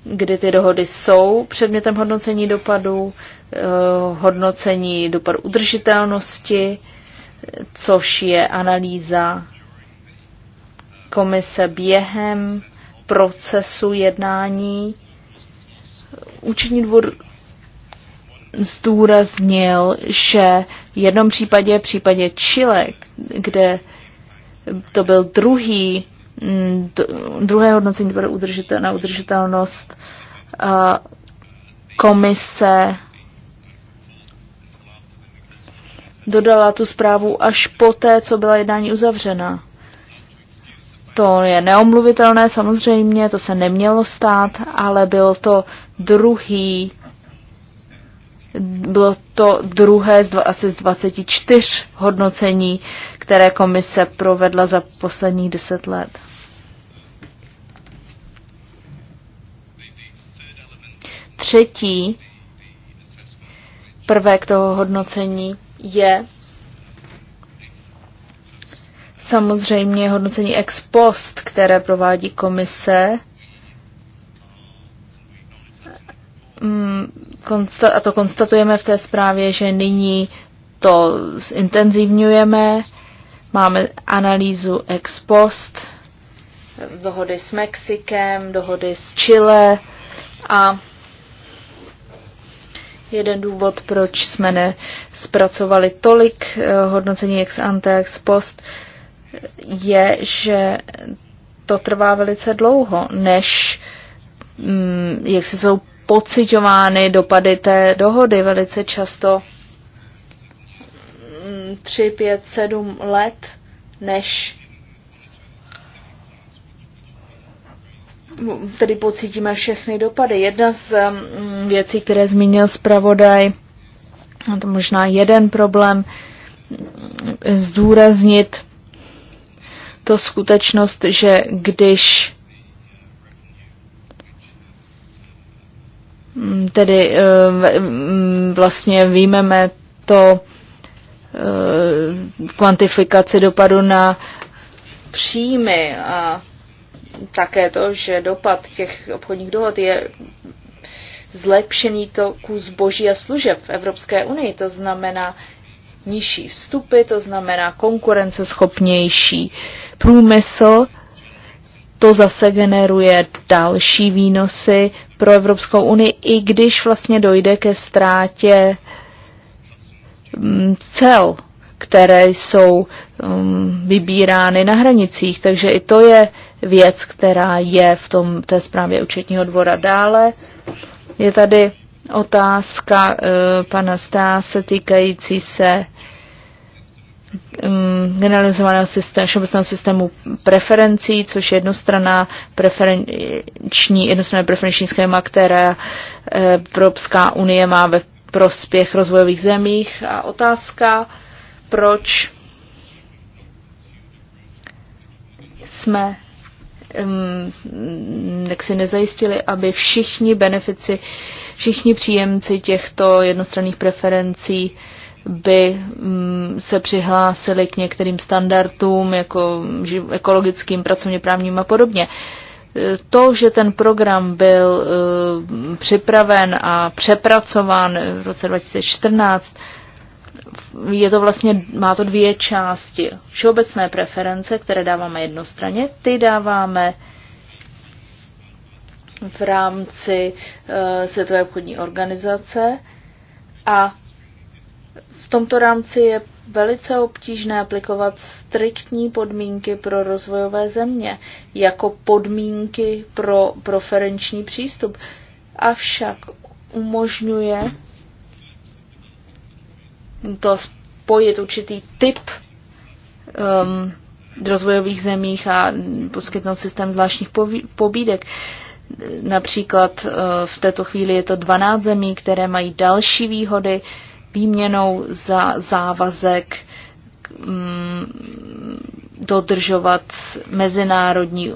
kdy ty dohody jsou předmětem hodnocení dopadů, eh, hodnocení dopadu udržitelnosti, což je analýza komise během procesu jednání účetní dvůr zdůraznil, že v jednom případě, v případě Chile, kde to byl druhý, mm, druhé hodnocení pro udržitel, na udržitelnost komise dodala tu zprávu až poté, co byla jednání uzavřena. To je neomluvitelné samozřejmě, to se nemělo stát, ale byl to druhý, bylo to druhé z dva, asi z 24 hodnocení, které komise provedla za posledních 10 let. Třetí prvek toho hodnocení je Samozřejmě hodnocení ex post, které provádí komise, mm, a to konstatujeme v té zprávě, že nyní to zintenzivňujeme, máme analýzu ex post, dohody s Mexikem, dohody s Chile a jeden důvod, proč jsme nespracovali tolik eh, hodnocení ex ante, ex post, je, že to trvá velice dlouho, než mm, jak se jsou pocitovány dopady té dohody velice často 3, 5, 7 let, než tedy pocítíme všechny dopady. Jedna z mm, věcí, které zmínil zpravodaj, a to možná jeden problém, mm, zdůraznit to skutečnost, že když mm, tedy eh, mm, vlastně výjmeme to eh, kvantifikaci dopadu na příjmy a také to, že dopad těch obchodních dohod je zlepšený to kus boží a služeb v Evropské unii. To znamená nižší vstupy, to znamená konkurenceschopnější průmysl, to zase generuje další výnosy pro Evropskou unii, i když vlastně dojde ke ztrátě mm, cel, které jsou mm, vybírány na hranicích. Takže i to je věc, která je v tom, té zprávě účetního dvora. Dále je tady otázka e, pana Stáse týkající se Um, generalizovaného systému, všeobecného systému preferencí, což je jednostranná preferenční, jednostranné preferenční schéma, které eh, Evropská unie má ve prospěch rozvojových zemích. A otázka, proč jsme um, jak si nezajistili, aby všichni benefici, všichni příjemci těchto jednostranných preferencí by mm, se přihlásili k některým standardům, jako ekologickým, pracovně právním a podobně. E, to, že ten program byl e, připraven a přepracován v roce 2014, je to vlastně, má to dvě části. Všeobecné preference, které dáváme jednostranně, ty dáváme v rámci uh, Světové obchodní organizace a tomto rámci je velice obtížné aplikovat striktní podmínky pro rozvojové země jako podmínky pro preferenční přístup, avšak umožňuje to spojit určitý typ um, rozvojových zemích a poskytnout systém zvláštních pobídek. Například uh, v této chvíli je to 12 zemí, které mají další výhody, uh, výměnou za závazek mm, dodržovat mezinárodní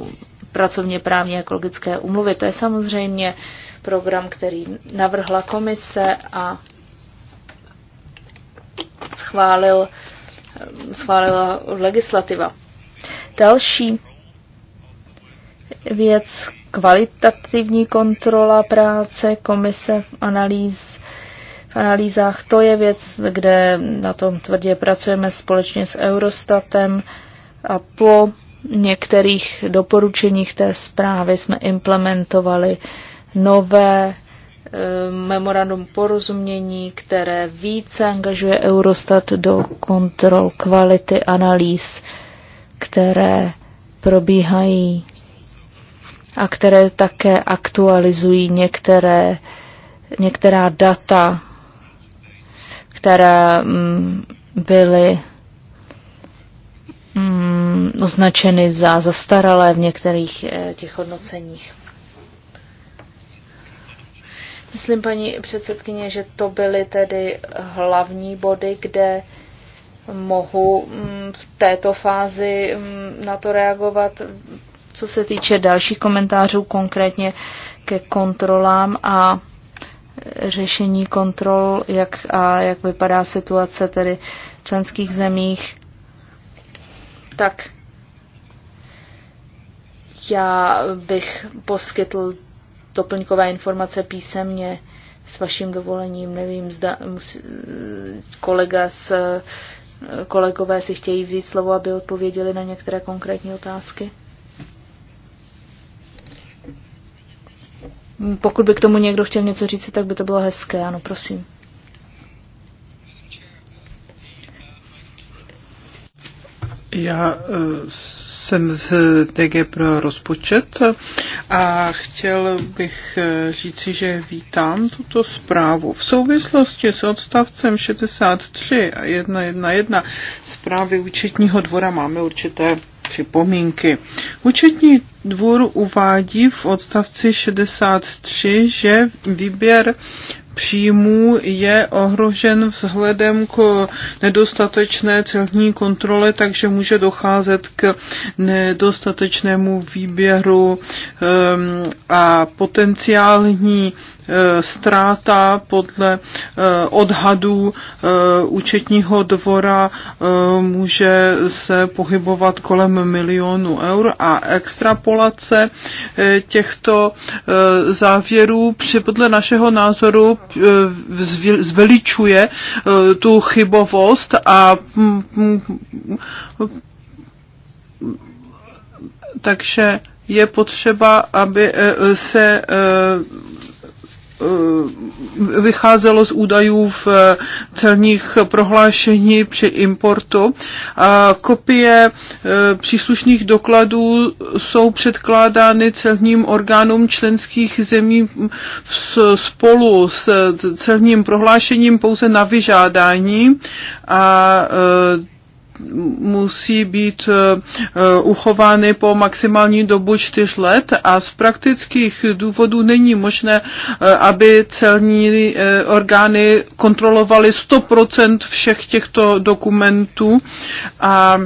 pracovně právní ekologické umluvy. To je samozřejmě program, který navrhla komise a schválil, schválila legislativa. Další věc, kvalitativní kontrola práce komise analýz analýzách. To je věc, kde na tom tvrdě pracujeme společně s Eurostatem a po některých doporučeních té zprávy jsme implementovali nové eh, memorandum porozumění, které více angažuje Eurostat do kontrol kvality analýz, které probíhají a které také aktualizují některé, některá data které mm, byly mm, označeny za zastaralé v některých eh, těch hodnoceních. Myslím, paní předsedkyně, že to byly tedy hlavní body, kde mohu mm, v této fázi na to reagovat. Co se týče dalších komentářů, konkrétně ke kontrolám a řešení kontrol, jak, a jak vypadá situace tedy v členských zemích, tak já bych poskytl doplňkové informace písemně s vaším dovolením. Nevím, zda musí, kolega s, kolegové si chtějí vzít slovo, aby odpověděli na některé konkrétní otázky. Pokud by k tomu někdo chtěl něco říct, tak by to bylo hezké. Ano, prosím. Já e, jsem z TG pro rozpočet a chtěl bych e, říci, že vítám tuto zprávu. V souvislosti s odstavcem 63 a 111 zprávy účetního dvora máme určité připomínky. Účetní dvůr uvádí v odstavci 63, že výběr příjmů je ohrožen vzhledem k nedostatečné celní kontrole, takže může docházet k nedostatečnému výběru ehm, a potenciální Eh, ztráta podle eh, odhadů eh, účetního dvora může se pohybovat kolem milionu eur a extrapolace těchto závěrů při podle našeho názoru zveličuje tu chybovost a mm, mm, takže je potřeba, aby se Eh, vycházelo z údajů v eh, celních prohlášení při importu. A kopie eh, příslušných dokladů jsou předkládány celním orgánům členských zemí spolu s celním prohlášením pouze na vyžádání a musí být eh, eh, uchovány po maximální dobu čtyř let a z praktických důvodů není možné, eh, aby celní orgány kontrolovaly 100% všech těchto dokumentů a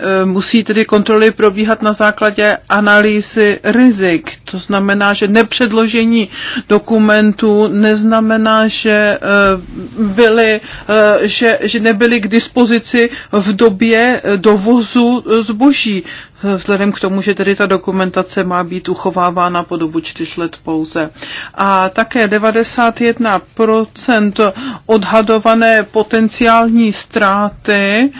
Eh, musí tedy kontroly probíhat na základě analýzy rizik. To znamená, že nepředložení dokumentů neznamená, že, eh, byly, eh, že, že nebyly k dispozici v době dovozu zboží. Vzhledem k tomu, že tedy ta dokumentace má být uchovávána po dobu čtyř let pouze. A také 91% odhadované potenciální ztráty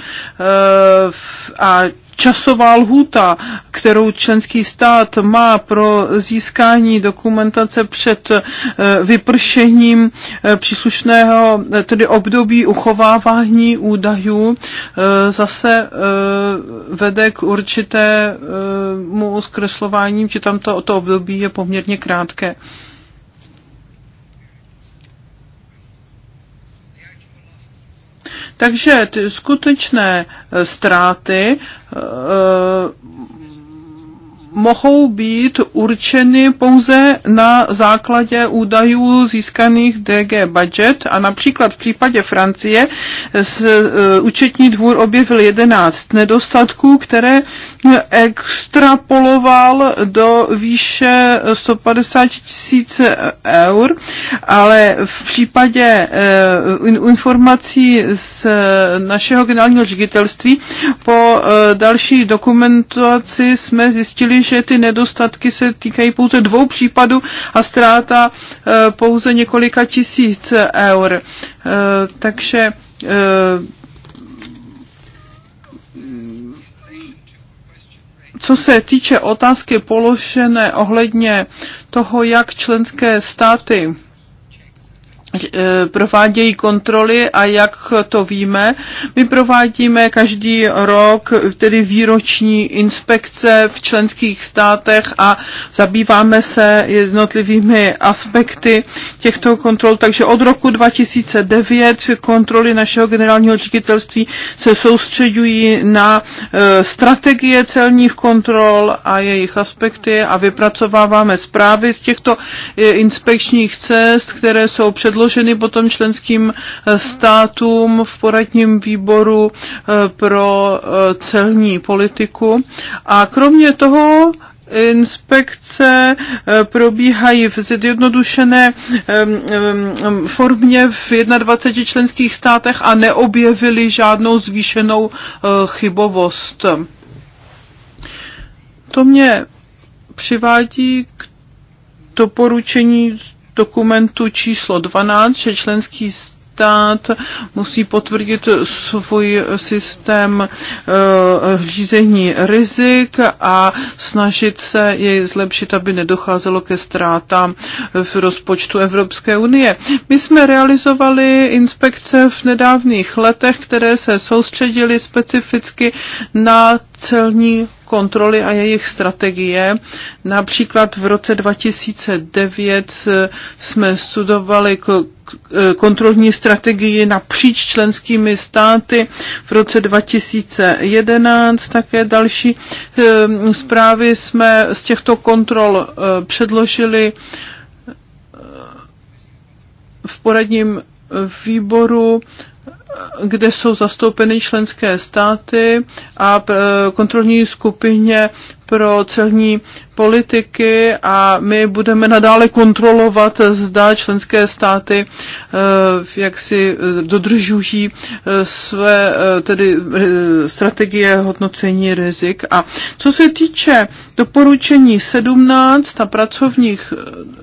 a a časová lhůta, kterou členský stát má pro získání dokumentace před eh, vypršením eh, příslušného eh, tedy období uchovávání údajů, zase vede k určitému zkreslování, že tam to, to období je poměrně krátké. Takže ty skutečné eh, ztráty eh, mohou být určeny pouze na základě údajů získaných DG Budget a například v případě Francie se účetní dvůr objevil 11 nedostatků, které extrapoloval do výše 150 tisíc eur, ale v případě e, informací z našeho generálního ředitelství po e, další dokumentaci jsme zjistili, že ty nedostatky se týkají pouze dvou případů a ztráta eh, pouze několika tisíc eur. Eh, takže eh, co se týče otázky položené ohledně toho, jak členské státy E, provádějí kontroly a jak to víme, my provádíme každý rok tedy výroční inspekce v členských státech a zabýváme se jednotlivými aspekty těchto kontrol. Takže od roku 2009 kontroly našeho generálního ředitelství se soustředují na e, strategie celních kontrol a jejich aspekty a vypracováváme zprávy z těchto e, inspekčních cest, které jsou předloženy potom členským e, státům v poradním výboru pro celní politiku. A kromě toho inspekce eh, probíhají v zjednodušené formě v 21 členských státech a neobjevili žádnou zvýšenou eh, chybovost. To mě přivádí k doporučení dokumentu číslo 12, že členský stát stát musí potvrdit svůj systém eh, řízení rizik a snažit se jej zlepšit, aby nedocházelo ke ztrátám v rozpočtu Evropské unie. My jsme realizovali inspekce v nedávných letech, které se soustředily specificky na celní kontroly a jejich strategie. Například v roce 2009 eh, jsme studovali eh, kontrolní strategii napříč členskými státy. V roce 2011 také další eh, zprávy jsme z těchto kontrol předložili v poradním výboru kde jsou zastoupeny členské státy a e, kontrolní skupině pro celní politiky a my budeme nadále kontrolovat, zda členské státy e, jak si e, dodržují své tedy strategie hodnocení rizik. A co se týče doporučení 17 a pracovních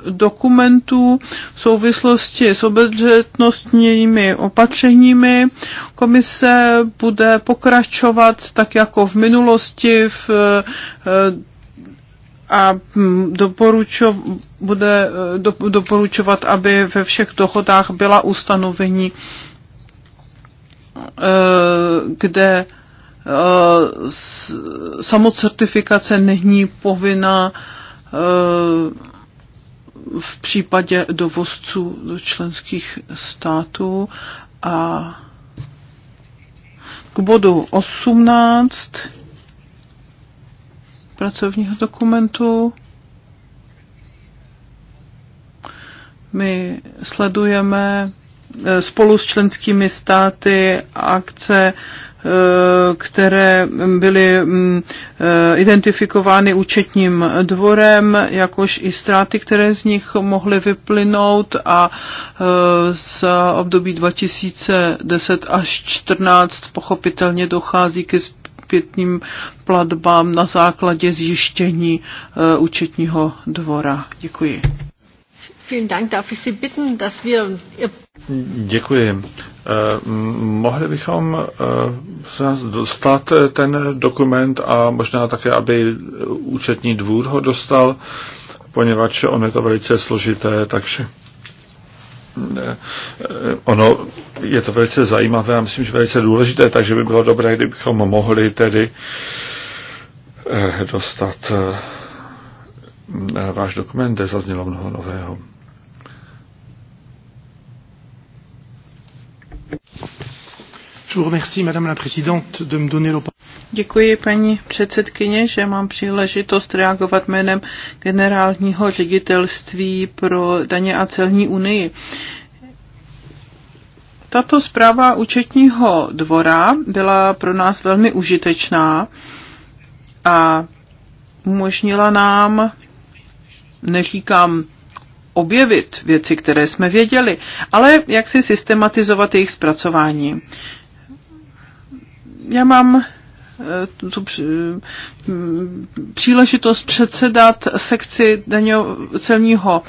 dokumentů v souvislosti s obezřetnostními opatřeními, Komise bude pokračovat tak jako v minulosti v, eh, a hm, doporučo, bude eh, do, doporučovat, aby ve všech dohodách byla ustanovení, eh, kde samocertifikace není povinná v případě dovozců do členských států a k bodu 18 pracovního dokumentu. My sledujeme eh, spolu s členskými státy akce Eh, které byly mm, eh, identifikovány účetním dvorem, jakož i ztráty, které z nich mohly vyplynout a eh, z období 2010 až 2014 pochopitelně dochází ke zpětným platbám na základě zjištění účetního dvora. Děkuji. Děkuji. Eh, mohli bychom eh, se nás dostat eh, ten dokument a možná také, aby účetní dvůr ho dostal, poněvadž on je to velice složité, takže ono je to velice zajímavé a myslím, že velice důležité, takže by bylo dobré, kdybychom mohli tedy dostat váš dokument, kde zaznělo mnoho nového. Děkuji paní předsedkyně, že mám příležitost reagovat jménem generálního ředitelství pro daně a celní unii. Tato zpráva účetního dvora byla pro nás velmi užitečná a umožnila nám, neříkám objevit věci, které jsme věděli, ale jak si systematizovat jejich zpracování. Já mám eh, tu příležitost předsedat sekci daňo, celního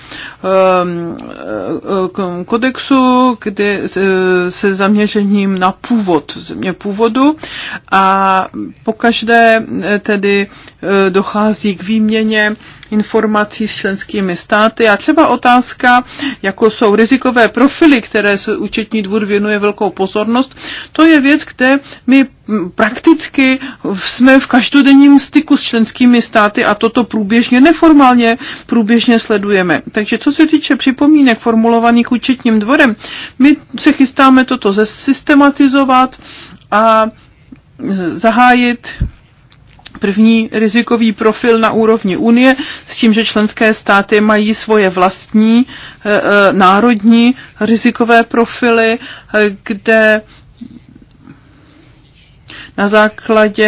ehm, kodexu, kdy se zaměřením na původ, země původu a pokaždé e, tedy e, dochází k výměně informací s členskými státy a třeba otázka, jako jsou rizikové profily, které se účetní dvůr věnuje velkou pozornost, to je věc, kde my prakticky jsme v každodenním styku s členskými státy a toto průběžně, neformálně průběžně sledujeme. Takže co se týče připomínek formulovaných účetním dvorem, my se chystáme toto zesystematizovat a zahájit první rizikový profil na úrovni Unie s tím, že členské státy mají svoje vlastní eh, eh, národní rizikové profily, eh, kde na základě,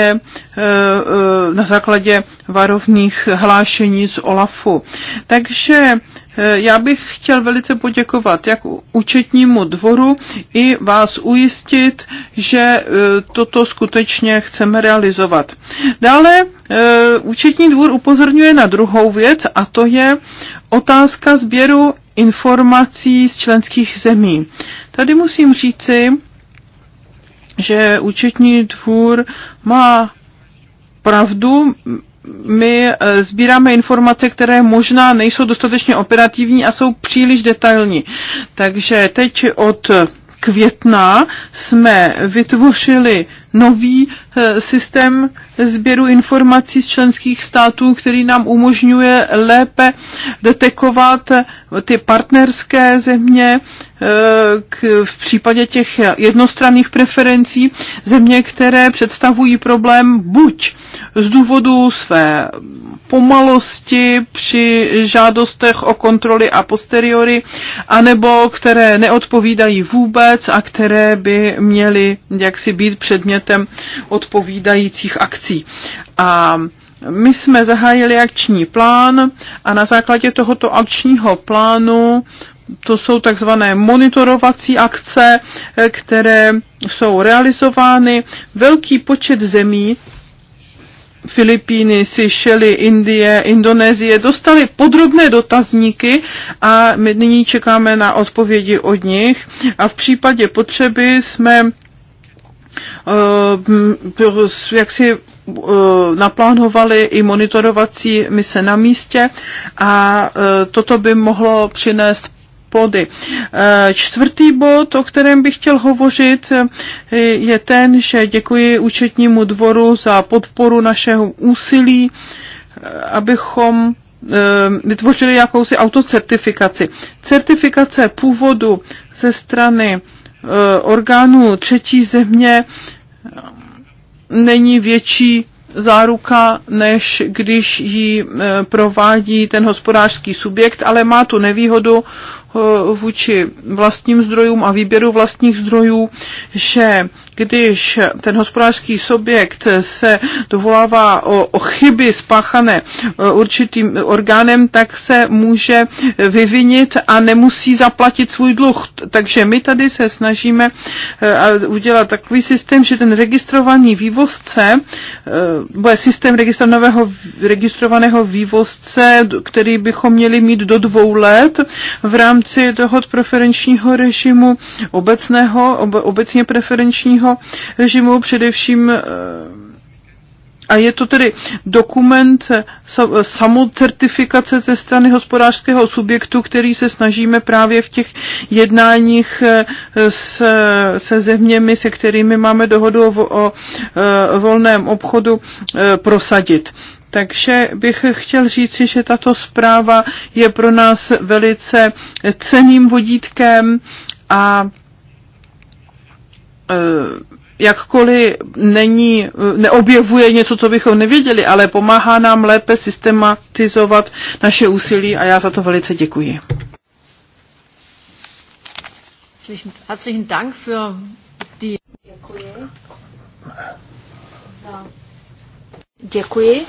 eh, eh, na základě varovných hlášení z OLAFu. Takže eh, já bych chtěl velice poděkovat jak účetnímu dvoru i vás ujistit, že toto skutečně chceme realizovat. Dále účetní dvůr upozorňuje na druhou věc a to je otázka sběru informací z členských zemí. Tady musím říci, že účetní dvůr má pravdu, my eh, sbíráme informace, které možná nejsou dostatečně operativní a jsou příliš detailní. Takže teď od května jsme vytvořili nový eh, systém sběru informací z členských států, který nám umožňuje lépe detekovat eh, ty partnerské země eh, k, v případě těch jednostranných preferencí, země, které představují problém buď z důvodu své pomalosti při žádostech o kontroly a posteriori, anebo které neodpovídají vůbec a které by měly jaksi být předmět předmětem odpovídajících akcí. A my jsme zahájili akční plán a na základě tohoto akčního plánu to jsou takzvané monitorovací akce, které jsou realizovány. Velký počet zemí Filipíny, Seychely, Indie, Indonésie dostali podrobné dotazníky a my nyní čekáme na odpovědi od nich a v případě potřeby jsme Eh, jak si eh, naplánovali i monitorovací mise na místě a eh, toto by mohlo přinést plody. Čtvrtý bod, o kterém bych chtěl hovořit, je ten, že děkuji účetnímu dvoru za podporu našeho úsilí, abychom vytvořili jakousi autocertifikaci. Certifikace původu ze strany Eh, orgánů třetí země eh, není větší záruka, než když ji eh, provádí ten hospodářský subjekt, ale má tu nevýhodu vůči vlastním zdrojům a výběru vlastních zdrojů, že když ten hospodářský subjekt se dovolává o, o chyby spáchané e, určitým orgánem, tak se může vyvinit a nemusí zaplatit svůj dluh. Takže my tady se snažíme e, udělat takový systém, že ten registrovaný vývozce, e, bude systém registrovaného, registrovaného vývozce, který bychom měli mít do dvou let v rámci dohod preferenčního režimu obecného, obecně preferenčního vízového režimu, především eh, a je to tedy dokument samocertifikace ze strany hospodářského subjektu, který se snažíme právě v těch jednáních eh, se, se zeměmi, se kterými máme dohodu o, o, o eh, volném obchodu, prosadit. Takže bych chtěl říci, že tato zpráva je pro nás velice ceným vodítkem a Eh, jakkoliv není, eh, neobjevuje něco, co bychom nevěděli, ale pomáhá nám lépe systematizovat naše úsilí a já za to velice děkuji. Herzlichen Dank für die... Děkuji.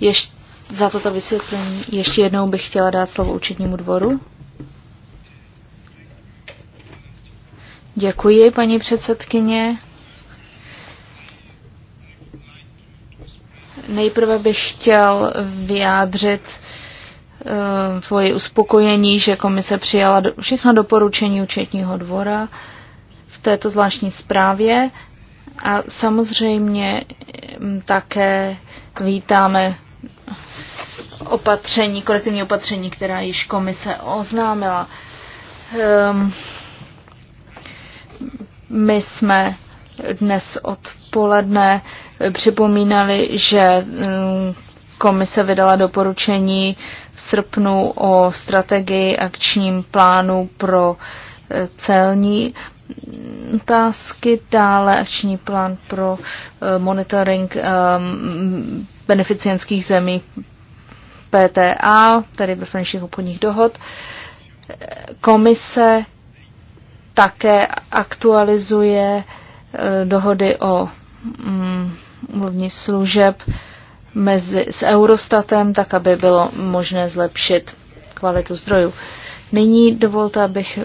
Ještě za toto vysvětlení. Ještě jednou bych chtěla dát slovo učitnímu dvoru. Děkuji, paní předsedkyně. Nejprve bych chtěl vyjádřit uh, svoje uspokojení, že komise přijala do, všechna doporučení účetního dvora v této zvláštní zprávě a samozřejmě mm, také vítáme opatření, kolektivní opatření, která již komise oznámila. Um, my jsme dnes odpoledne připomínali, že mm, komise vydala doporučení v srpnu o strategii akčním plánu pro e, celní otázky, dále akční plán pro e, monitoring e, beneficientských zemí PTA, tedy preferenčních obchodních dohod. Komise také aktualizuje eh, dohody o mluvní mm, služeb mezi, s Eurostatem, tak aby bylo možné zlepšit kvalitu zdrojů. Nyní dovolte, abych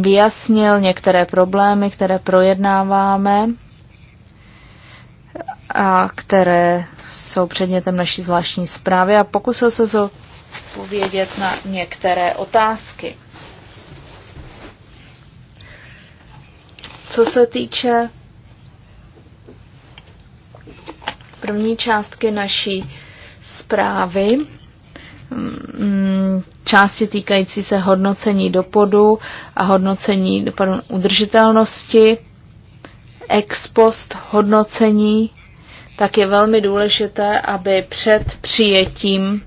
vyjasnil některé problémy, které projednáváme a které jsou předmětem naší zvláštní zprávy a pokusil se odpovědět na některé otázky. Co se týče první částky naší zprávy, mm, části týkající se hodnocení dopadu a hodnocení dopadu udržitelnosti, ex post hodnocení, tak je velmi důležité, aby před přijetím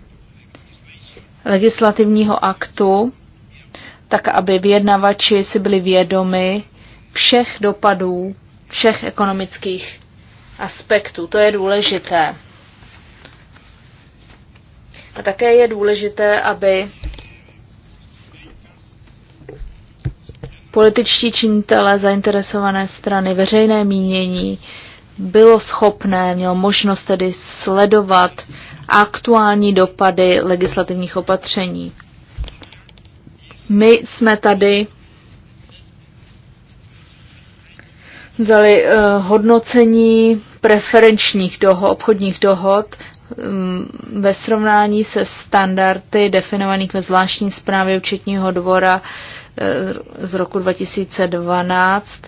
legislativního aktu, tak aby vyjednavači si byli vědomi všech dopadů, všech ekonomických aspektů. To je důležité. A také je důležité, aby političtí činitelé, zainteresované strany, veřejné mínění bylo schopné, mělo možnost tedy sledovat aktuální dopady legislativních opatření. My jsme tady vzali uh, hodnocení preferenčních doho, obchodních dohod um, ve srovnání se standardy definovaných ve zvláštní zprávě účetního dvora uh, z roku 2012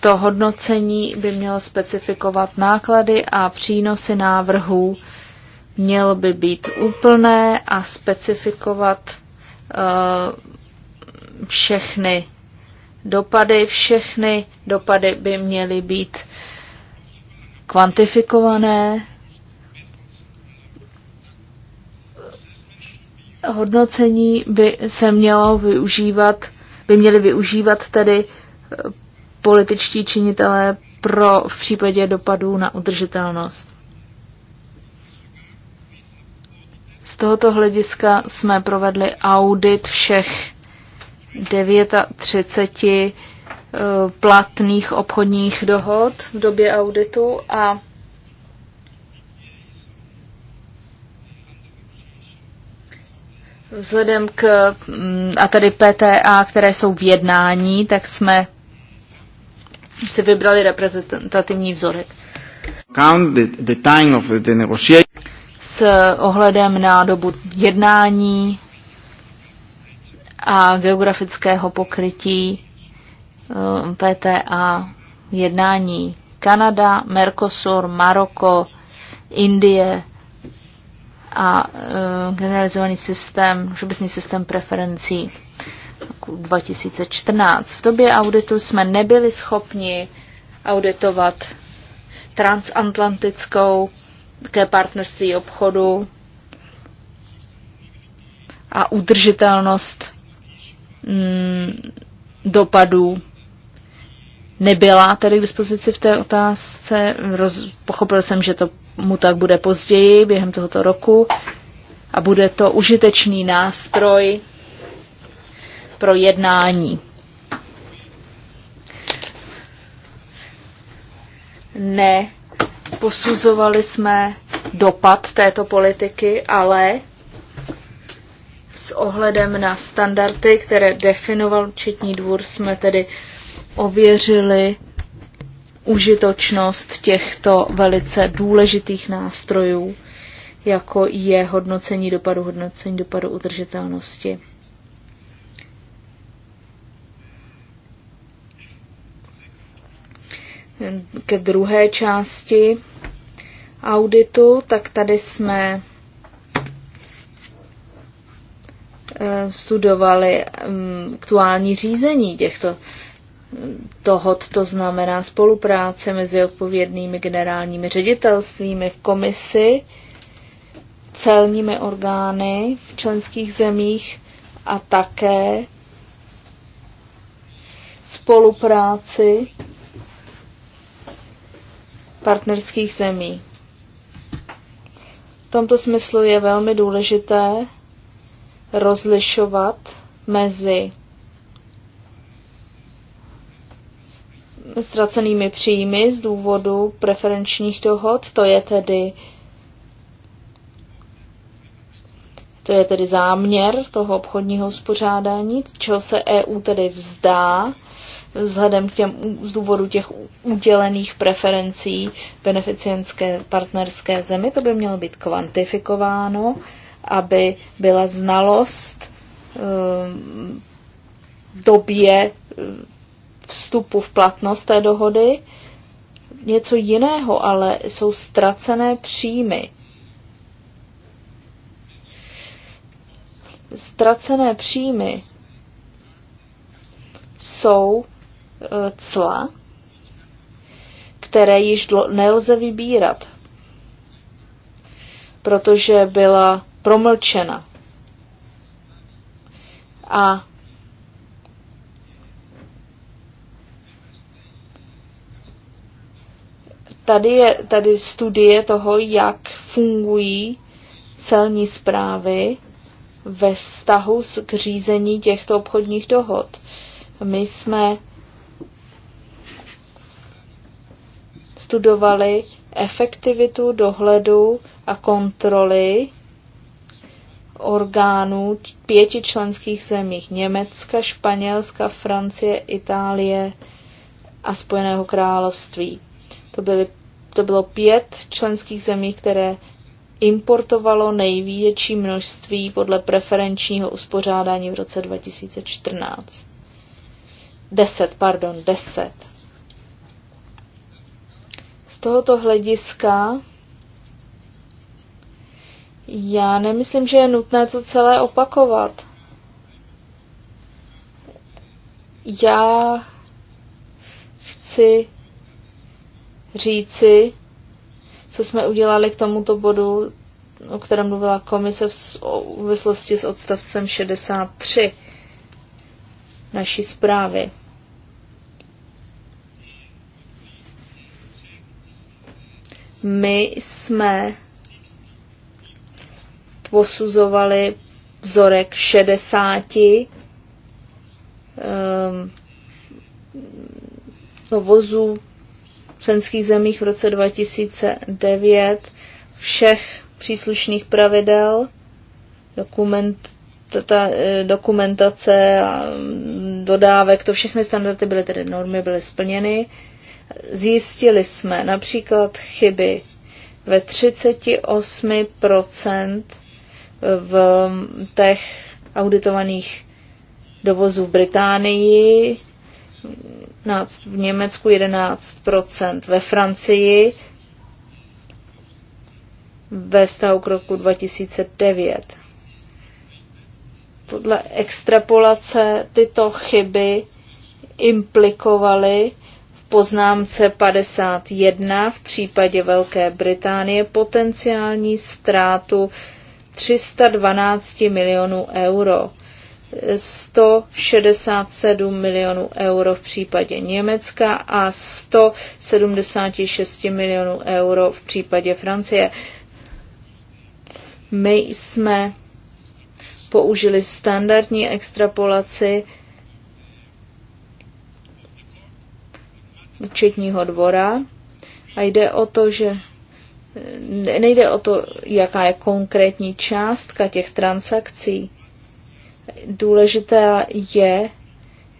to hodnocení by mělo specifikovat náklady a přínosy návrhů, měl by být úplné a specifikovat uh, všechny dopady. Všechny dopady by měly být kvantifikované. Hodnocení by se mělo využívat, by měly využívat tedy političtí činitelé pro v případě dopadů na udržitelnost. Z tohoto hlediska jsme provedli audit všech 39 eh, platných obchodních dohod v době auditu a vzhledem k, mm, a tady PTA, které jsou v jednání, tak jsme si vybrali reprezentativní vzorek. S ohledem na dobu jednání a geografického pokrytí eh, PTA jednání Kanada, Mercosur, Maroko, Indie a eh, generalizovaný systém, všeobecný systém preferencí roku 2014. V době auditu jsme nebyli schopni auditovat transatlantickou ke partnerství obchodu a udržitelnost mm, dopadů nebyla tedy k dispozici v té otázce. Roz, pochopil jsem, že to mu tak bude později během tohoto roku a bude to užitečný nástroj pro jednání. Ne, posuzovali jsme dopad této politiky, ale s ohledem na standardy, které definoval Četní dvůr, jsme tedy ověřili užitočnost těchto velice důležitých nástrojů, jako je hodnocení dopadu, hodnocení dopadu udržitelnosti. ke druhé části auditu, tak tady jsme eh, studovali mm, aktuální řízení těchto mm, tohod, to znamená spolupráce mezi odpovědnými generálními ředitelstvími v komisi, celními orgány v členských zemích a také spolupráci partnerských zemí. V tomto smyslu je velmi důležité rozlišovat mezi ztracenými příjmy z důvodu preferenčních dohod, to je tedy to je tedy záměr toho obchodního uspořádání, čeho se EU tedy vzdá vzhledem k těm z důvodu těch udělených preferencí beneficientské partnerské zemi, to by mělo být kvantifikováno, aby byla znalost ehm, době e, vstupu v platnost té dohody. Něco jiného, ale jsou ztracené příjmy. Ztracené příjmy jsou cla, které již nelze vybírat, protože byla promlčena. A tady je tady studie toho, jak fungují celní zprávy ve vztahu k řízení těchto obchodních dohod. My jsme studovali efektivitu dohledu a kontroly orgánů pěti členských zemích Německa, Španělska, Francie, Itálie a Spojeného království. To, byly, to bylo pět členských zemí, které importovalo největší množství podle preferenčního uspořádání v roce 2014. Deset, pardon, deset tohoto hlediska já nemyslím, že je nutné to celé opakovat. Já chci říci, co jsme udělali k tomuto bodu, o kterém mluvila komise v souvislosti s odstavcem 63 naší zprávy. My jsme posuzovali vzorek 60 um, ehm, vozů v členských zemích v roce 2009 všech příslušných pravidel, dokument, ta, e, dokumentace a mm, dodávek, to všechny standardy byly tedy normy, byly splněny. Zjistili jsme například chyby ve 38% v těch auditovaných dovozů v Británii, v Německu 11%, ve Francii ve vztahu k roku 2009. Podle extrapolace tyto chyby implikovaly poznámce 51 v případě Velké Británie potenciální ztrátu 312 milionů euro. 167 milionů euro v případě Německa a 176 milionů euro v případě Francie. My jsme použili standardní extrapolaci účetního dvora a jde o to, že eh, nejde o to, jaká je konkrétní částka těch transakcí. Důležité je,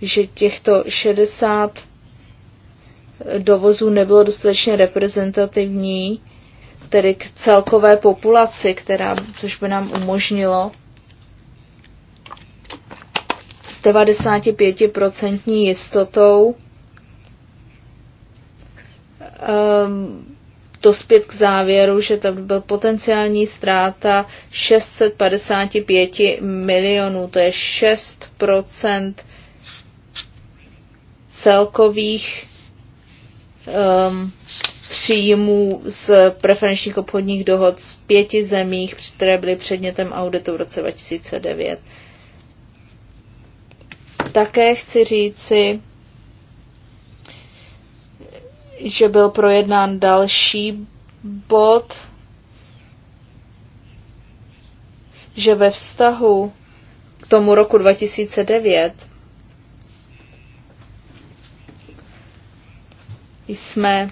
že těchto 60 dovozů nebylo dostatečně reprezentativní, tedy k celkové populaci, která, což by nám umožnilo s 95% jistotou um, ehm, zpět k závěru, že to byl potenciální ztráta 655 milionů, to je 6 celkových um, příjmů z preferenčních obchodních dohod z pěti zemích, které byly předmětem auditu v roce 2009. Také chci říci, že byl projednán další bod, že ve vztahu k tomu roku 2009 jsme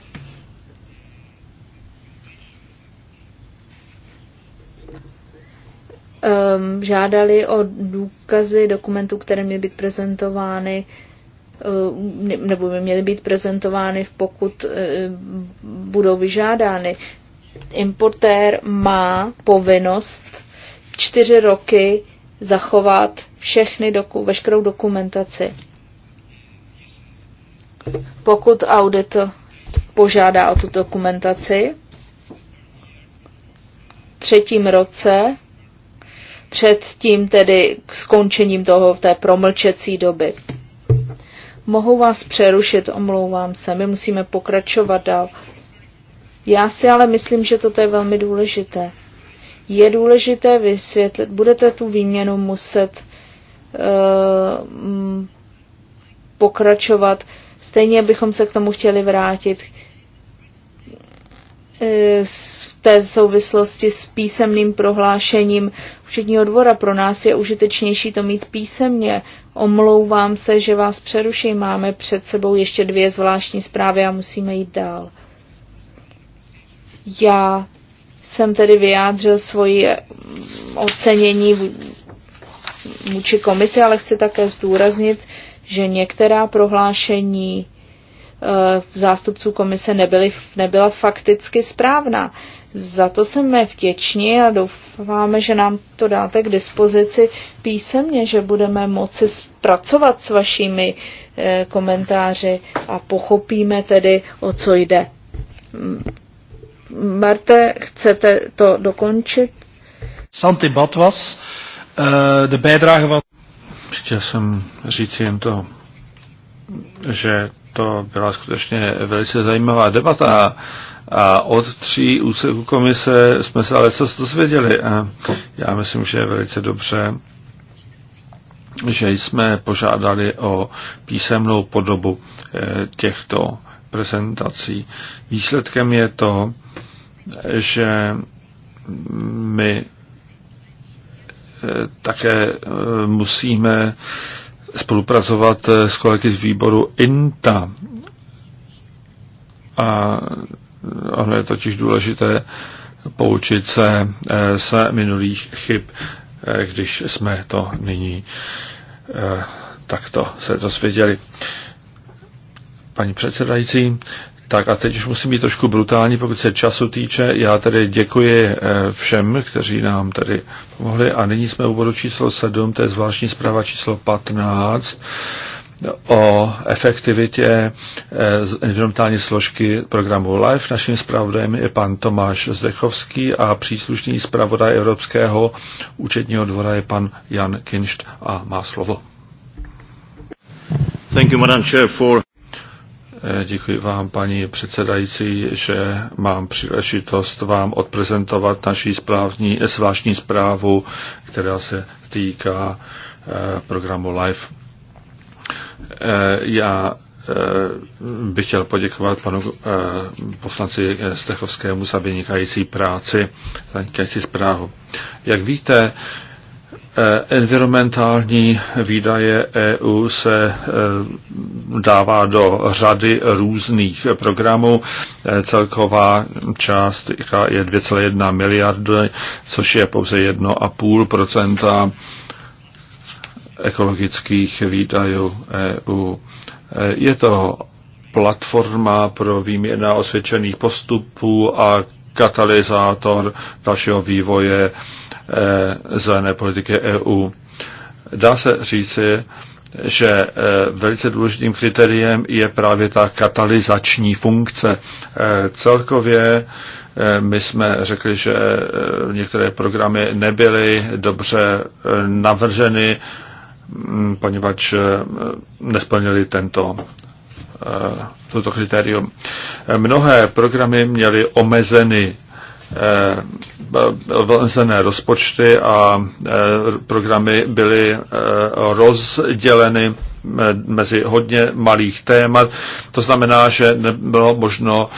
um, žádali o důkazy dokumentů, které měly být prezentovány Eh, nebo by měly být prezentovány, pokud eh, budou vyžádány. Importér má povinnost čtyři roky zachovat všechny doku, veškerou dokumentaci. Pokud audit požádá o tu dokumentaci, třetím roce, před tím tedy skončením toho té promlčecí doby. Mohu vás přerušit, omlouvám se, my musíme pokračovat dál. Já si ale myslím, že toto je velmi důležité. Je důležité vysvětlit, budete tu výměnu muset uh, pokračovat, stejně bychom se k tomu chtěli vrátit E, v té souvislosti s písemným prohlášením Všetního dvora. Pro nás je užitečnější to mít písemně. Omlouvám se, že vás přeruším. Máme před sebou ještě dvě zvláštní zprávy a musíme jít dál. Já jsem tedy vyjádřil svoji e, ocenění vůči komisi, ale chci také zdůraznit, že některá prohlášení Eh, zástupců komise nebyly, nebyla fakticky správná. Za to jsme vděční a doufáme, že nám to dáte k dispozici písemně, že budeme moci pracovat s vašimi eh, komentáři a pochopíme tedy, o co jde. Marte, chcete to dokončit? Santi Batvas, eh, De bijdrage van... Chtěl jsem říct jen to, že to byla skutečně velice zajímavá debata a od tří úseků komise jsme se ale co dozvěděli a já myslím, že je velice dobře, že jsme požádali o písemnou podobu eh, těchto prezentací. Výsledkem je to, že my eh, také eh, musíme spolupracovat eh, s kolegy z výboru INTA. A eh, ono je totiž důležité poučit se z eh, minulých chyb, když jsme to nyní takto se dozvěděli. Paní předsedající, tak a teď už musím být trošku brutální, pokud se času týče. Já tedy děkuji eh, všem, kteří nám tady pomohli. A nyní jsme u bodu číslo 7, to je zvláštní zpráva číslo 15 o efektivitě eh, environmentální složky programu LIFE. Naším zpravodajem je pan Tomáš Zdechovský a příslušný zpravodaj Evropského účetního dvora je pan Jan Kinšt a má slovo. Thank you, Madam Chair, for Eh, děkuji vám, paní předsedající, že mám příležitost vám odprezentovat naší správní, zvláštní zprávu, která se týká eh, programu LIFE. Eh, já bych chtěl poděkovat panu poslanci Stechovskému za vynikající práci, za vynikající zprávu. Jak víte, Eh, environmentální výdaje EU se eh, dává do řady různých programů. Eh, celková část je 2,1 miliardy, což je pouze 1,5 ekologických výdajů EU. Je to platforma pro výměna osvědčených postupů a katalyzátor dalšího vývoje eh, zelené politiky EU. Dá se říci, že eh, velice důležitým kritériem je právě ta katalyzační funkce. Eh, celkově my jsme řekli, že některé programy nebyly dobře navrženy, mm, poněvadž nesplnili tento Eh, toto kritérium. Mnohé programy měly omezeny eh, eh, omezené rozpočty a programy byly rozděleny mezi hodně malých témat. To znamená, že nebylo možno,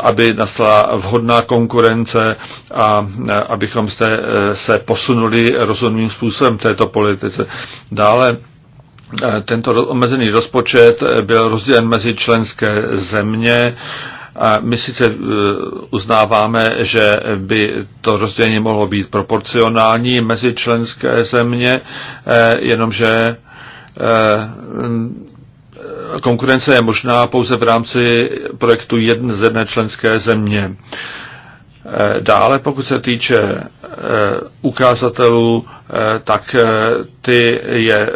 aby nastala vhodná konkurence a abychom se, se posunuli rozumným způsobem této politice. Dále tento omezený rozpočet eh, byl rozdělen mezi členské země. A my sice eh, uznáváme, že by to rozdělení mohlo být proporcionální mezi členské země, eh, jenomže konkurence je možná pouze v rámci projektu jedné z jedné členské země. Eh, dále, pokud se týče eh, ukazatelů, eh, tak ty je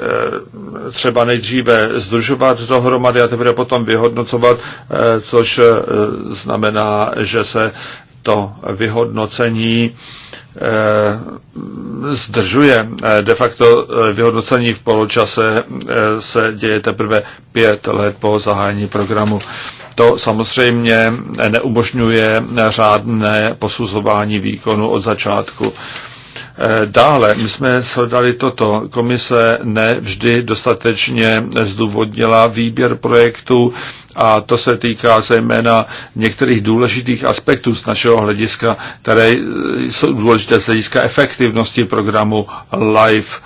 třeba nejdříve združovat dohromady a teprve potom vyhodnocovat, což znamená, že se to vyhodnocení zdržuje. De facto vyhodnocení v poločase se děje teprve pět let po zahájení programu. To samozřejmě neumožňuje řádné posuzování výkonu od začátku. Eh, dále, my jsme shledali toto. Komise nevždy dostatečně zdůvodnila výběr projektu, a to se týká zejména některých důležitých aspektů z našeho hlediska, které jsou důležité z hlediska efektivnosti programu LIFE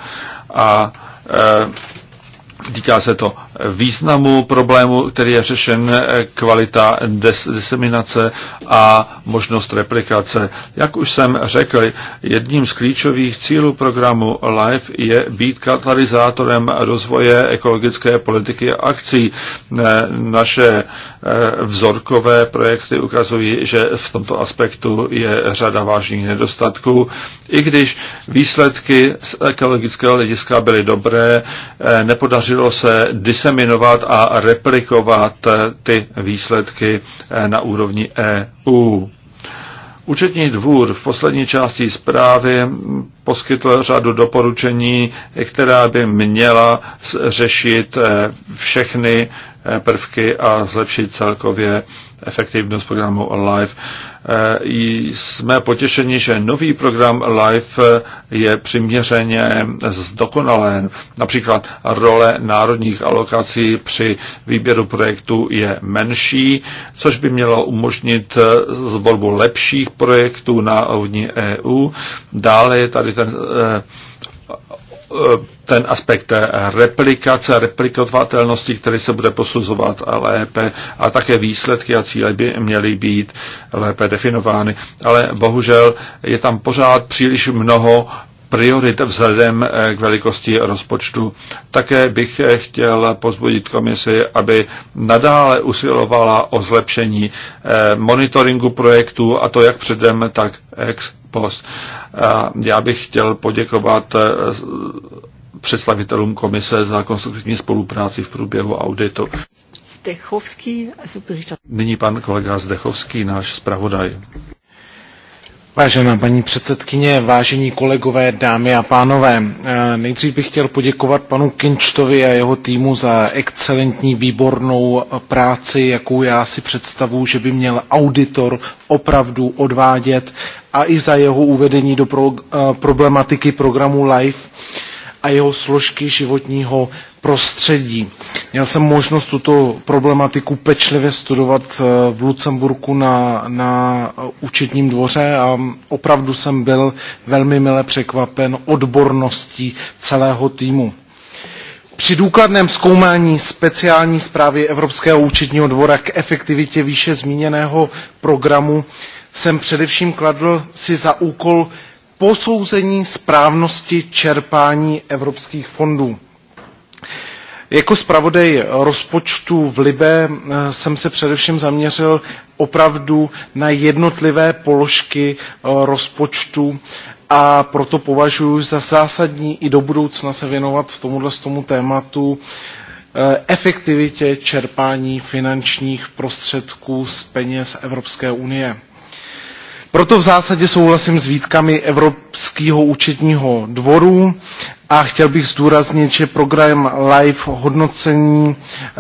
a e, týká se to významu problému, který je řešen eh, kvalita des, diseminace a možnost replikace. Jak už jsem řekl, jedním z klíčových cílů programu LIFE je být katalyzátorem rozvoje ekologické politiky a akcí. Eh, naše eh, vzorkové projekty ukazují, že v tomto aspektu je řada vážných nedostatků. I když výsledky z ekologického hlediska byly dobré, nepodařilo se diseminovat diseminovat a replikovat ty výsledky eh, na úrovni EU. Účetní dvůr v poslední části zprávy poskytl řadu doporučení, která by měla řešit eh, všechny eh, prvky a zlepšit celkově efektivnost programu Live. Eh, jsme potěšeni, že nový program Live je přiměřeně zdokonalen. Například role národních alokací při výběru projektu je menší, což by mělo umožnit zvolbu lepších projektů na úrovni EU. Dále je tady čili ten, eh, eh, ten aspekt replikace, replikovatelnosti, který se bude posuzovat lépe a také výsledky a cíle by měly být lépe definovány. Ale bohužel je tam pořád příliš mnoho priorit vzhledem eh, k velikosti rozpočtu. Také bych eh, chtěl pozbudit komisi, aby nadále usilovala o zlepšení eh, monitoringu projektů, a to jak předem, tak ex post. Já bych chtěl poděkovat představitelům komise za konstruktivní spolupráci v průběhu auditu. Zdechovský, Nyní pan kolega Zdechovský, náš zpravodaj. Vážená paní předsedkyně, vážení kolegové, dámy a pánové, eh, nejdřív bych chtěl poděkovat panu Kinčtovi a jeho týmu za excelentní, výbornou práci, jakou já si představu, že by měl auditor opravdu odvádět a i za jeho uvedení do pro, eh, problematiky programu LIFE a jeho složky životního prostředí. Měl jsem možnost tuto problematiku pečlivě studovat eh, v Lucemburku na, na eh, účetním dvoře a opravdu jsem byl velmi mile překvapen odborností celého týmu. Při důkladném zkoumání speciální zprávy Evropského účetního dvora k efektivitě výše zmíněného programu jsem především kladl si za úkol posouzení správnosti čerpání evropských fondů. Jako zpravodaj rozpočtu v Libe eh, jsem se především zaměřil opravdu na jednotlivé položky eh, rozpočtu a proto považuji za zásadní i do budoucna se věnovat tomuhle tomu tématu eh, efektivitě čerpání finančních prostředků z peněz Evropské unie. Proto v zásadě souhlasím s výtkami Evropského účetního dvoru a chtěl bych zdůraznit, že program LIFE hodnocení eh,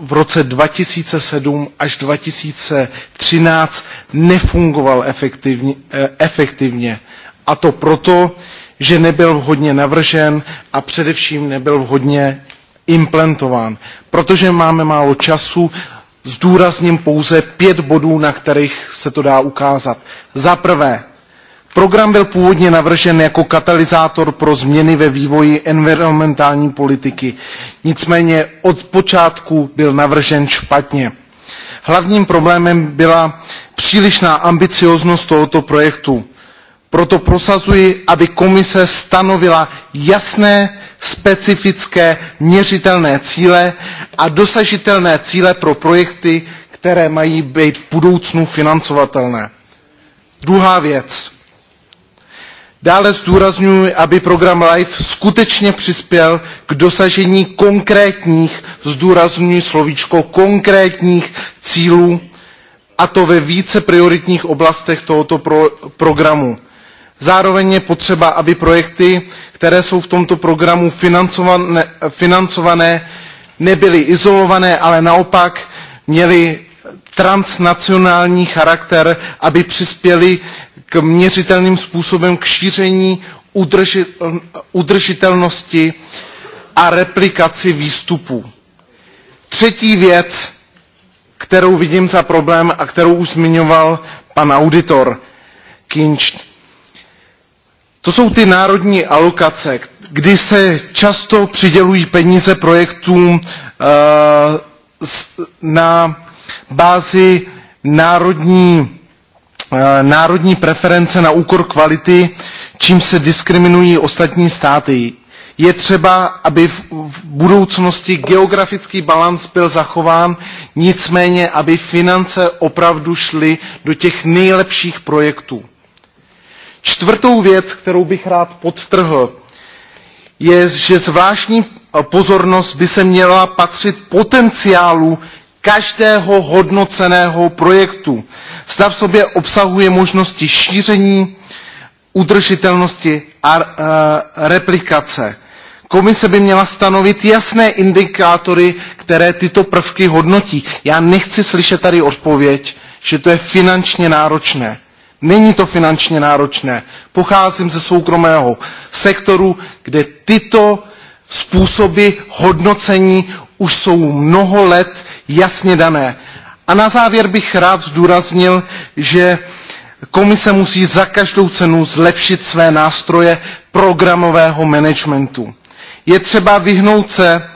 v roce 2007 až 2013 nefungoval efektivně, eh, efektivně. A to proto, že nebyl vhodně navržen a především nebyl vhodně implementován. Protože máme málo času, zdůrazním pouze pět bodů, na kterých se to dá ukázat. Za prvé, program byl původně navržen jako katalyzátor pro změny ve vývoji environmentální politiky, nicméně od počátku byl navržen špatně. Hlavním problémem byla přílišná ambicioznost tohoto projektu. Proto prosazuji, aby komise stanovila jasné specifické, měřitelné cíle a dosažitelné cíle pro projekty, které mají být v budoucnu financovatelné. Druhá věc. Dále zdůrazňuji, aby program LIFE skutečně přispěl k dosažení konkrétních, zdůrazňuji slovíčko konkrétních cílů, a to ve více prioritních oblastech tohoto pro, programu zároveň je potřeba aby projekty které jsou v tomto programu financované, financované nebyly izolované ale naopak měly transnacionální charakter aby přispěly k měřitelným způsobem k šíření udržitelnosti a replikaci výstupů. Třetí věc, kterou vidím za problém a kterou už zmiňoval pan auditor Kinč, to jsou ty národní alokace, kdy se často přidělují peníze projektům eh, na bázi národní, eh, národní preference na úkor kvality, čím se diskriminují ostatní státy. Je třeba, aby v, budoucnosti geografický balans byl zachován, nicméně, aby finance opravdu šly do těch nejlepších projektů. Čtvrtou věc, kterou bych rád podtrhl, je, že zvláštní pozornost by se měla patřit potenciálu každého hodnoceného projektu. Zda v sobě obsahuje možnosti šíření, udržitelnosti a e, replikace. Komise by měla stanovit jasné indikátory, které tyto prvky hodnotí. Já nechci slyšet tady odpověď, že to je finančně náročné. Není to finančně náročné. Pocházím ze soukromého sektoru, kde tyto způsoby hodnocení už jsou mnoho let jasně dané. A na závěr bych rád zdůraznil, že komise musí za každou cenu zlepšit své nástroje programového managementu. Je třeba vyhnout se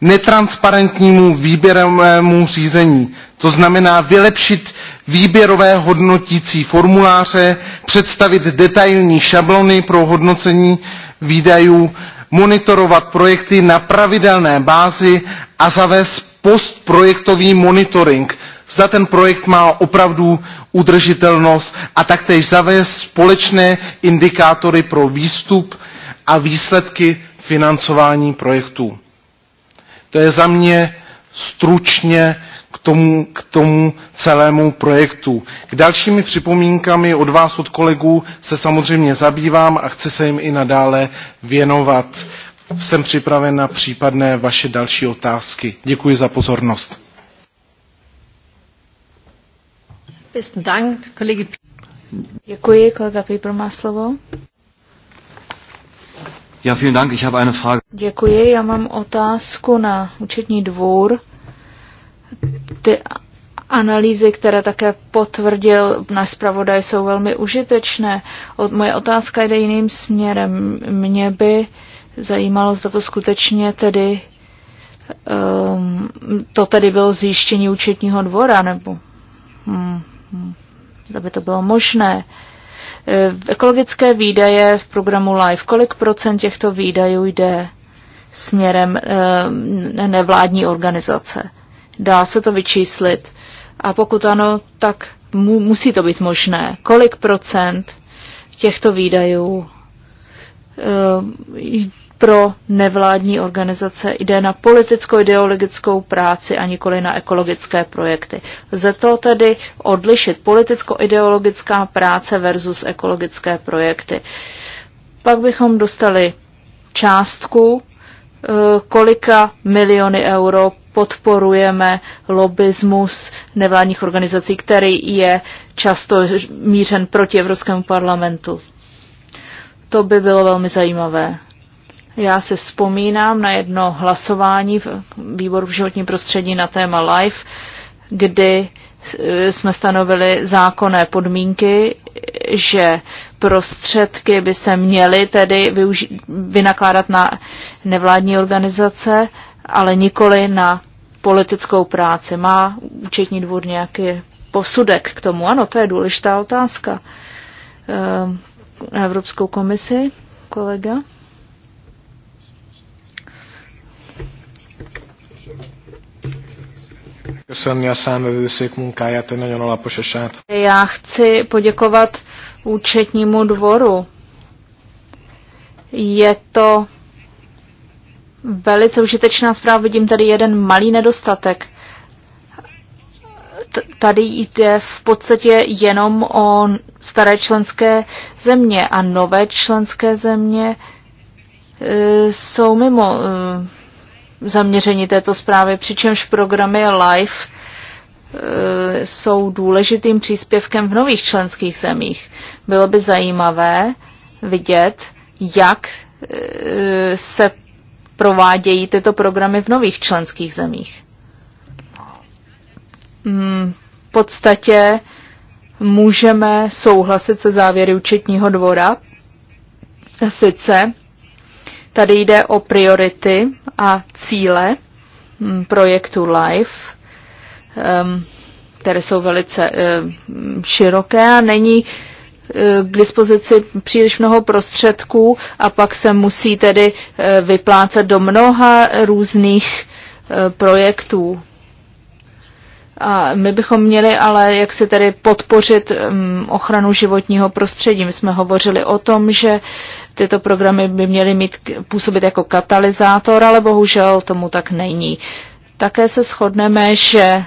netransparentnímu výběrovému řízení. To znamená vylepšit výběrové hodnotící formuláře, představit detailní šablony pro hodnocení výdajů, monitorovat projekty na pravidelné bázi a zavést postprojektový monitoring, zda ten projekt má opravdu udržitelnost a taktéž zavést společné indikátory pro výstup a výsledky financování projektů. To je za mě stručně tomu, k tomu celému projektu. K dalšími připomínkami od vás, od kolegů, se samozřejmě zabývám a chci se jim i nadále věnovat. Jsem připraven na případné vaše další otázky. Děkuji za pozornost. Děkuji, kolega Piper má slovo. Ja, vielen Dank. Ich habe eine Frage. Děkuji, já mám otázku na účetní dvůr. Ty analýzy, které také potvrdil náš zpravodaj, jsou velmi užitečné. Od, moje otázka jde jiným směrem. Mě by zajímalo, zda to skutečně tedy um, to tedy bylo zjištění účetního dvora, nebo hmm, hmm, by to bylo možné. Eh, ekologické výdaje v programu LIFE, kolik procent těchto výdajů jde směrem eh, nevládní organizace? Dá se to vyčíslit? A pokud ano, tak mu, musí to být možné. Kolik procent těchto výdajů eh, pro nevládní organizace jde na politicko-ideologickou práci a nikoli na ekologické projekty. Lze to tedy odlišit politicko-ideologická práce versus ekologické projekty. Pak bychom dostali částku Eh, kolika miliony euro podporujeme lobismus nevládních organizací, který je často mířen proti Evropskému parlamentu. To by bylo velmi zajímavé. Já se vzpomínám na jedno hlasování v výboru v životním prostředí na téma LIFE, kdy eh, jsme stanovili zákonné podmínky že prostředky by se měly tedy využi- vynakládat na nevládní organizace, ale nikoli na politickou práci. Má účetní dvůr nějaký posudek k tomu? Ano, to je důležitá otázka. Ehm, Evropskou komisi, kolega? Köszönni a számvevőszék munkáját, egy nagyon alapos esát. Já chci poděkovat účetnímu dvoru. Je to velice užitečná zpráva, vidím tady jeden malý nedostatek. Tady jde v podstatě jenom o staré členské země a nové členské země e, jsou mimo e, zaměření této zprávy, přičemž programy LIFE e, jsou důležitým příspěvkem v nových členských zemích. Bylo by zajímavé vidět, jak e, se provádějí tyto programy v nových členských zemích. Hmm, v podstatě můžeme souhlasit se závěry účetního dvora, sice Tady jde o priority a cíle hm, projektu LIFE, ehm, které jsou velice ehm, široké a není eh, k dispozici příliš mnoho prostředků a pak se musí tedy eh, vyplácet do mnoha různých eh, projektů. A my bychom měli ale jak si tedy podpořit hm, ochranu životního prostředí. My jsme hovořili o tom, že Tyto programy by měly mít, působit jako katalyzátor, ale bohužel tomu tak není. Také se shodneme, že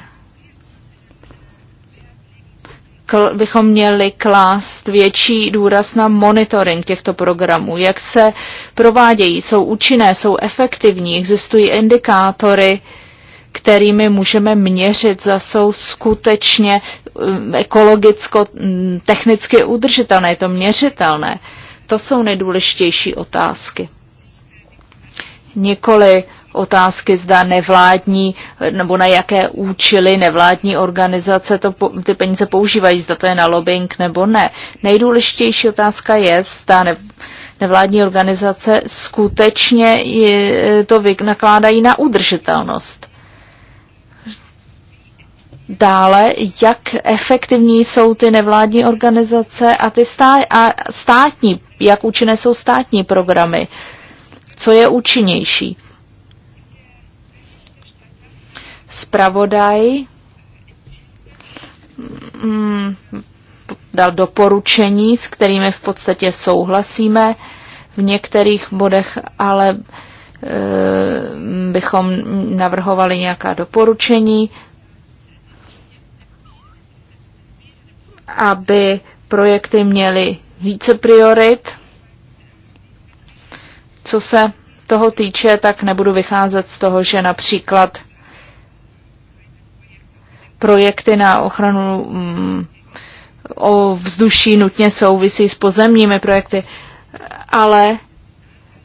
bychom měli klást větší důraz na monitoring těchto programů, jak se provádějí, jsou účinné, jsou efektivní, existují indikátory, kterými můžeme měřit, za jsou skutečně um, ekologicko-technicky mm, udržitelné, je to měřitelné. Uh, to jsou nejdůležitější otázky. Nikoli otázky, zda nevládní nebo na jaké účely nevládní organizace to, ty peníze používají, zda to je na lobbying nebo ne. Nejdůležitější otázka je, zda ne, nevládní organizace skutečně je, to vynakládají na udržitelnost. Dále, jak efektivní jsou ty nevládní organizace a ty stá, a státní, jak účinné jsou státní programy, co je účinnější. Spravodaj mm, dal doporučení, s kterými v podstatě souhlasíme, v některých bodech ale eh, bychom navrhovali nějaká doporučení. aby projekty měly více priorit. Co se toho týče, tak nebudu vycházet z toho, že například projekty na ochranu mm, o vzduší nutně souvisí s pozemními projekty, ale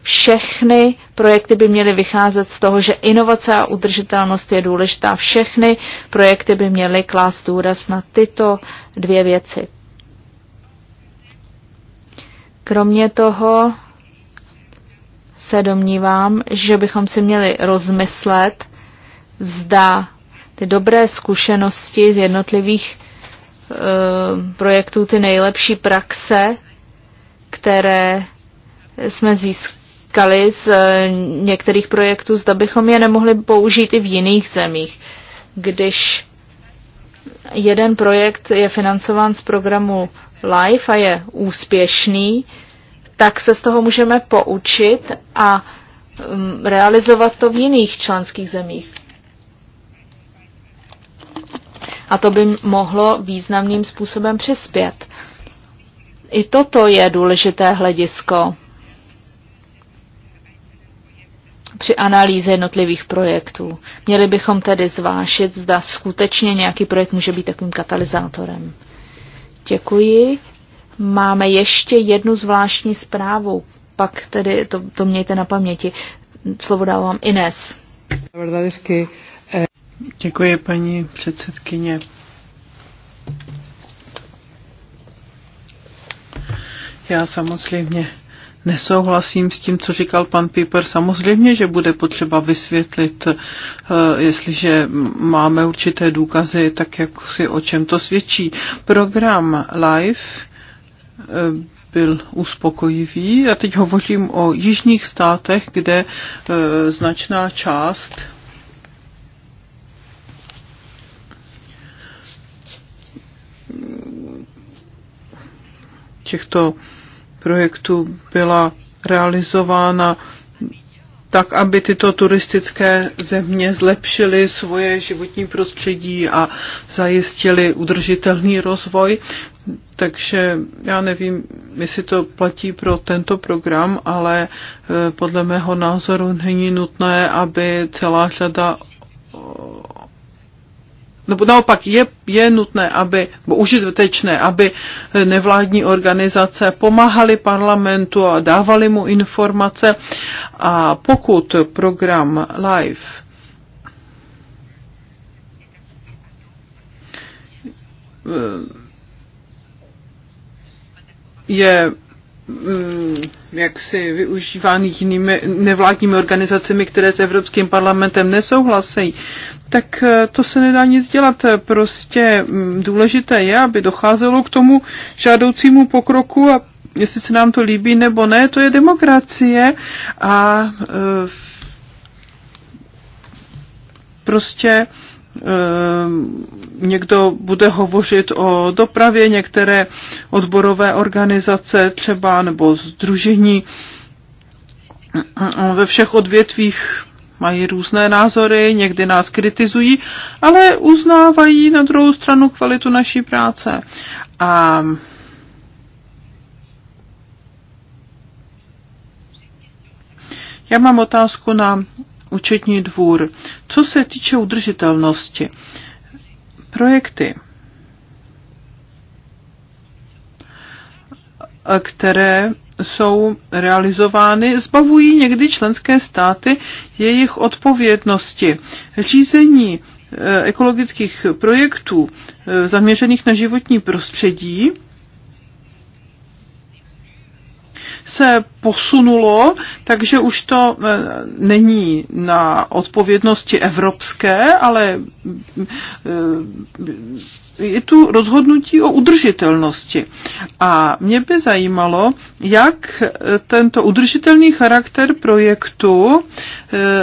všechny projekty by měly vycházet z toho, že inovace a udržitelnost je důležitá. Všechny projekty by měly klást důraz na tyto dvě věci. Kromě toho se domnívám, že bychom si měli rozmyslet, zda ty dobré zkušenosti z jednotlivých e, projektů, ty nejlepší praxe, které jsme získali, získali z eh, některých projektů, zda bychom je nemohli použít i v jiných zemích. Když jeden projekt je financován z programu LIFE a je úspěšný, tak se z toho můžeme poučit a mm, realizovat to v jiných členských zemích. A to by mohlo významným způsobem přispět. I toto je důležité hledisko. při analýze jednotlivých projektů. Měli bychom tedy zvážit, zda skutečně nějaký projekt může být takovým katalyzátorem. Děkuji. Máme ještě jednu zvláštní zprávu, pak tedy to, to mějte na paměti. Slovo dávám Ines. Eh, Děkuji, paní předsedkyně. Já samozřejmě nesouhlasím s tím, co říkal pan Piper. Samozřejmě, že bude potřeba vysvětlit, eh, jestliže máme určité důkazy, tak jak si o čem to svědčí. Program Live eh, byl uspokojivý. A teď hovořím o jižních státech, kde eh, značná část těchto projektu byla realizována tak, aby tyto turistické země zlepšily svoje životní prostředí a zajistily udržitelný rozvoj. Takže já nevím, jestli to platí pro tento program, ale e, podle mého názoru není nutné, aby celá řada nebo naopak je, je nutné, aby, nebo užitečné, aby nevládní organizace pomáhaly parlamentu a dávaly mu informace. A pokud program LIFE je mm, jak využívaný jinými nevládními organizacemi, které s Evropským parlamentem nesouhlasí, tak eh, to se nedá nic dělat. Prostě mm, důležité je, aby docházelo k tomu žádoucímu pokroku a jestli se nám to líbí nebo ne, to je demokracie a eh, prostě eh, někdo bude hovořit o dopravě, některé odborové organizace třeba nebo združení ve všech odvětvích mají různé názory, někdy nás kritizují, ale uznávají na druhou stranu kvalitu naší práce. A já mám otázku na účetní dvůr. Co se týče udržitelnosti, projekty, které jsou realizovány, zbavují někdy členské státy jejich odpovědnosti. Řízení eh, ekologických projektů eh, zaměřených na životní prostředí se posunulo, takže už to eh, není na odpovědnosti evropské, ale eh, je tu rozhodnutí o udržitelnosti. A mě by zajímalo, jak eh, tento udržitelný charakter projektu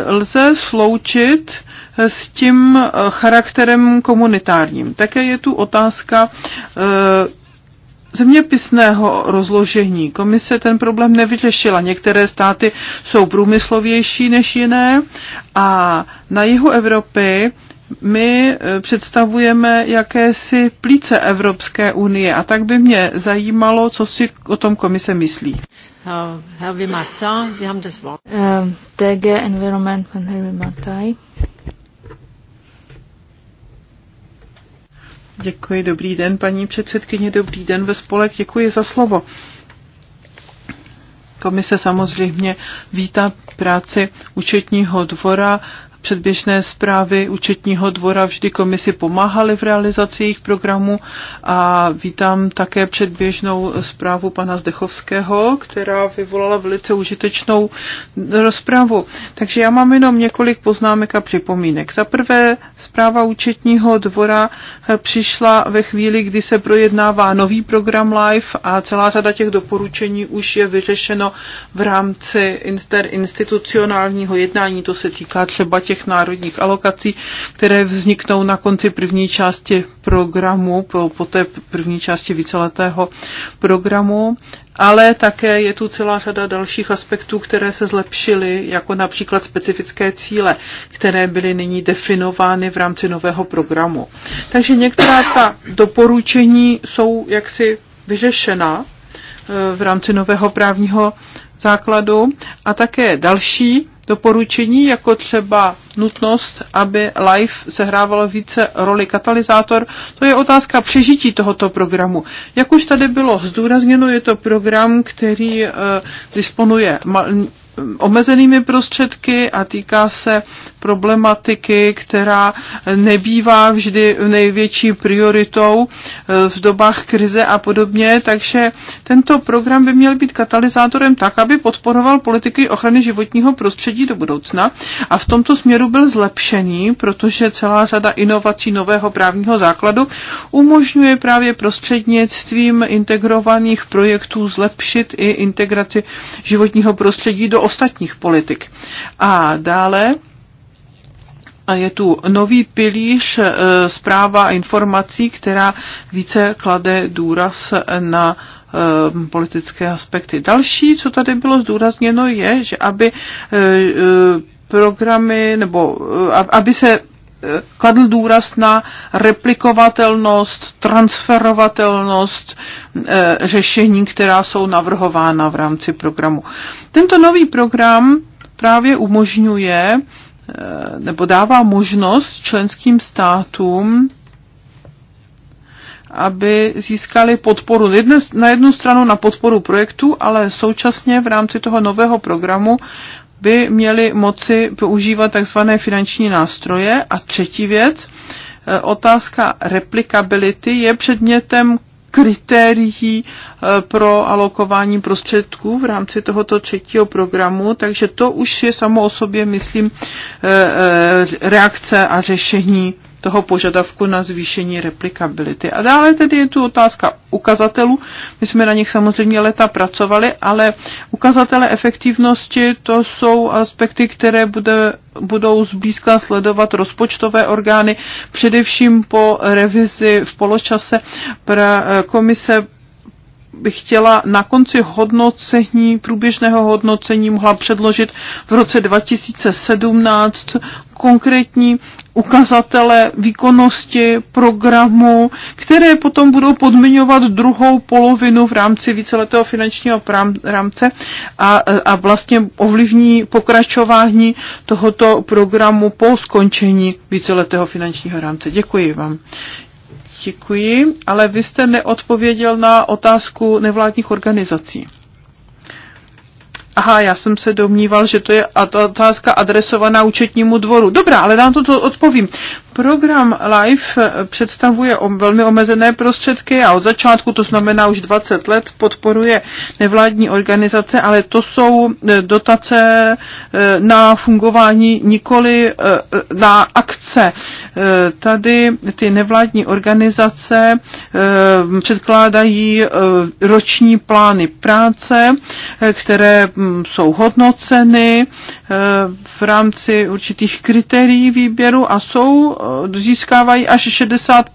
lze sloučit s tím charakterem komunitárním. Také je tu otázka zeměpisného rozložení. Komise ten problém nevyřešila. Některé státy jsou průmyslovější než jiné a na jihu Evropy my e, představujeme jakési plíce Evropské unie a tak by mě zajímalo, co si o tom komise myslí. Herr Martin, Sie haben das Wort. Ehm, Environment, pan Herr Martin. Děkuji, dobrý den, paní předsedkyně, dobrý den ve spolek, děkuji za slovo. Komise samozřejmě vítá práci účetního dvora předběžné zprávy účetního dvora vždy komisi pomáhaly v realizaci jejich programu a vítám také předběžnou zprávu pana Zdechovského, která vyvolala velice užitečnou rozpravu. Takže já mám jenom několik poznámek a připomínek. Za prvé, zpráva účetního dvora eh, přišla ve chvíli, kdy se projednává nový program LIFE a celá řada těch doporučení už je vyřešeno v rámci interinstitucionálního jednání. To se týká třeba těch těch národních alokací, které vzniknou na konci první části programu, po, po té první části víceletého programu. Ale také je tu celá řada dalších aspektů, které se zlepšily, jako například specifické cíle, které byly nyní definovány v rámci nového programu. Takže některá ta doporučení jsou jaksi vyřešena eh, v rámci nového právního základu a také další doporučení, jako třeba nutnost, aby LIFE sehrávalo více roli katalyzátor, to je otázka přežití tohoto programu. Jak už tady bylo zdůrazněno, je to program, který uh, disponuje omezenými prostředky a týká se problematiky, která nebývá vždy největší prioritou eh, v dobách krize a podobně, takže tento program by měl být katalyzátorem tak, aby podporoval politiky ochrany životního prostředí do budoucna a v tomto směru byl zlepšený, protože celá řada inovací nového právního základu umožňuje právě prostřednictvím integrovaných projektů zlepšit i integraci životního prostředí do ostatních politik. A dále a je tu nový pilíř e, zpráva a informací, která více klade důraz na e, politické aspekty. Další, co tady bylo zdůrazněno, je, že aby e, programy, nebo aby se kladl důraz na replikovatelnost, transferovatelnost eh, řešení, která jsou navrhována v rámci programu. Tento nový program právě umožňuje eh, nebo dává možnost členským státům aby získali podporu na jednu stranu na podporu projektu, ale současně v rámci toho nového programu by měli moci používat takzvané finanční nástroje. A třetí věc, e, otázka replikability je předmětem kritérií e, pro alokování prostředků v rámci tohoto třetího programu, takže to už je samo o sobě, myslím, e, reakce a řešení toho požadavku na zvýšení replikability. A dále tedy je tu otázka ukazatelů. My jsme na nich samozřejmě leta pracovali, ale ukazatele efektivnosti to jsou aspekty, které bude, budou zblízka sledovat rozpočtové orgány, především po revizi v poločase pra, eh, komise bych chtěla na konci hodnocení, průběžného hodnocení mohla předložit v roce 2017 konkrétní ukazatele výkonnosti programu, které potom budou podmiňovat druhou polovinu v rámci víceletého finančního rámce a, a vlastně ovlivní pokračování tohoto programu po skončení víceletého finančního rámce. Děkuji vám. Děkuji, ale vy jste neodpověděl na otázku nevládních organizací. Aha, já jsem se domníval, že to je otázka adresovaná účetnímu dvoru. Dobrá, ale nám to odpovím. Program LIFE eh, představuje velmi omezené prostředky a od začátku, to znamená už 20 let, podporuje nevládní organizace, ale to jsou eh, dotace eh, na fungování, nikoli na akce. Tady ty nevládní organizace předkládají roční plány práce, které hm, jsou hodnoceny v rámci určitých kritérií výběru a jsou získávají až 60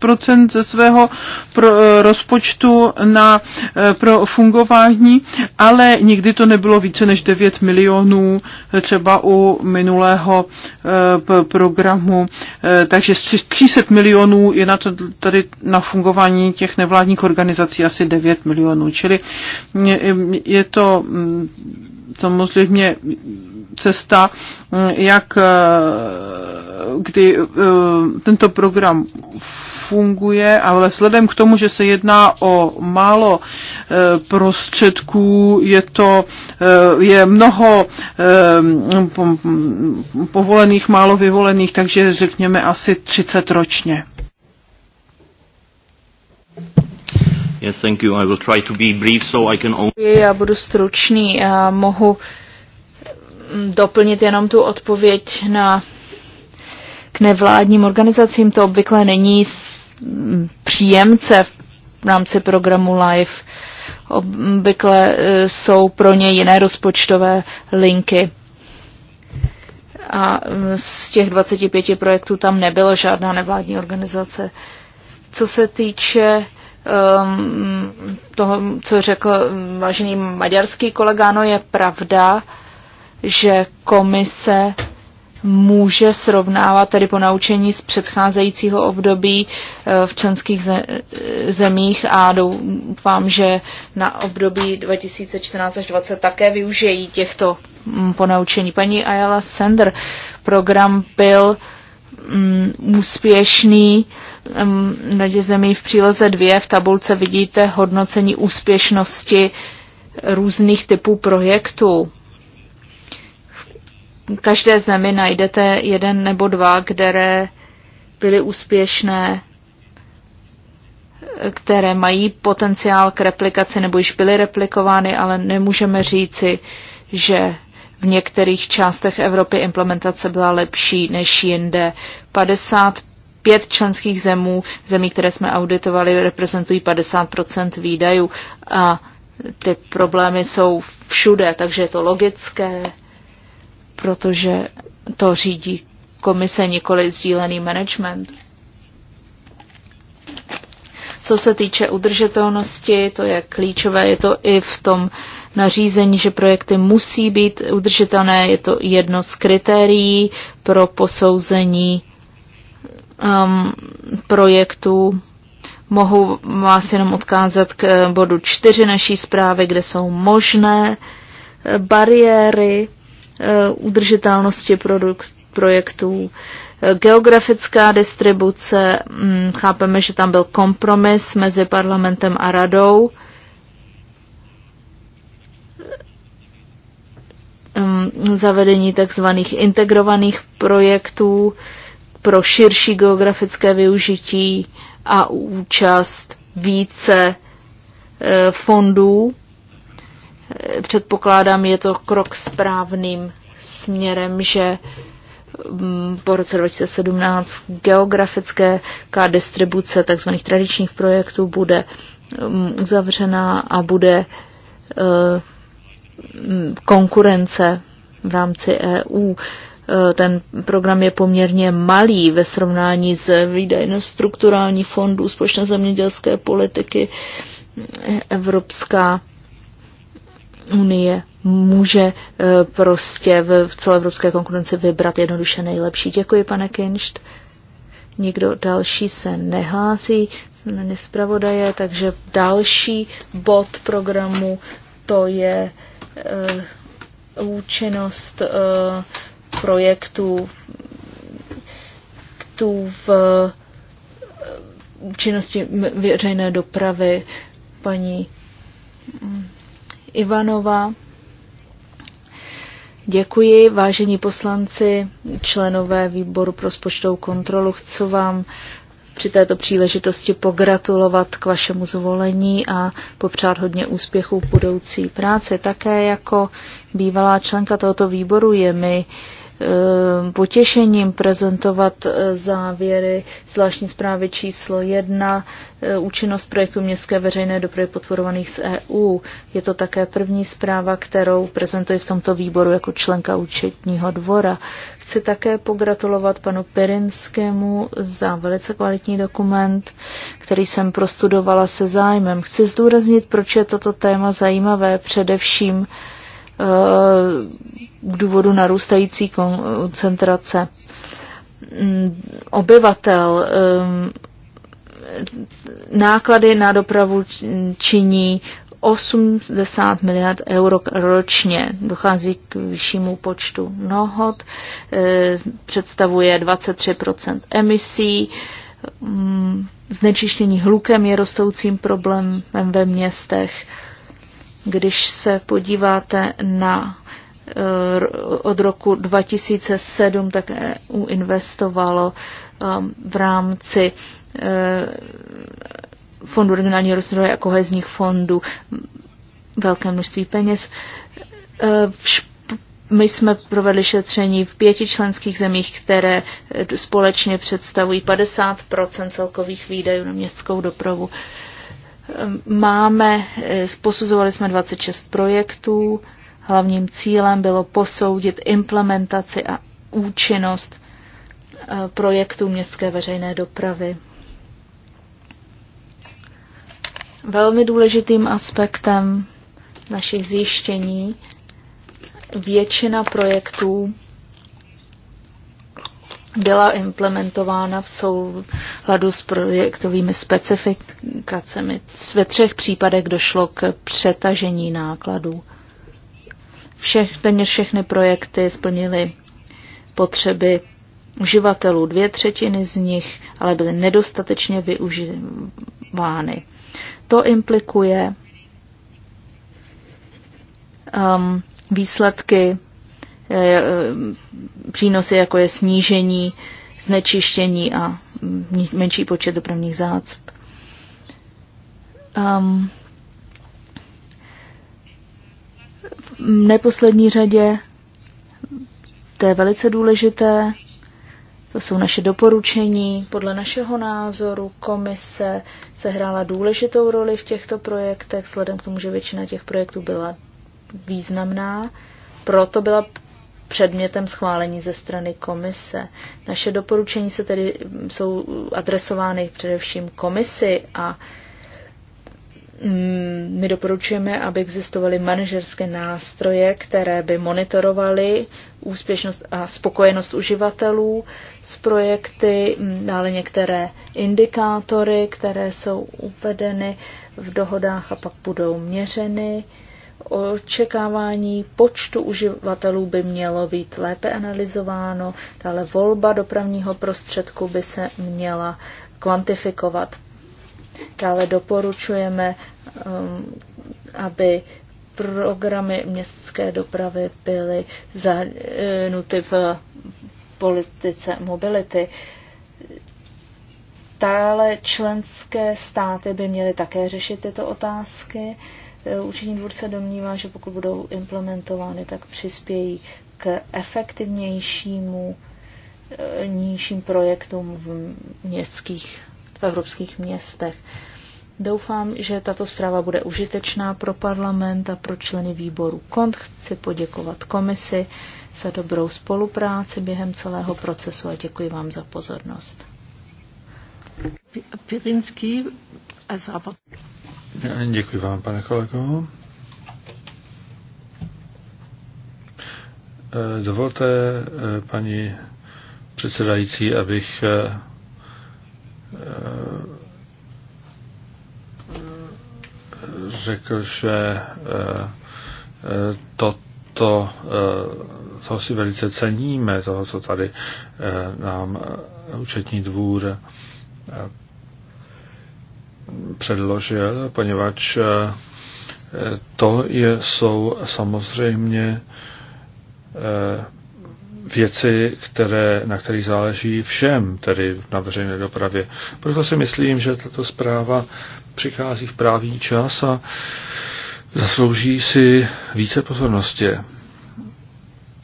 ze svého pro, eh, rozpočtu na, eh, pro fungování, ale nikdy to nebylo více než 9 milionů eh, třeba u minulého programu, takže z 300 milionů je na to tady na fungování těch nevládních organizací asi 9 milionů, čili mm, je to mm, samozřejmě cesta, mm, jak kdy tento program funguje, ale vzhledem k tomu, že se jedná o málo eh, prostředků, je to eh, je mnoho eh, povolených, málo vyvolených, takže řekněme asi 30 ročně. Yes, thank you. I will try to be brief so I can only... Já budu stručný a mohu doplnit jenom tu odpověď na nevládním organizacím. To obvykle není příjemce v rámci programu LIFE. Obvykle e, jsou pro ně jiné rozpočtové linky. A e, z těch 25 projektů tam nebyla žádná nevládní organizace. Co se týče um, toho, co řekl vážený maďarský kolega, no je pravda, že komise může srovnávat tedy po naučení z předcházejícího období eh, v členských zemích a doufám, že na období 2014 až 2020 také využijí těchto mm, ponaučení. Paní Ayala Sender, program byl um, úspěšný um, radě zemí v příloze 2 v tabulce vidíte hodnocení úspěšnosti různých typů projektů každé zemi najdete jeden nebo dva, které byly úspěšné, které mají potenciál k replikaci nebo již byly replikovány, ale nemůžeme říci, že v některých částech Evropy implementace byla lepší než jinde. 55 členských zemů, zemí, které jsme auditovali, reprezentují 50 výdajů a ty problémy jsou všude, takže je to logické protože to řídí komise, nikoli sdílený management. Co se týče udržitelnosti, to je klíčové, je to i v tom nařízení, že projekty musí být udržitelné, je to jedno z kritérií pro posouzení um, projektů. Mohu vás jenom odkázat k bodu čtyři naší zprávy, kde jsou možné bariéry Eh, udržitelnosti produkt, projektů, eh, geografická distribuce, mm, chápeme, že tam byl kompromis mezi parlamentem a radou. Mm, zavedení takzvaných integrovaných projektů pro širší geografické využití a účast více eh, fondů předpokládám, je to krok správným směrem, že mm, po roce 2017 geografické distribuce tzv. tradičních projektů bude mm, uzavřená a bude e, mm, konkurence v rámci EU. E, ten program je poměrně malý ve srovnání s výdaj na strukturální fondů, společné zemědělské politiky, e, evropská unie může eh, prostě v evropské konkurenci vybrat jednoduše nejlepší. Děkuji, pane Kinšt. Nikdo další se nehlásí, nespravodaje, takže další bod programu to je uh, účinnost uh, projektu tu v činnosti veřejné dopravy paní mm, Ivanova. Děkuji, vážení poslanci, členové výboru pro spočtovou kontrolu. Chci vám při této příležitosti pogratulovat k vašemu zvolení a popřát hodně úspěchů v budoucí práci. Také jako bývalá členka tohoto výboru je mi uh, Ehm, potěšením prezentovat eh, závěry zvláštní zprávy číslo 1, eh, účinnost projektu městské veřejné dopravy podporovaných z EU. Je to také první zpráva, kterou prezentuji v tomto výboru jako členka účetního dvora. Chci také pogratulovat panu Perinskému za velice kvalitní dokument, který jsem prostudovala se zájmem. Chci zdůraznit, proč je toto téma zajímavé především k eh, důvodu narůstající koncentrace mm, obyvatel. Eh, náklady na dopravu činí 80 miliard euro ročně. Dochází k vyššímu počtu nohod, eh, představuje 23 emisí. Mm, znečištění hlukem je rostoucím problémem ve městech když se podíváte na eh, od roku 2007 tak EU investovalo ehm, v rámci eh, Fondu regionálního rozvoje a kohezních fondů velké množství peněz. Eh, my jsme provedli šetření v pěti členských zemích, které společně představují 50 celkových výdajů na městskou dopravu. Máme, eh, posuzovali jsme 26 projektů, hlavním cílem bylo posoudit implementaci a účinnost eh, projektů městské veřejné dopravy. Velmi důležitým aspektem našich zjištění většina projektů byla implementována v souladu s projektovými specifikacemi. Ve třech případech došlo k přetažení nákladů. Všech, téměř všechny projekty splnily potřeby uživatelů, dvě třetiny z nich ale byly nedostatečně využívány. To implikuje um, výsledky Eh, přínosy, jako je snížení znečištění a menší počet dopravních zácp. Um, v neposlední řadě, to je velice důležité, to jsou naše doporučení. Podle našeho názoru komise sehrála důležitou roli v těchto projektech, vzhledem k tomu, že většina těch projektů byla významná. Proto byla předmětem schválení ze strany komise. Naše doporučení se tedy mm, jsou adresovány především komisi a mm, my doporučujeme, aby existovaly manažerské nástroje, které by monitorovaly úspěšnost a spokojenost uživatelů s projekty, mm, dále některé indikátory, které jsou uvedeny v dohodách a pak budou měřeny očekávání počtu uživatelů by mělo být lépe analyzováno, dále volba dopravního prostředku by se měla kvantifikovat. Dále doporučujeme, um, aby programy městské dopravy byly zahrnuty v politice mobility. Dále členské státy by měly také řešit tyto otázky. Eh, Učení dvůr se domnívá, že pokud budou implementovány, tak přispějí k efektivnějšímu eh, nižším projektům v městských, v evropských městech. Doufám, že tato zpráva bude užitečná pro parlament a pro členy výboru KONT. Chci poděkovat komisi za dobrou spolupráci během celého procesu a děkuji vám za pozornost. Pirinský, Děkuji vám, pane kolego. Eh, dovolte, eh, paní předsedající, abych eh, řekl, že toto, to si velice ceníme, toho, co tady nám účetní dvůr předložil, poněvadž eh, to je, jsou samozřejmě eh, věci, které, na kterých záleží všem, tedy na veřejné dopravě. Proto si myslím, že tato zpráva přichází v právý čas a zaslouží si více pozornosti.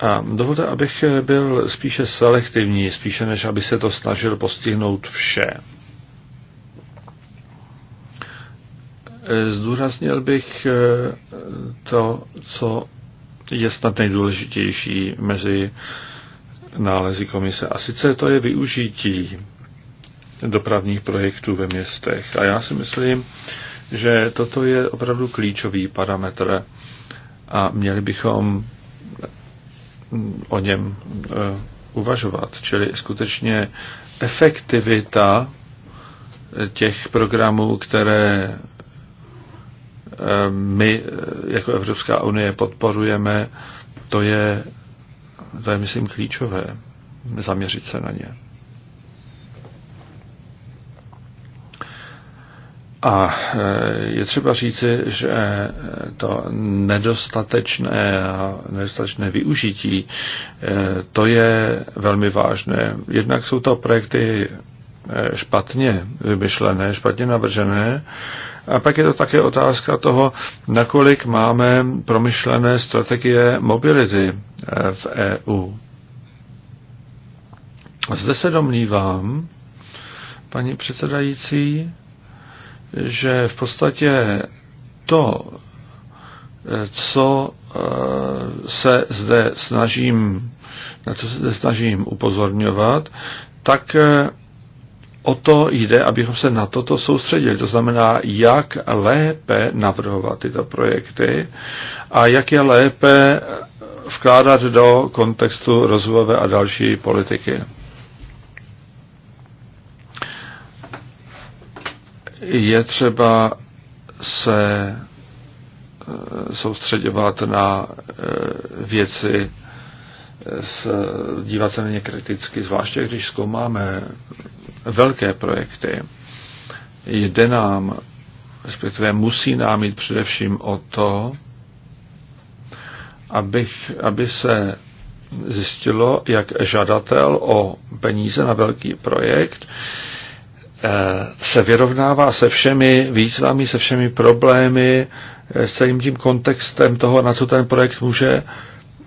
A dovolte, abych byl spíše selektivní, spíše než aby se to snažil postihnout vše. Eh, zdůraznil bych eh, to, co je snad nejdůležitější mezi nálezy komise. A sice to je využití dopravních projektů ve městech. A já si myslím, že toto je opravdu klíčový parametr a měli bychom mm, o něm eh, uvažovat. Čili skutečně efektivita těch programů, které my eh, jako Evropská unie podporujeme, to je, to je myslím klíčové, zaměřit se na ně. A eh, je třeba říci, že eh, to nedostatečné, nedostatečné využití, to je velmi vážné. Jednak jsou to projekty špatně vymyšlené, špatně navržené a pak je to také otázka toho, nakolik máme promyšlené strategie mobility eh, v EU. Zde se domnívám, paní předsedající, že v podstatě to, eh, co eh, se zde snažím, na co se zde snažím upozorňovat, tak o to jde, abychom se na toto soustředili. To znamená, jak lépe navrhovat tyto projekty a jak je lépe vkládat do kontextu rozvojové a další politiky. Je třeba se eh, soustředovat na eh, věci, eh, dívat se na ně kriticky, zvláště když zkoumáme velké projekty. Jde nám, respektive musí nám jít především o to, abych, aby se zjistilo, jak žadatel o peníze na velký projekt eh, se vyrovnává se všemi výzvami, se všemi problémy, eh, s celým tím kontextem toho, na co ten projekt může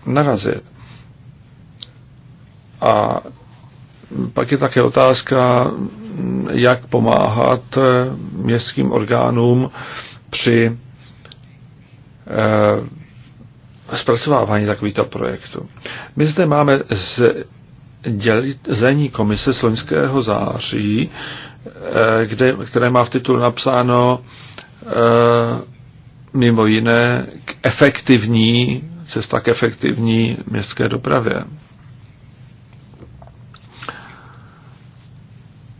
narazit. A pak je také otázka, jak pomáhat městským orgánům při eh, zpracovávání takovýchto projektu. My zde máme z dělení komise Sloňského září, eh, kde, které má v titulu napsáno eh, mimo jiné k efektivní, cesta k efektivní městské dopravě.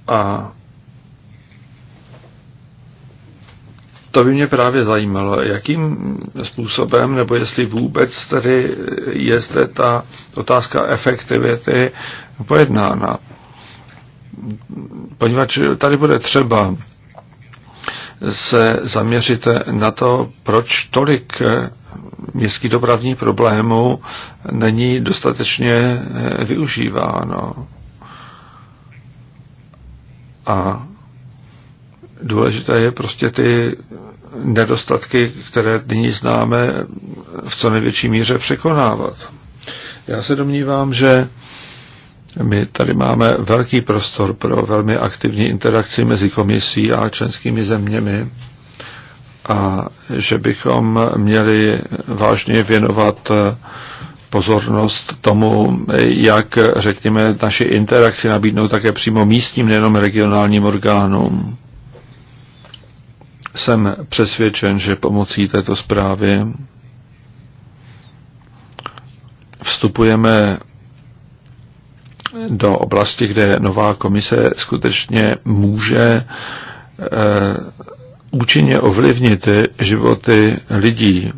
A to by mě právě zajímalo, jakým způsobem, nebo jestli vůbec tedy je zde ta otázka efektivity pojednána. Poněvadž tady bude třeba se zaměřit na to, proč tolik městských dopravních problémů není dostatečně využíváno. A důležité je prostě ty nedostatky, které nyní známe, v co největší míře překonávat. Já se domnívám, že my tady máme velký prostor pro velmi aktivní interakci mezi komisí a členskými zeměmi a že bychom měli vážně věnovat pozornost tomu, jak, řekněme, naši interakci nabídnou také přímo místním, nejenom regionálním orgánům. Jsem přesvědčen, že pomocí této zprávy vstupujeme do oblasti, kde nová komise skutečně může eh, účinně ovlivnit životy lidí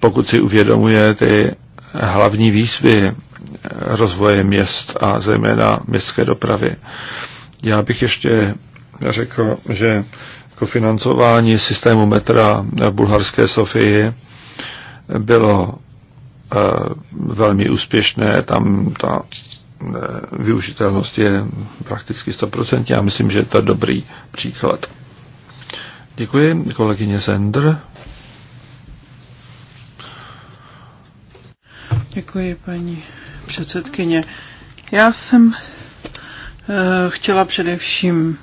pokud si uvědomuje ty hlavní výzvy rozvoje měst a zejména městské dopravy. Já bych ještě řekl, že kofinancování systému metra v bulharské Sofii bylo eh, velmi úspěšné. Tam ta eh, využitelnost je prakticky 100%. Já myslím, že je to dobrý příklad. Děkuji, kolegyně Sender. Děkuji, paní předsedkyně. Já jsem eh, chtěla především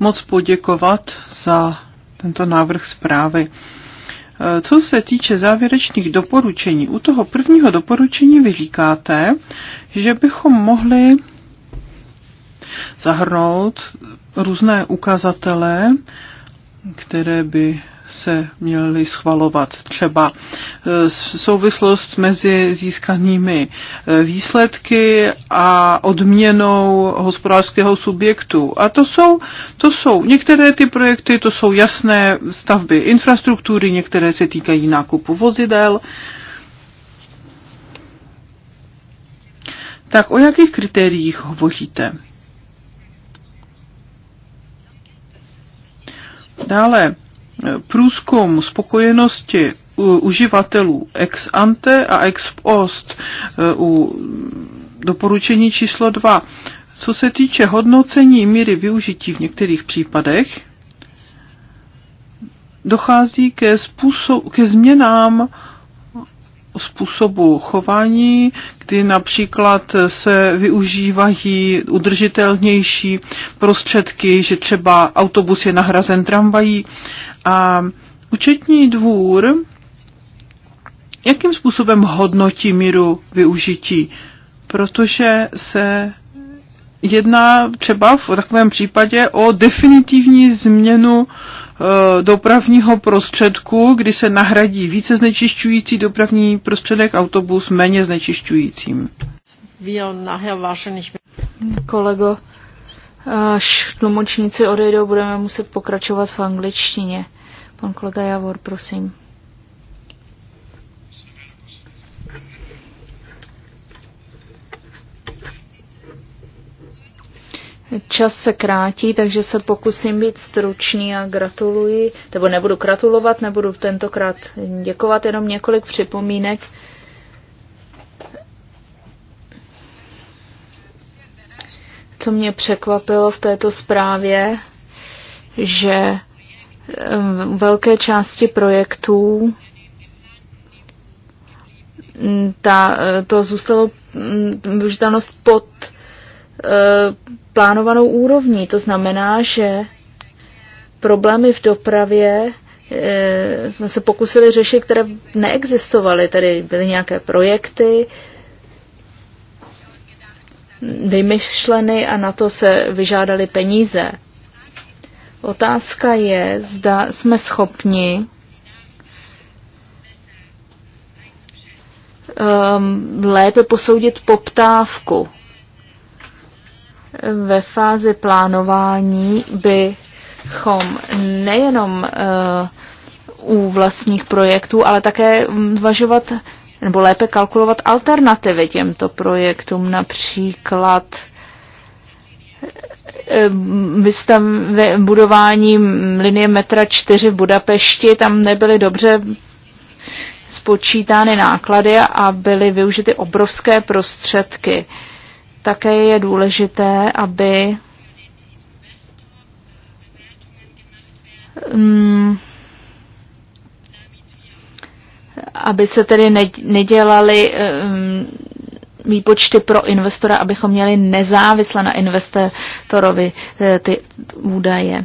moc poděkovat za tento návrh zprávy. Eh, co se týče závěrečných doporučení, u toho prvního doporučení vy říkáte, že bychom mohli zahrnout různé ukazatele, které by se měly schvalovat. Třeba e, souvislost mezi získanými e, výsledky a odměnou hospodářského subjektu. A to jsou, to jsou některé ty projekty, to jsou jasné stavby infrastruktury, některé se týkají nákupu vozidel. Tak o jakých kritériích hovoříte? Dále, průzkum spokojenosti u uživatelů ex ante a ex post e, u doporučení číslo 2. Co se týče hodnocení míry využití v některých případech, dochází ke, způsob, ke změnám způsobu chování, kdy například se využívají udržitelnější prostředky, že třeba autobus je nahrazen tramvají a účetní dvůr, jakým způsobem hodnotí míru využití? Protože se jedná třeba v takovém případě o definitivní změnu eh, dopravního prostředku, kdy se nahradí více znečišťující dopravní prostředek autobus méně znečišťujícím. Kolego, Až tlumočníci odejdou, budeme muset pokračovat v angličtině. Pan kolega Javor, prosím. Čas se krátí, takže se pokusím být stručný a gratuluji, nebo nebudu gratulovat, nebudu tentokrát děkovat, jenom několik připomínek co mě překvapilo v této zprávě, že velké části projektů ta, e, to zůstalo využitelnost pod e, plánovanou úrovní. To znamená, že problémy v dopravě e, jsme se pokusili řešit, které neexistovaly, tedy byly nějaké projekty, vymyšleny a na to se vyžádali peníze. Otázka je, zda jsme schopni um, lépe posoudit poptávku. Ve fázi plánování bychom nejenom uh, u vlastních projektů, ale také zvažovat nebo lépe kalkulovat alternativy těmto projektům, například eh, vystav, budování linie metra 4 v Budapešti, tam nebyly dobře spočítány náklady a byly využity obrovské prostředky. Také je důležité, aby mm, aby se tedy nedělaly ehm, výpočty pro investora, abychom měli nezávisle na investorovi eh, ty údaje.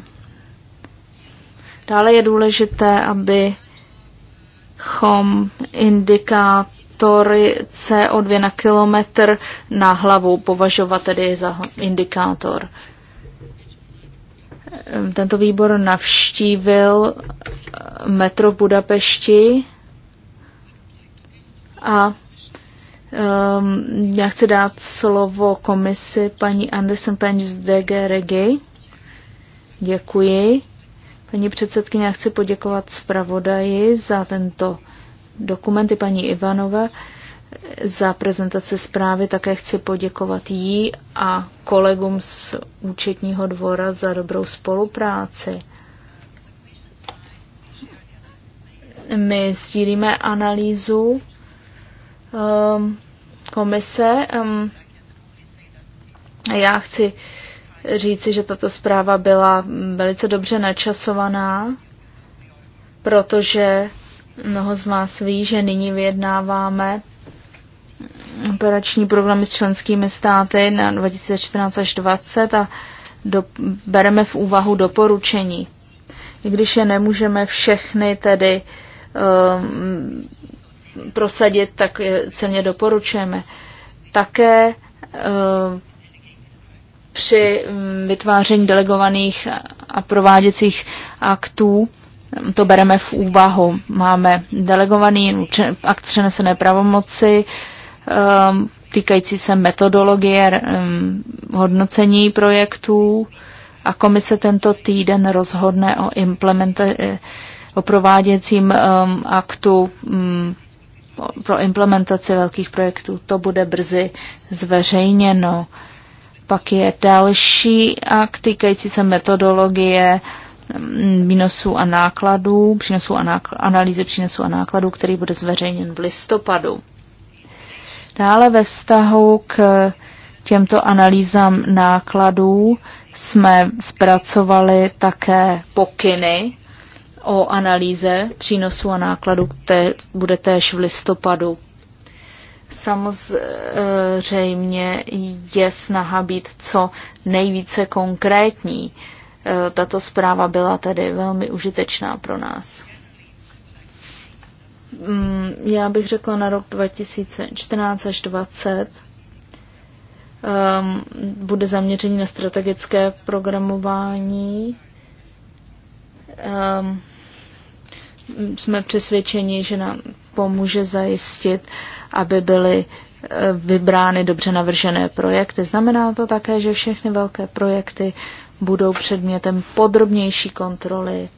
Dále je důležité, abychom indikátory CO2 na kilometr na hlavu považovat tedy za indikátor. Ehm, tento výbor navštívil eh, metro Budapešti a um, já chci dát slovo komisi paní Anderson Pench z DG Regi. Děkuji. Paní předsedkyně, já chci poděkovat zpravodaji za tento dokumenty paní Ivanové za prezentaci zprávy. Také chci poděkovat jí a kolegům z účetního dvora za dobrou spolupráci. My sdílíme analýzu um, komise. Um, já chci říci, že tato zpráva byla velice dobře načasovaná, protože mnoho z vás ví, že nyní vyjednáváme operační programy s členskými státy na 2014 až 2020 a do, bereme v úvahu doporučení. I když je nemůžeme všechny tedy um, prosadit, tak silně doporučujeme. Také eh, při mm, vytváření delegovaných a prováděcích aktů mm, to bereme v úvahu. Máme delegovaný akt přenesené pravomoci, ehm, týkající se metodologie mm, hodnocení projektů a komise tento týden rozhodne o eh, o prováděcím ehm, aktu pro implementaci velkých projektů. To bude brzy zveřejněno. Pak je další akt týkající se metodologie mm, výnosů a nákladů, přínosů a nákl- analýzy přínosů a nákladů, který bude zveřejněn v listopadu. Dále ve vztahu k těmto analýzám nákladů jsme zpracovali také pokyny o analýze přínosu a nákladu, které bude též v listopadu. Samozřejmě je snaha být co nejvíce konkrétní. E, tato zpráva byla tedy velmi užitečná pro nás. Mm, já bych řekla na rok 2014 až 2020 ehm, bude zaměření na strategické programování. Um, jsme přesvědčeni, že nám pomůže zajistit, aby byly e, vybrány dobře navržené projekty. Znamená to také, že všechny velké projekty budou předmětem podrobnější kontroly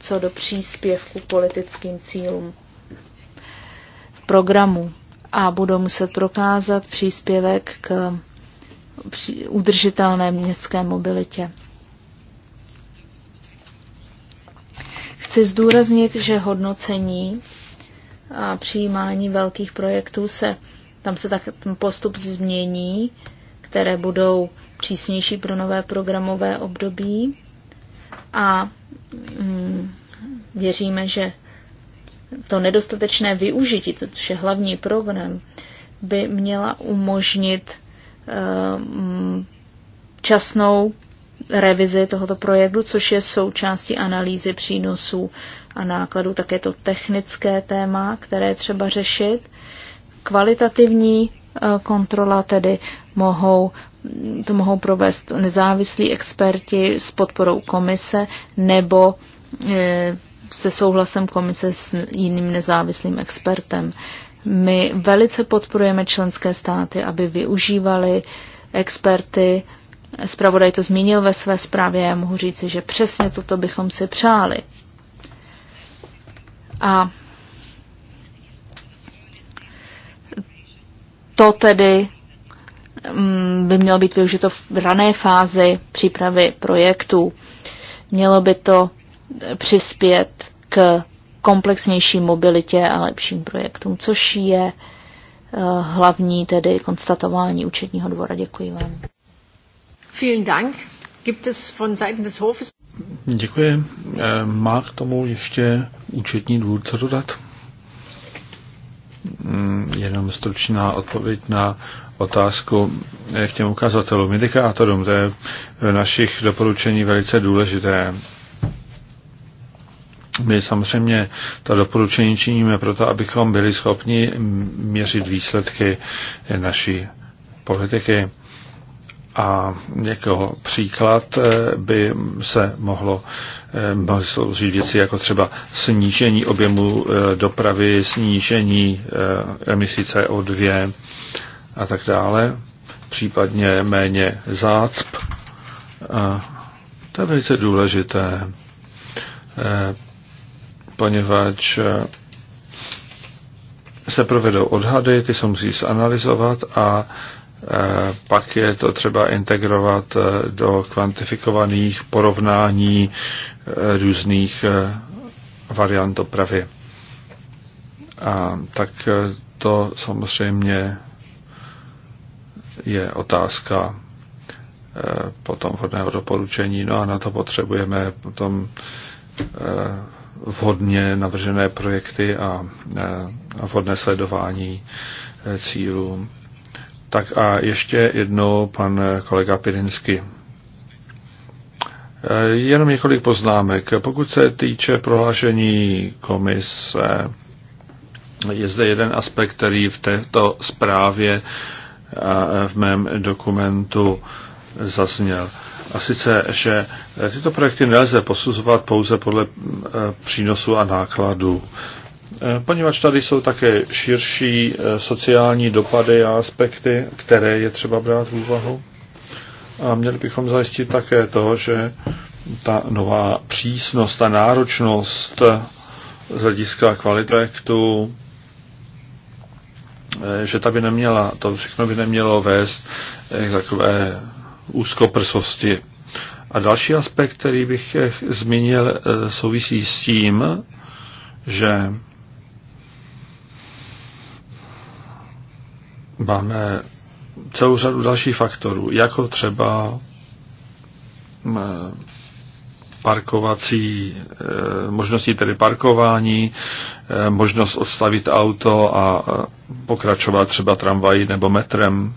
co do příspěvku politickým cílům programu a budou muset prokázat příspěvek k udržitelné městské mobilitě. Chci zdůraznit, že hodnocení a přijímání velkých projektů se, tam se tak ten postup změní, které budou přísnější pro nové programové období a mm, věříme, že to nedostatečné využití, což je hlavní program, by měla umožnit um, časnou revizi tohoto projektu, což je součástí analýzy přínosů a nákladů. Také to technické téma, které třeba řešit. Kvalitativní eh, kontrola tedy mohou, to mohou provést nezávislí experti s podporou komise nebo eh, se souhlasem komise s jiným nezávislým expertem. My velice podporujeme členské státy, aby využívali experty Spravodaj to zmínil ve své zprávě a mohu říci, že přesně toto bychom si přáli. A to tedy mm, by mělo být využito v rané fázi přípravy projektů. Mělo by to přispět k komplexnější mobilitě a lepším projektům, což je eh, hlavní tedy konstatování účetního dvora. Děkuji vám. Vielen Dank. Gibt es von Seiten des Hofes... Děkuji. Eh, má k tomu ještě účetní důvod co dodat? Mm, jenom stručná odpověď na otázku eh, k těm ukazatelům, indikátorům. To je v našich doporučení velice důležité. My samozřejmě ta doporučení činíme proto, abychom byli schopni měřit výsledky naší politiky. A jako příklad eh, by se mohlo eh, sloužit věci jako třeba snížení objemu eh, dopravy, snížení emisí CO2 a tak dále, případně méně zácp. A to je velice důležité, poněvadž se provedou odhady, ty se musí zanalizovat a Eh, pak je to třeba integrovat eh, do kvantifikovaných porovnání eh, různých variant dopravy. A tak to samozřejmě je otázka potom vhodného doporučení. No a na to potřebujeme potom vhodně navržené projekty a vhodné sledování cílů. Tak a ještě jednou pan kolega Pirinsky. Eh, jenom několik poznámek. Pokud se týče prohlášení komise, je zde jeden aspekt, který v této zprávě a v mém dokumentu zazněl. A sice, že eh, tyto projekty nelze posuzovat pouze podle eh, přínosu a nákladu. Eh, poněvadž tady jsou také širší eh, sociální dopady a aspekty, které je třeba brát v úvahu. A měli bychom zajistit také to, že ta nová přísnost a náročnost eh, z hlediska kvality projektu, že ta by neměla, to všechno by nemělo vést k takové úzkoprsosti. A další aspekt, který bych zmínil, souvisí s tím, že Máme celou řadu dalších faktorů, jako třeba eh, parkovací, eh, možnosti tedy parkování, eh, možnost odstavit auto a pokračovat třeba tramvají nebo metrem.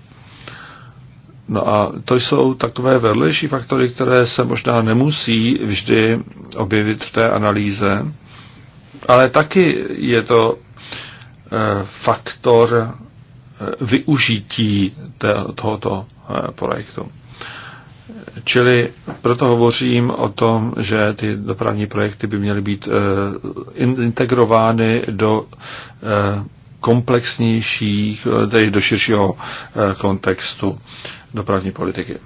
No a to jsou takové vedlejší faktory, které se možná nemusí vždy objevit v té analýze, ale taky je to faktor využití tohoto eh, projektu. Čili proto hovořím o tom, že ty dopravní projekty by měly být eh, integrovány do eh, komplexnějších, tedy do širšího kontextu dopravní politiky.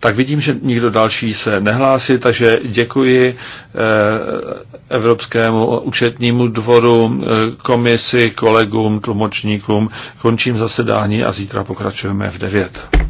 Tak vidím, že nikdo další se nehlásí, takže děkuji eh, Evropskému účetnímu dvoru, eh, komisi, kolegům, tlumočníkům. Končím zasedání a zítra pokračujeme v 9.